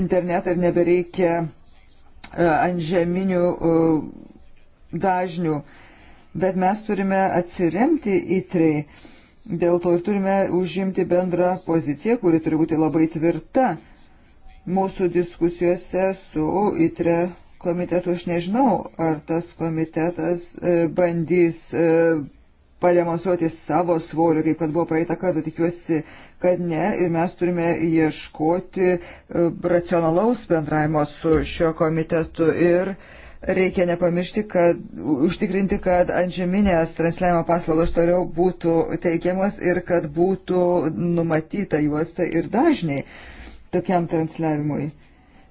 internetą ir nebereikia ant žeminių dažnių. Uh, bet mes turime atsiremti į trei. Dėl to ir turime užimti bendrą poziciją, kuri turi būti labai tvirta mūsų diskusijose su ITRE komitetu. Aš nežinau, ar tas komitetas e, bandys e, pademonstruoti savo svorį, kaip kad buvo praeitą kartą. Tikiuosi, kad ne. Ir mes turime ieškoti e, racionalaus bendravimo su šiuo komitetu. Ir uh, Reikia nepamiršti, kad užtikrinti, kad antžeminės transliavimo paslaugos toliau būtų teikiamas ir kad būtų numatyta juosta ir dažniai tokiam transliavimui. E,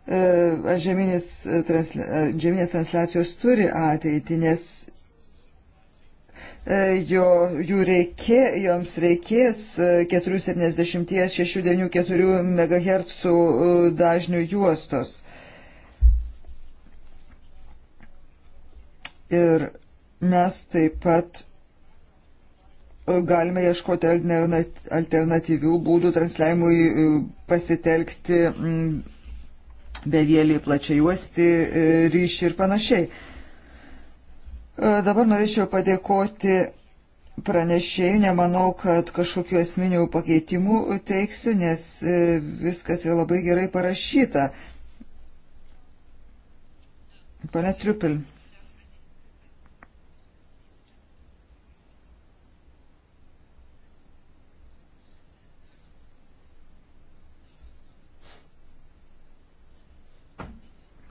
e, e, antžeminės transli... transliacijos turi ateitį, nes jo, jų reikė, joms reikės 470-694 MHz dažnių juostos. Ir mes taip pat e, galime ieškoti alternatyvių būdų transliavimui e, pasitelkti bevėlį plačiai juosti e, ryšį ir panašiai. Dabar norėčiau padėkoti pranešėjų, nemanau, kad kažkokiu esminiu pakeitimu teiksiu, nes viskas yra labai gerai parašyta. Pane Triupil.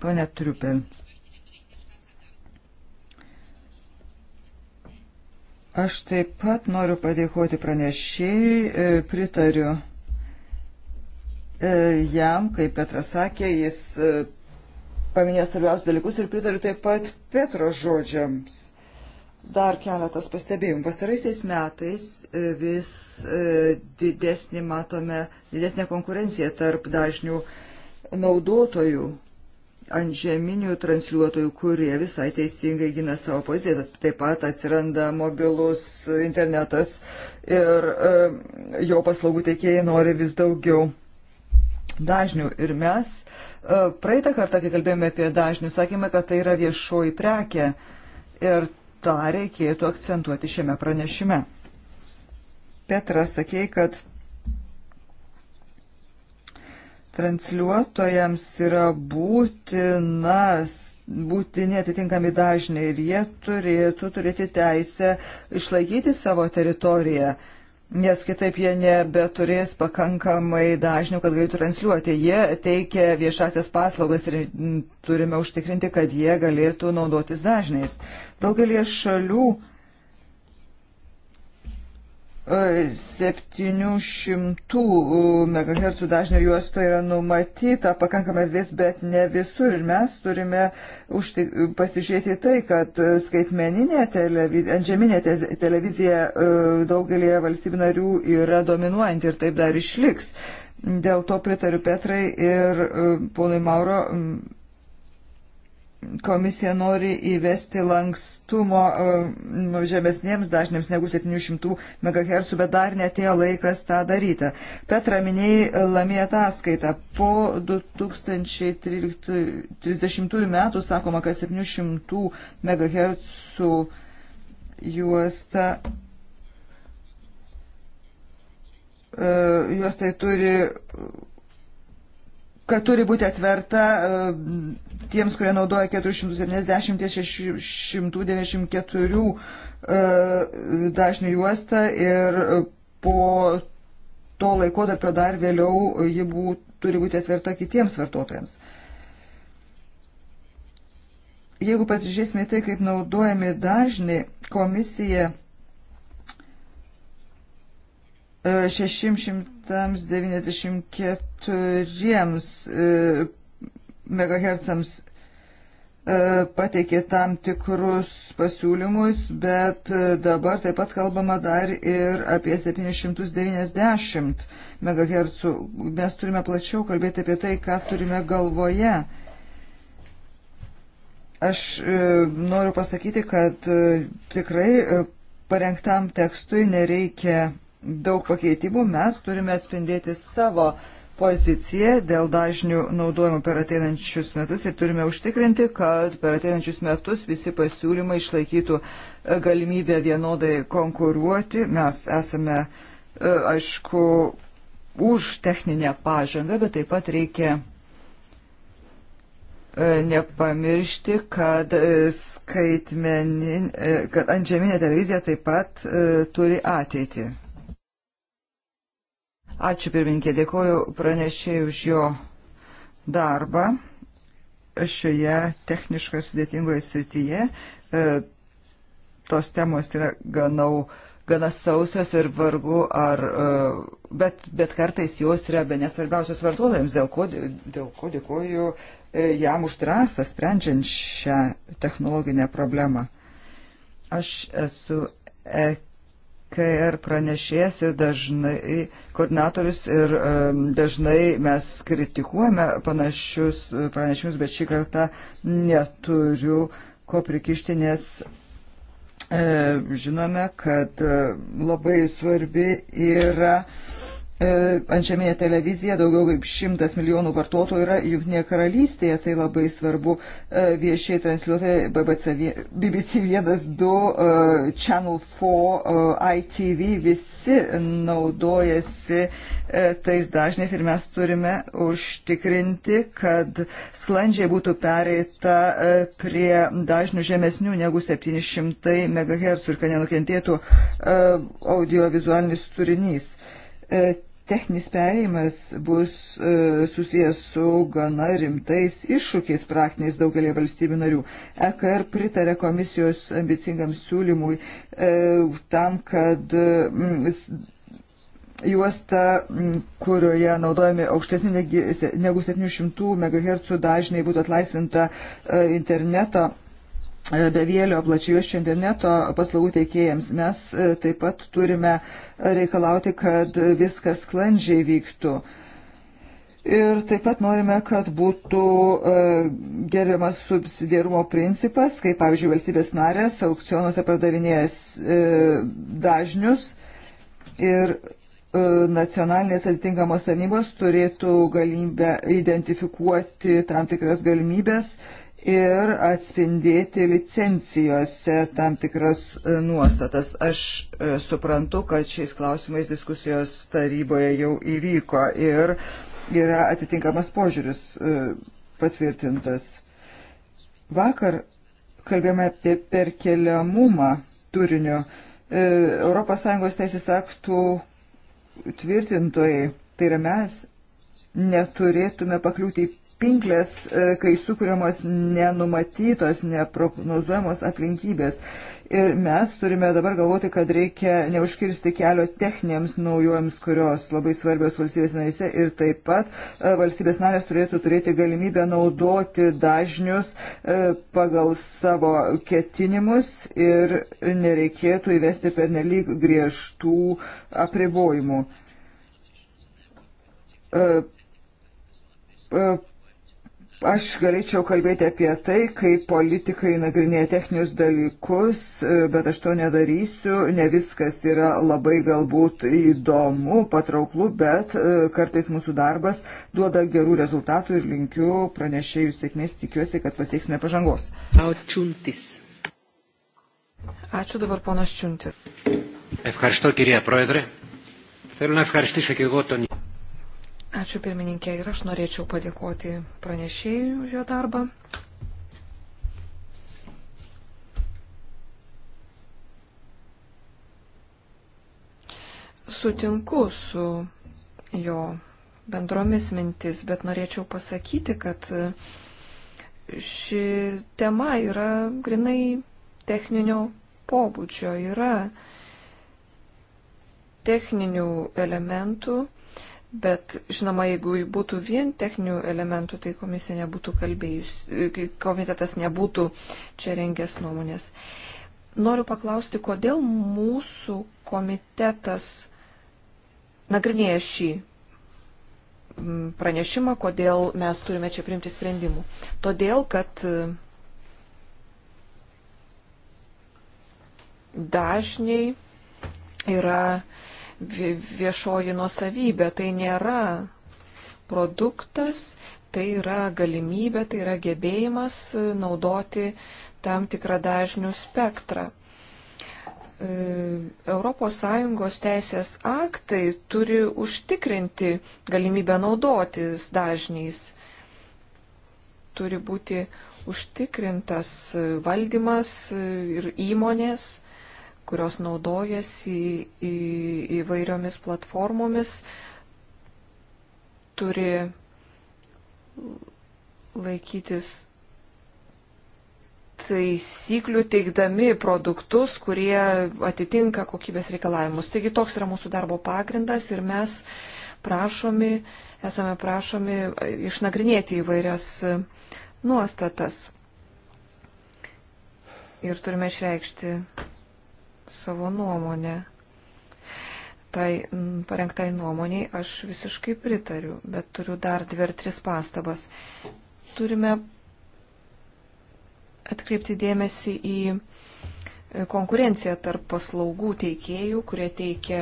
Pane Triupel. Aš taip pat noriu padėkoti pranešėjai, e, pritariu e, jam, kaip Petras sakė, jis e, paminėjo svarbiausius dalykus ir pritariu taip pat Petro žodžiams. Dar keletas pastebėjimų. Pastaraisiais metais vis didesnį matome, didesnę konkurenciją tarp dažnių naudotojų ant žeminių transliuotojų, kurie visai teisingai gina savo pozicijas. Taip pat atsiranda mobilus internetas ir e, jo paslaugų teikėjai nori vis daugiau dažnių. Ir mes e, praeitą kartą, kai kalbėjome apie dažnių, sakėme, kad tai yra viešoji prekė ir tą reikėtų akcentuoti šiame pranešime. Petra, sakėjai, kad transliuotojams yra būtinas būtini atitinkami dažniai ir jie turėtų turėti teisę išlaikyti savo teritoriją, nes kitaip jie nebeturės pakankamai dažnių, kad galėtų transliuoti. Jie teikia viešasias paslaugas ir turime užtikrinti, kad jie galėtų naudotis dažniais. Daugelie šalių uh, 700 e, MHz dažnio juosto yra numatyta pakankamai vis, bet ne visur. Ir mes turime užti, pasižiūrėti tai, kad skaitmeninė televizija, antžeminė televizija daugelėje valstybių narių yra dominuojanti ir taip dar išliks. Dėl to pritariu Petrai ir e, ponui Mauro komisija nori įvesti lankstumo e, nu, žemesniems dažniams negu 700 MHz, bet dar netėjo laikas tą daryti. Petra minėjai e, Lamie ataskaitą. Po 2030 metų sakoma, kad 700 MHz juosta. E, Juos tai turi kad turi būti atverta e, tiems, kurie naudoja 470-694 e, dažnių juostą ir po to laikotarpio dar vėliau ji bū, turi būti atverta kitiems vartotojams. Jeigu pasižiūrėsime tai, kaip naudojami dažniai, komisija 694 e, MHz e, pateikė tam tikrus pasiūlymus, bet e, dabar taip pat kalbama dar ir apie 790 MHz. Mes turime plačiau kalbėti apie tai, ką turime galvoje. Aš noriu pasakyti, kad tikrai parengtam tekstui nereikia daug pakeitimų, mes turime atspindėti savo poziciją dėl dažnių naudojimų per ateinančius metus ir turime užtikrinti, kad per ateinančius metus visi pasiūlymai išlaikytų e, galimybę vienodai konkuruoti. Mes esame, e, aišku, už techninę pažangą, bet taip pat reikia e, nepamiršti, kad, skaitmenin, kad antžeminė televizija taip pat turi ateitį. Ačiū pirmininkė, dėkoju pranešėjai už jo darbą šioje techniškai sudėtingoje srityje. E, tos temos yra ganau, gana sausios ir vargu, ar, e, bet, bet kartais jos yra be nesvarbiausios vartotojams, dėl ko, dėl ko dėkoju e, jam už drąsą sprendžiant šią technologinę problemą. Aš esu ek ir pranešėjas, ir dažnai koordinatorius, ir dažnai mes kritikuojame panašius e, pranešimus, bet šį kartą neturiu ko prikišti, nes e, žinome, kad e, labai svarbi yra E, Ančiaminė televizija, daugiau kaip šimtas milijonų vartotojų yra Junktinėje karalystėje, tai labai svarbu e, viešiai transliuotojai BBC, BBC 1, 2, Channel 4, e, ITV, visi naudojasi tais dažniais ir mes turime užtikrinti, kad sklandžiai būtų pereita prie dažnių žemesnių negu 700 MHz ir kad nenukentėtų audiovizualinis turinys techninis perėjimas bus e, susijęs su gana rimtais iššūkiais praktiniais daugelį valstybių narių. EKR pritarė komisijos ambicingam siūlymui e, tam, kad e, m, juosta, m, kurioje naudojami aukštesni negu 700 MHz dažniai būtų atlaisvinta e, interneto E, bevėlio plačiojo šiandieneto paslaugų teikėjams. Mes e, taip pat turime reikalauti, kad viskas sklandžiai vyktų. Ir taip pat norime, kad būtų e, gerbiamas subsidiarumo principas, kaip pavyzdžiui valstybės narės aukcionuose pardavinėjęs dažnius ir nacionalinės atitinkamos tarnybos turėtų galimybę identifikuoti tam tikras galimybės, uh, ir atspindėti licencijose tam tikras e, nuostatas. Aš e, suprantu, kad šiais klausimais diskusijos taryboje jau įvyko ir yra atitinkamas požiūris e, patvirtintas. Vakar kalbėjome apie perkeliamumą turinio. ES teisės aktų tvirtintojai, tai yra mes, neturėtume pakliūti į pinklės, e, kai sukūriamos nenumatytos, neprognozuojamos aplinkybės. Ir mes turime dabar galvoti, kad reikia neužkirsti kelio techninėms naujojams, kurios labai svarbios valstybės narėse. Ir taip pat e, valstybės narės turėtų turėti galimybę naudoti dažnius e, pagal savo ketinimus ir nereikėtų įvesti per nelik griežtų apribojimų Aš galėčiau kalbėti apie tai, kaip politikai nagrinėja techninius dalykus, e, bet aš to nedarysiu. Ne viskas yra labai galbūt įdomu, patrauklu, bet e, kartais mūsų darbas duoda gerų rezultatų ir linkiu pranešėjų sėkmės, tikiuosi, kad pasieksime pažangos. Čiuntis. Ačiū dabar ponas Čiuntis. Ευχαριστώ κυρία Πρόεδρε. Θέλω να ευχαριστήσω και εγώ τον Ačiū pirmininkė ir aš norėčiau padėkoti pranešėjui už jo darbą. Sutinku su jo bendromis mintis, bet norėčiau pasakyti, kad ši tema yra grinai techninio pobūdžio, yra techninių elementų, Bet, žinoma, jeigu būtų vien techninių elementų, tai komisija nebūtų kalbėjus, komitetas nebūtų čia rengęs nuomonės. Noriu paklausti, kodėl mūsų komitetas nagrinėja šį mm, pranešimą, kodėl mes turime čia priimti sprendimų. Todėl, kad e, dažniai yra viešoji nuosavybė. Tai nėra produktas, tai yra galimybė, tai yra gebėjimas e, naudoti tam tikrą dažnių spektrą. ES teisės aktai turi užtikrinti galimybę naudotis dažniais. Turi būti užtikrintas valdymas e, ir įmonės kurios naudojasi įvairiomis platformomis, turi laikytis taisyklių teikdami produktus, kurie atitinka kokybės reikalavimus. Taigi toks yra mūsų darbo pagrindas ir mes prašomi, esame prašomi išnagrinėti įvairias nuostatas. Ir turime išreikšti savo nuomonę. Tai mm, parengtai nuomoniai aš visiškai pritariu, bet turiu dar dvi ar tris pastabas. Turime atkreipti dėmesį į e, konkurenciją tarp paslaugų teikėjų, kurie teikia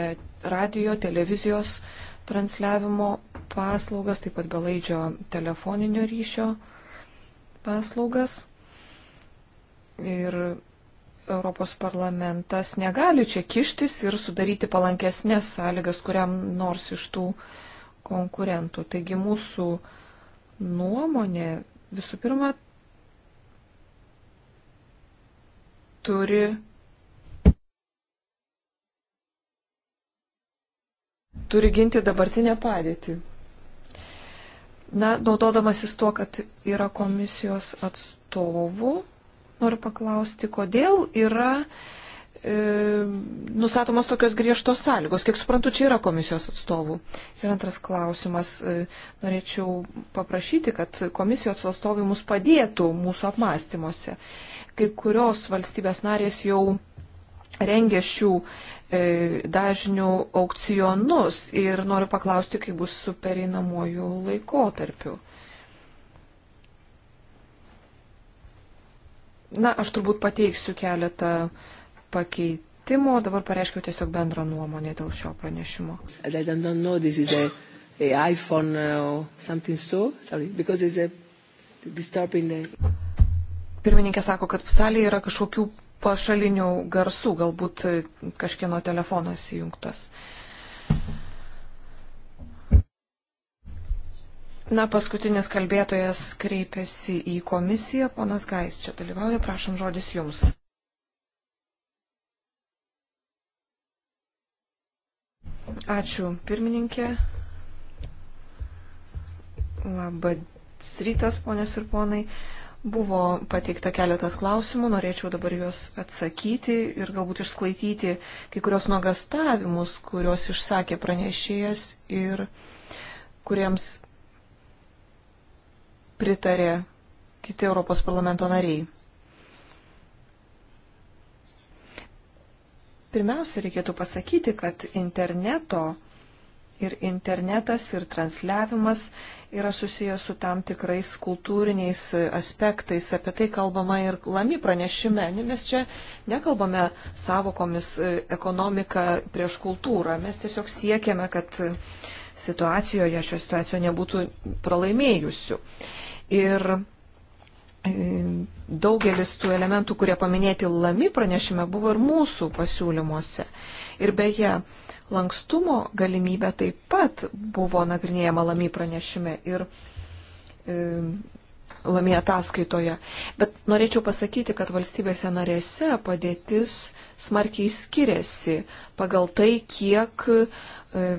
radio, televizijos transliavimo paslaugas, taip pat belaidžio telefoninio ryšio paslaugas. Ir Europos parlamentas negali čia kištis ir sudaryti palankesnės sąlygas kuriam nors iš tų konkurentų. Taigi mūsų nuomonė visų pirma turi turi ginti dabartinę padėtį. Na, naudodamasis tuo, kad yra komisijos atstovų, Noriu paklausti, kodėl yra e, nusatomos tokios griežtos sąlygos. Kiek suprantu, čia yra komisijos atstovų. Ir antras klausimas. E, norėčiau paprašyti, kad komisijos atstovai mus padėtų mūsų apmąstymuose. Kai kurios valstybės narės jau rengia šių e, dažnių aukcionus ir noriu paklausti, kaip bus su pereinamojų laikotarpiu. Na, aš turbūt pateiksiu keletą pakeitimų, dabar pareiškiau tiesiog bendrą nuomonę dėl šio pranešimo. Uh, uh, Pirmininkė sako, kad salėje yra kažkokių pašalinių garsų, galbūt e, kažkieno telefonas įjungtas. Uh, Na, paskutinis kalbėtojas kreipėsi į komisiją, ponas Gais čia dalyvauja, prašom žodis jums. Ačiū, pirmininkė. Labas rytas, ponios ir ponai. Buvo pateikta keletas klausimų, norėčiau dabar juos atsakyti ir galbūt išsklaityti kai kurios nuogastavimus, kuriuos išsakė pranešėjas ir kuriems pritarė kiti Europos parlamento nariai. Pirmiausia, reikėtų pasakyti, kad interneto ir internetas ir transliavimas yra susijęs su tam tikrais kultūriniais aspektais. Apie tai kalbama ir lami pranešime. Mes čia nekalbame savokomis e, ekonomika prieš kultūrą. Mes tiesiog siekiame, kad situacijoje šio situacijoje nebūtų pralaimėjusių. Ir e, daugelis tų elementų, kurie paminėti lami pranešime, buvo ir mūsų pasiūlymuose. Ir beje, lankstumo galimybė taip pat buvo nagrinėjama lami pranešime ir e, lami ataskaitoje. Bet norėčiau pasakyti, kad valstybėse narėse padėtis smarkiai skiriasi pagal tai, kiek e,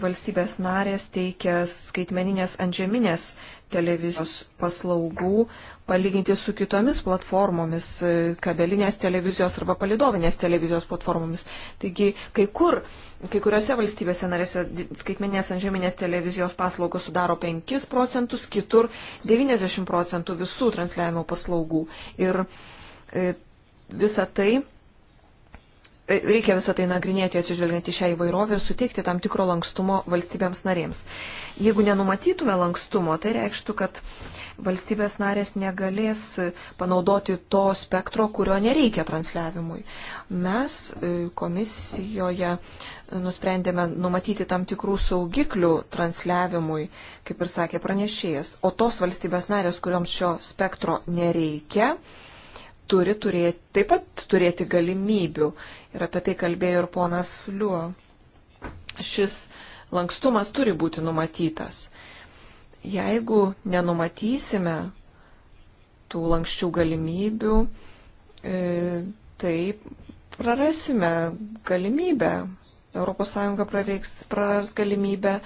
valstybės narės teikia skaitmeninės antžeminės televizijos paslaugų palyginti su kitomis platformomis, e, kabelinės televizijos arba palidovinės televizijos platformomis. Taigi, kai kur, kai kuriuose valstybėse narėse skaitmenės antžeminės televizijos paslaugos sudaro 5 procentus, kitur 90 procentų visų transliavimo paslaugų. Ir e, visa tai Tai reikia visą tai nagrinėti atsižvelgiant į šią įvairovę ir suteikti tam tikro lankstumo valstybėms narėms. Jeigu nenumatytume lankstumo, tai reikštų, kad valstybės narės negalės panaudoti to spektro, kurio nereikia transliavimui. Mes e, komisijoje nusprendėme numatyti tam tikrų saugiklių transliavimui, kaip ir sakė pranešėjas, o tos valstybės narės, kuriuoms šio spektro nereikia, turi turėti, taip pat turėti galimybių. Ir apie tai kalbėjo ir ponas Liuo. Šis lankstumas turi būti numatytas. Jeigu nenumatysime tų lankščių galimybių, e, tai prarasime galimybę ES prareiks, praras galimybę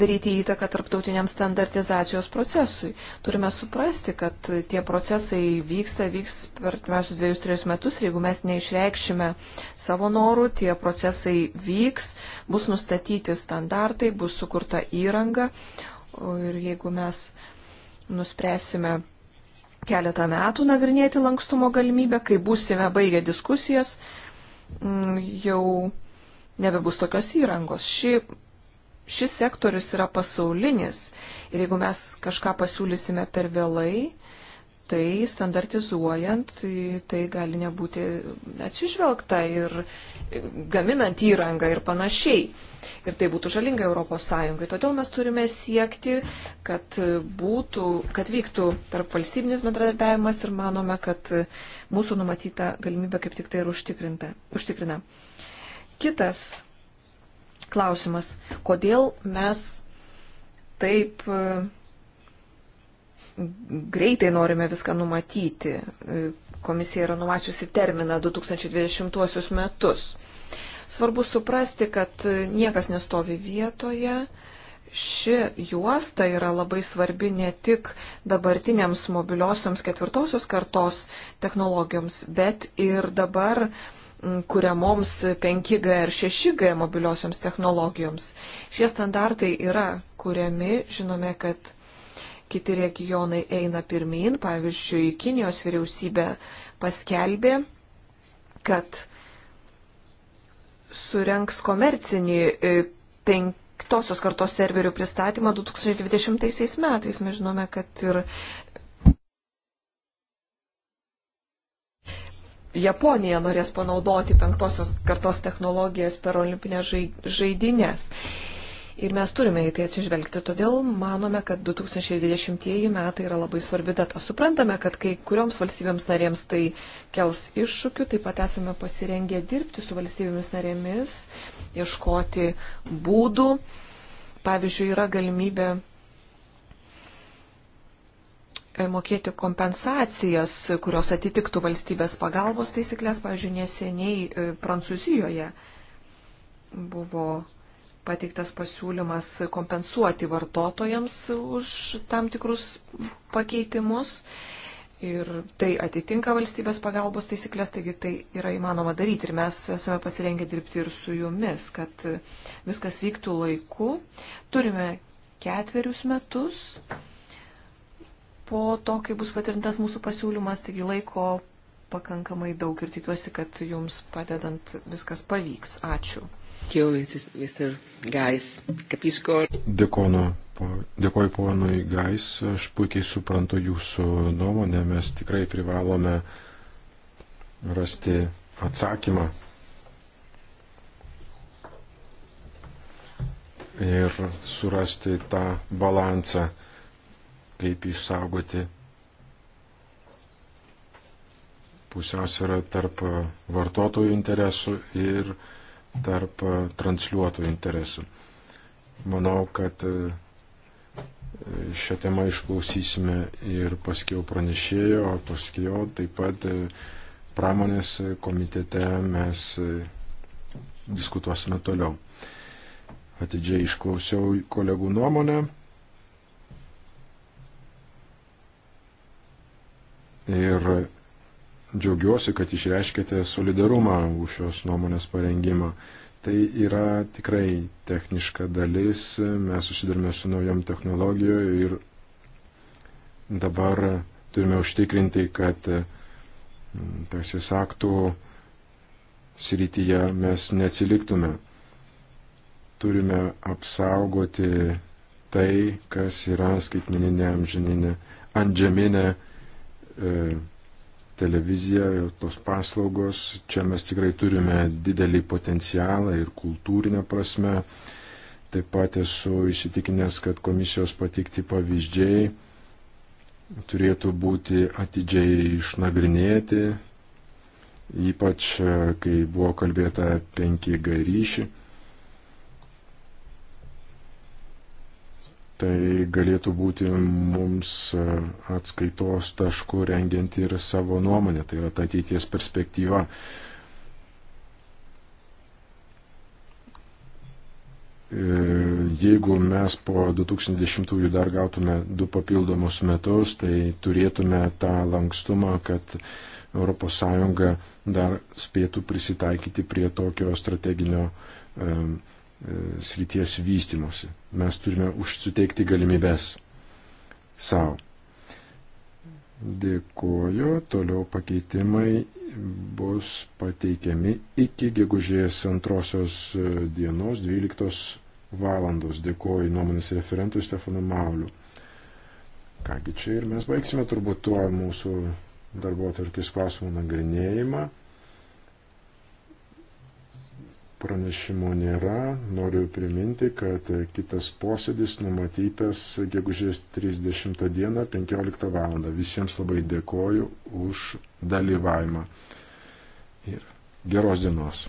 daryti įtaką tarptautiniam standartizacijos procesui. Turime suprasti, kad tie procesai vyksta, vyks per artimiausius dviejus, trejus metus ir jeigu mes neišreikšime savo norų, tie procesai vyks, bus nustatyti standartai, bus sukurta įranga ir jeigu mes nuspręsime keletą metų nagrinėti lankstumo galimybę, kai būsime baigę diskusijas, jau nebebus tokios įrangos. Ši, šis sektorius yra pasaulinis ir jeigu mes kažką pasiūlysime per vėlai, tai standartizuojant, tai gali nebūti atsižvelgta ir gaminant įrangą ir panašiai. Ir tai būtų žalinga ES. Todėl mes turime siekti, kad, būtų, kad vyktų tarp valstybinis bendradarbiavimas ir manome, kad mūsų numatyta galimybė kaip tik tai ir užtikrina. Kitas klausimas, kodėl mes taip e, greitai norime viską numatyti. E, komisija yra numačiusi terminą 2020 metus. Svarbu suprasti, kad niekas nestovi vietoje. Ši juosta yra labai svarbi ne tik dabartiniams mobiliosioms ketvirtosios kartos technologijoms, bet ir dabar uh, kuriamoms 5G ir 6G mobiliosioms technologijoms. Šie standartai yra kuriami, žinome, kad kiti regionai eina pirmin, pavyzdžiui, Kinijos vyriausybė paskelbė, kad surenks komercinį e, penktosios kartos serverių pristatymą 2020 metais. Mes žinome, kad ir Japonija norės panaudoti penktosios kartos technologijas per olimpinės žaidynės. Ir mes turime į tai atsižvelgti, todėl manome, kad 2020 metai yra labai svarbi data. Suprantame, kad kai kurioms valstybėms narėms tai kels iššūkių, taip pat esame pasirengę dirbti su valstybėmis narėmis, ieškoti būdų. Pavyzdžiui, yra galimybė mokėti kompensacijas, kurios atitiktų valstybės pagalbos taisyklės. Pavyzdžiui, neseniai e, Prancūzijoje buvo pateiktas pasiūlymas kompensuoti vartotojams už tam tikrus pakeitimus. Ir tai atitinka valstybės pagalbos taisyklės, taigi tai yra įmanoma daryti. Ir mes esame pasirengę dirbti ir su jumis, kad viskas vyktų laiku. Turime ketverius metus po to, kai bus patvirtintas mūsų pasiūlymas, taigi laiko pakankamai daug ir tikiuosi, kad jums padedant viskas pavyks. Ačiū. Dėkoju, dėkoju ponui Gais, aš puikiai suprantu jūsų nuomonę, mes tikrai privalome rasti atsakymą. Ir surasti tą balansą kaip išsaugoti pusiausvyrą tarp vartotojų interesų ir tarp transliuotojų interesų. Manau, kad e, šią temą išklausysime ir paskiau pranešėjo, o paskiau taip pat e, pramonės komitete mes e, diskutuosime toliau. Atidžiai išklausiau kolegų nuomonę. ir džiaugiuosi, kad išreiškėte solidarumą už šios nuomonės parengimą. Tai yra tikrai techniška dalis, mes susidurime su naujom technologijom ir dabar turime užtikrinti, kad mm, teisės aktų srityje mes neatsiliktume. Turime apsaugoti tai, kas yra skaitmeninė amžininė, antžeminė E, televizija, tos paslaugos. Čia mes tikrai turime didelį potencialą ir kultūrinę prasme. Taip pat esu įsitikinęs, kad komisijos patikti pavyzdžiai turėtų būti atidžiai išnagrinėti, ypač e, kai buvo kalbėta 5G ryšį. tai galėtų būti mums e, atskaitos tašku rengiant ir savo nuomonę, tai yra ta ateities perspektyva. E, jeigu mes po 2010-ųjų dar gautume du papildomus metus, tai turėtume tą lankstumą, kad ES dar spėtų prisitaikyti prie tokio strateginio e, srities vystimosi mes turime užsuteikti galimybės savo. Dėkuoju, toliau pakeitimai bus pateikiami iki gegužės antrosios dienos 12 valandos. Dėkuoju nuomonės referentui Stefanu Mauliu. Kągi čia ir mes baigsime turbūt tuo mūsų darbo atvarkės klausimų nagrinėjimą pranešimo nėra. Noriu priminti, kad kitas posėdis numatytas gegužės 30 dieną 15 val. Visiems labai dėkoju už dalyvavimą ir geros dienos.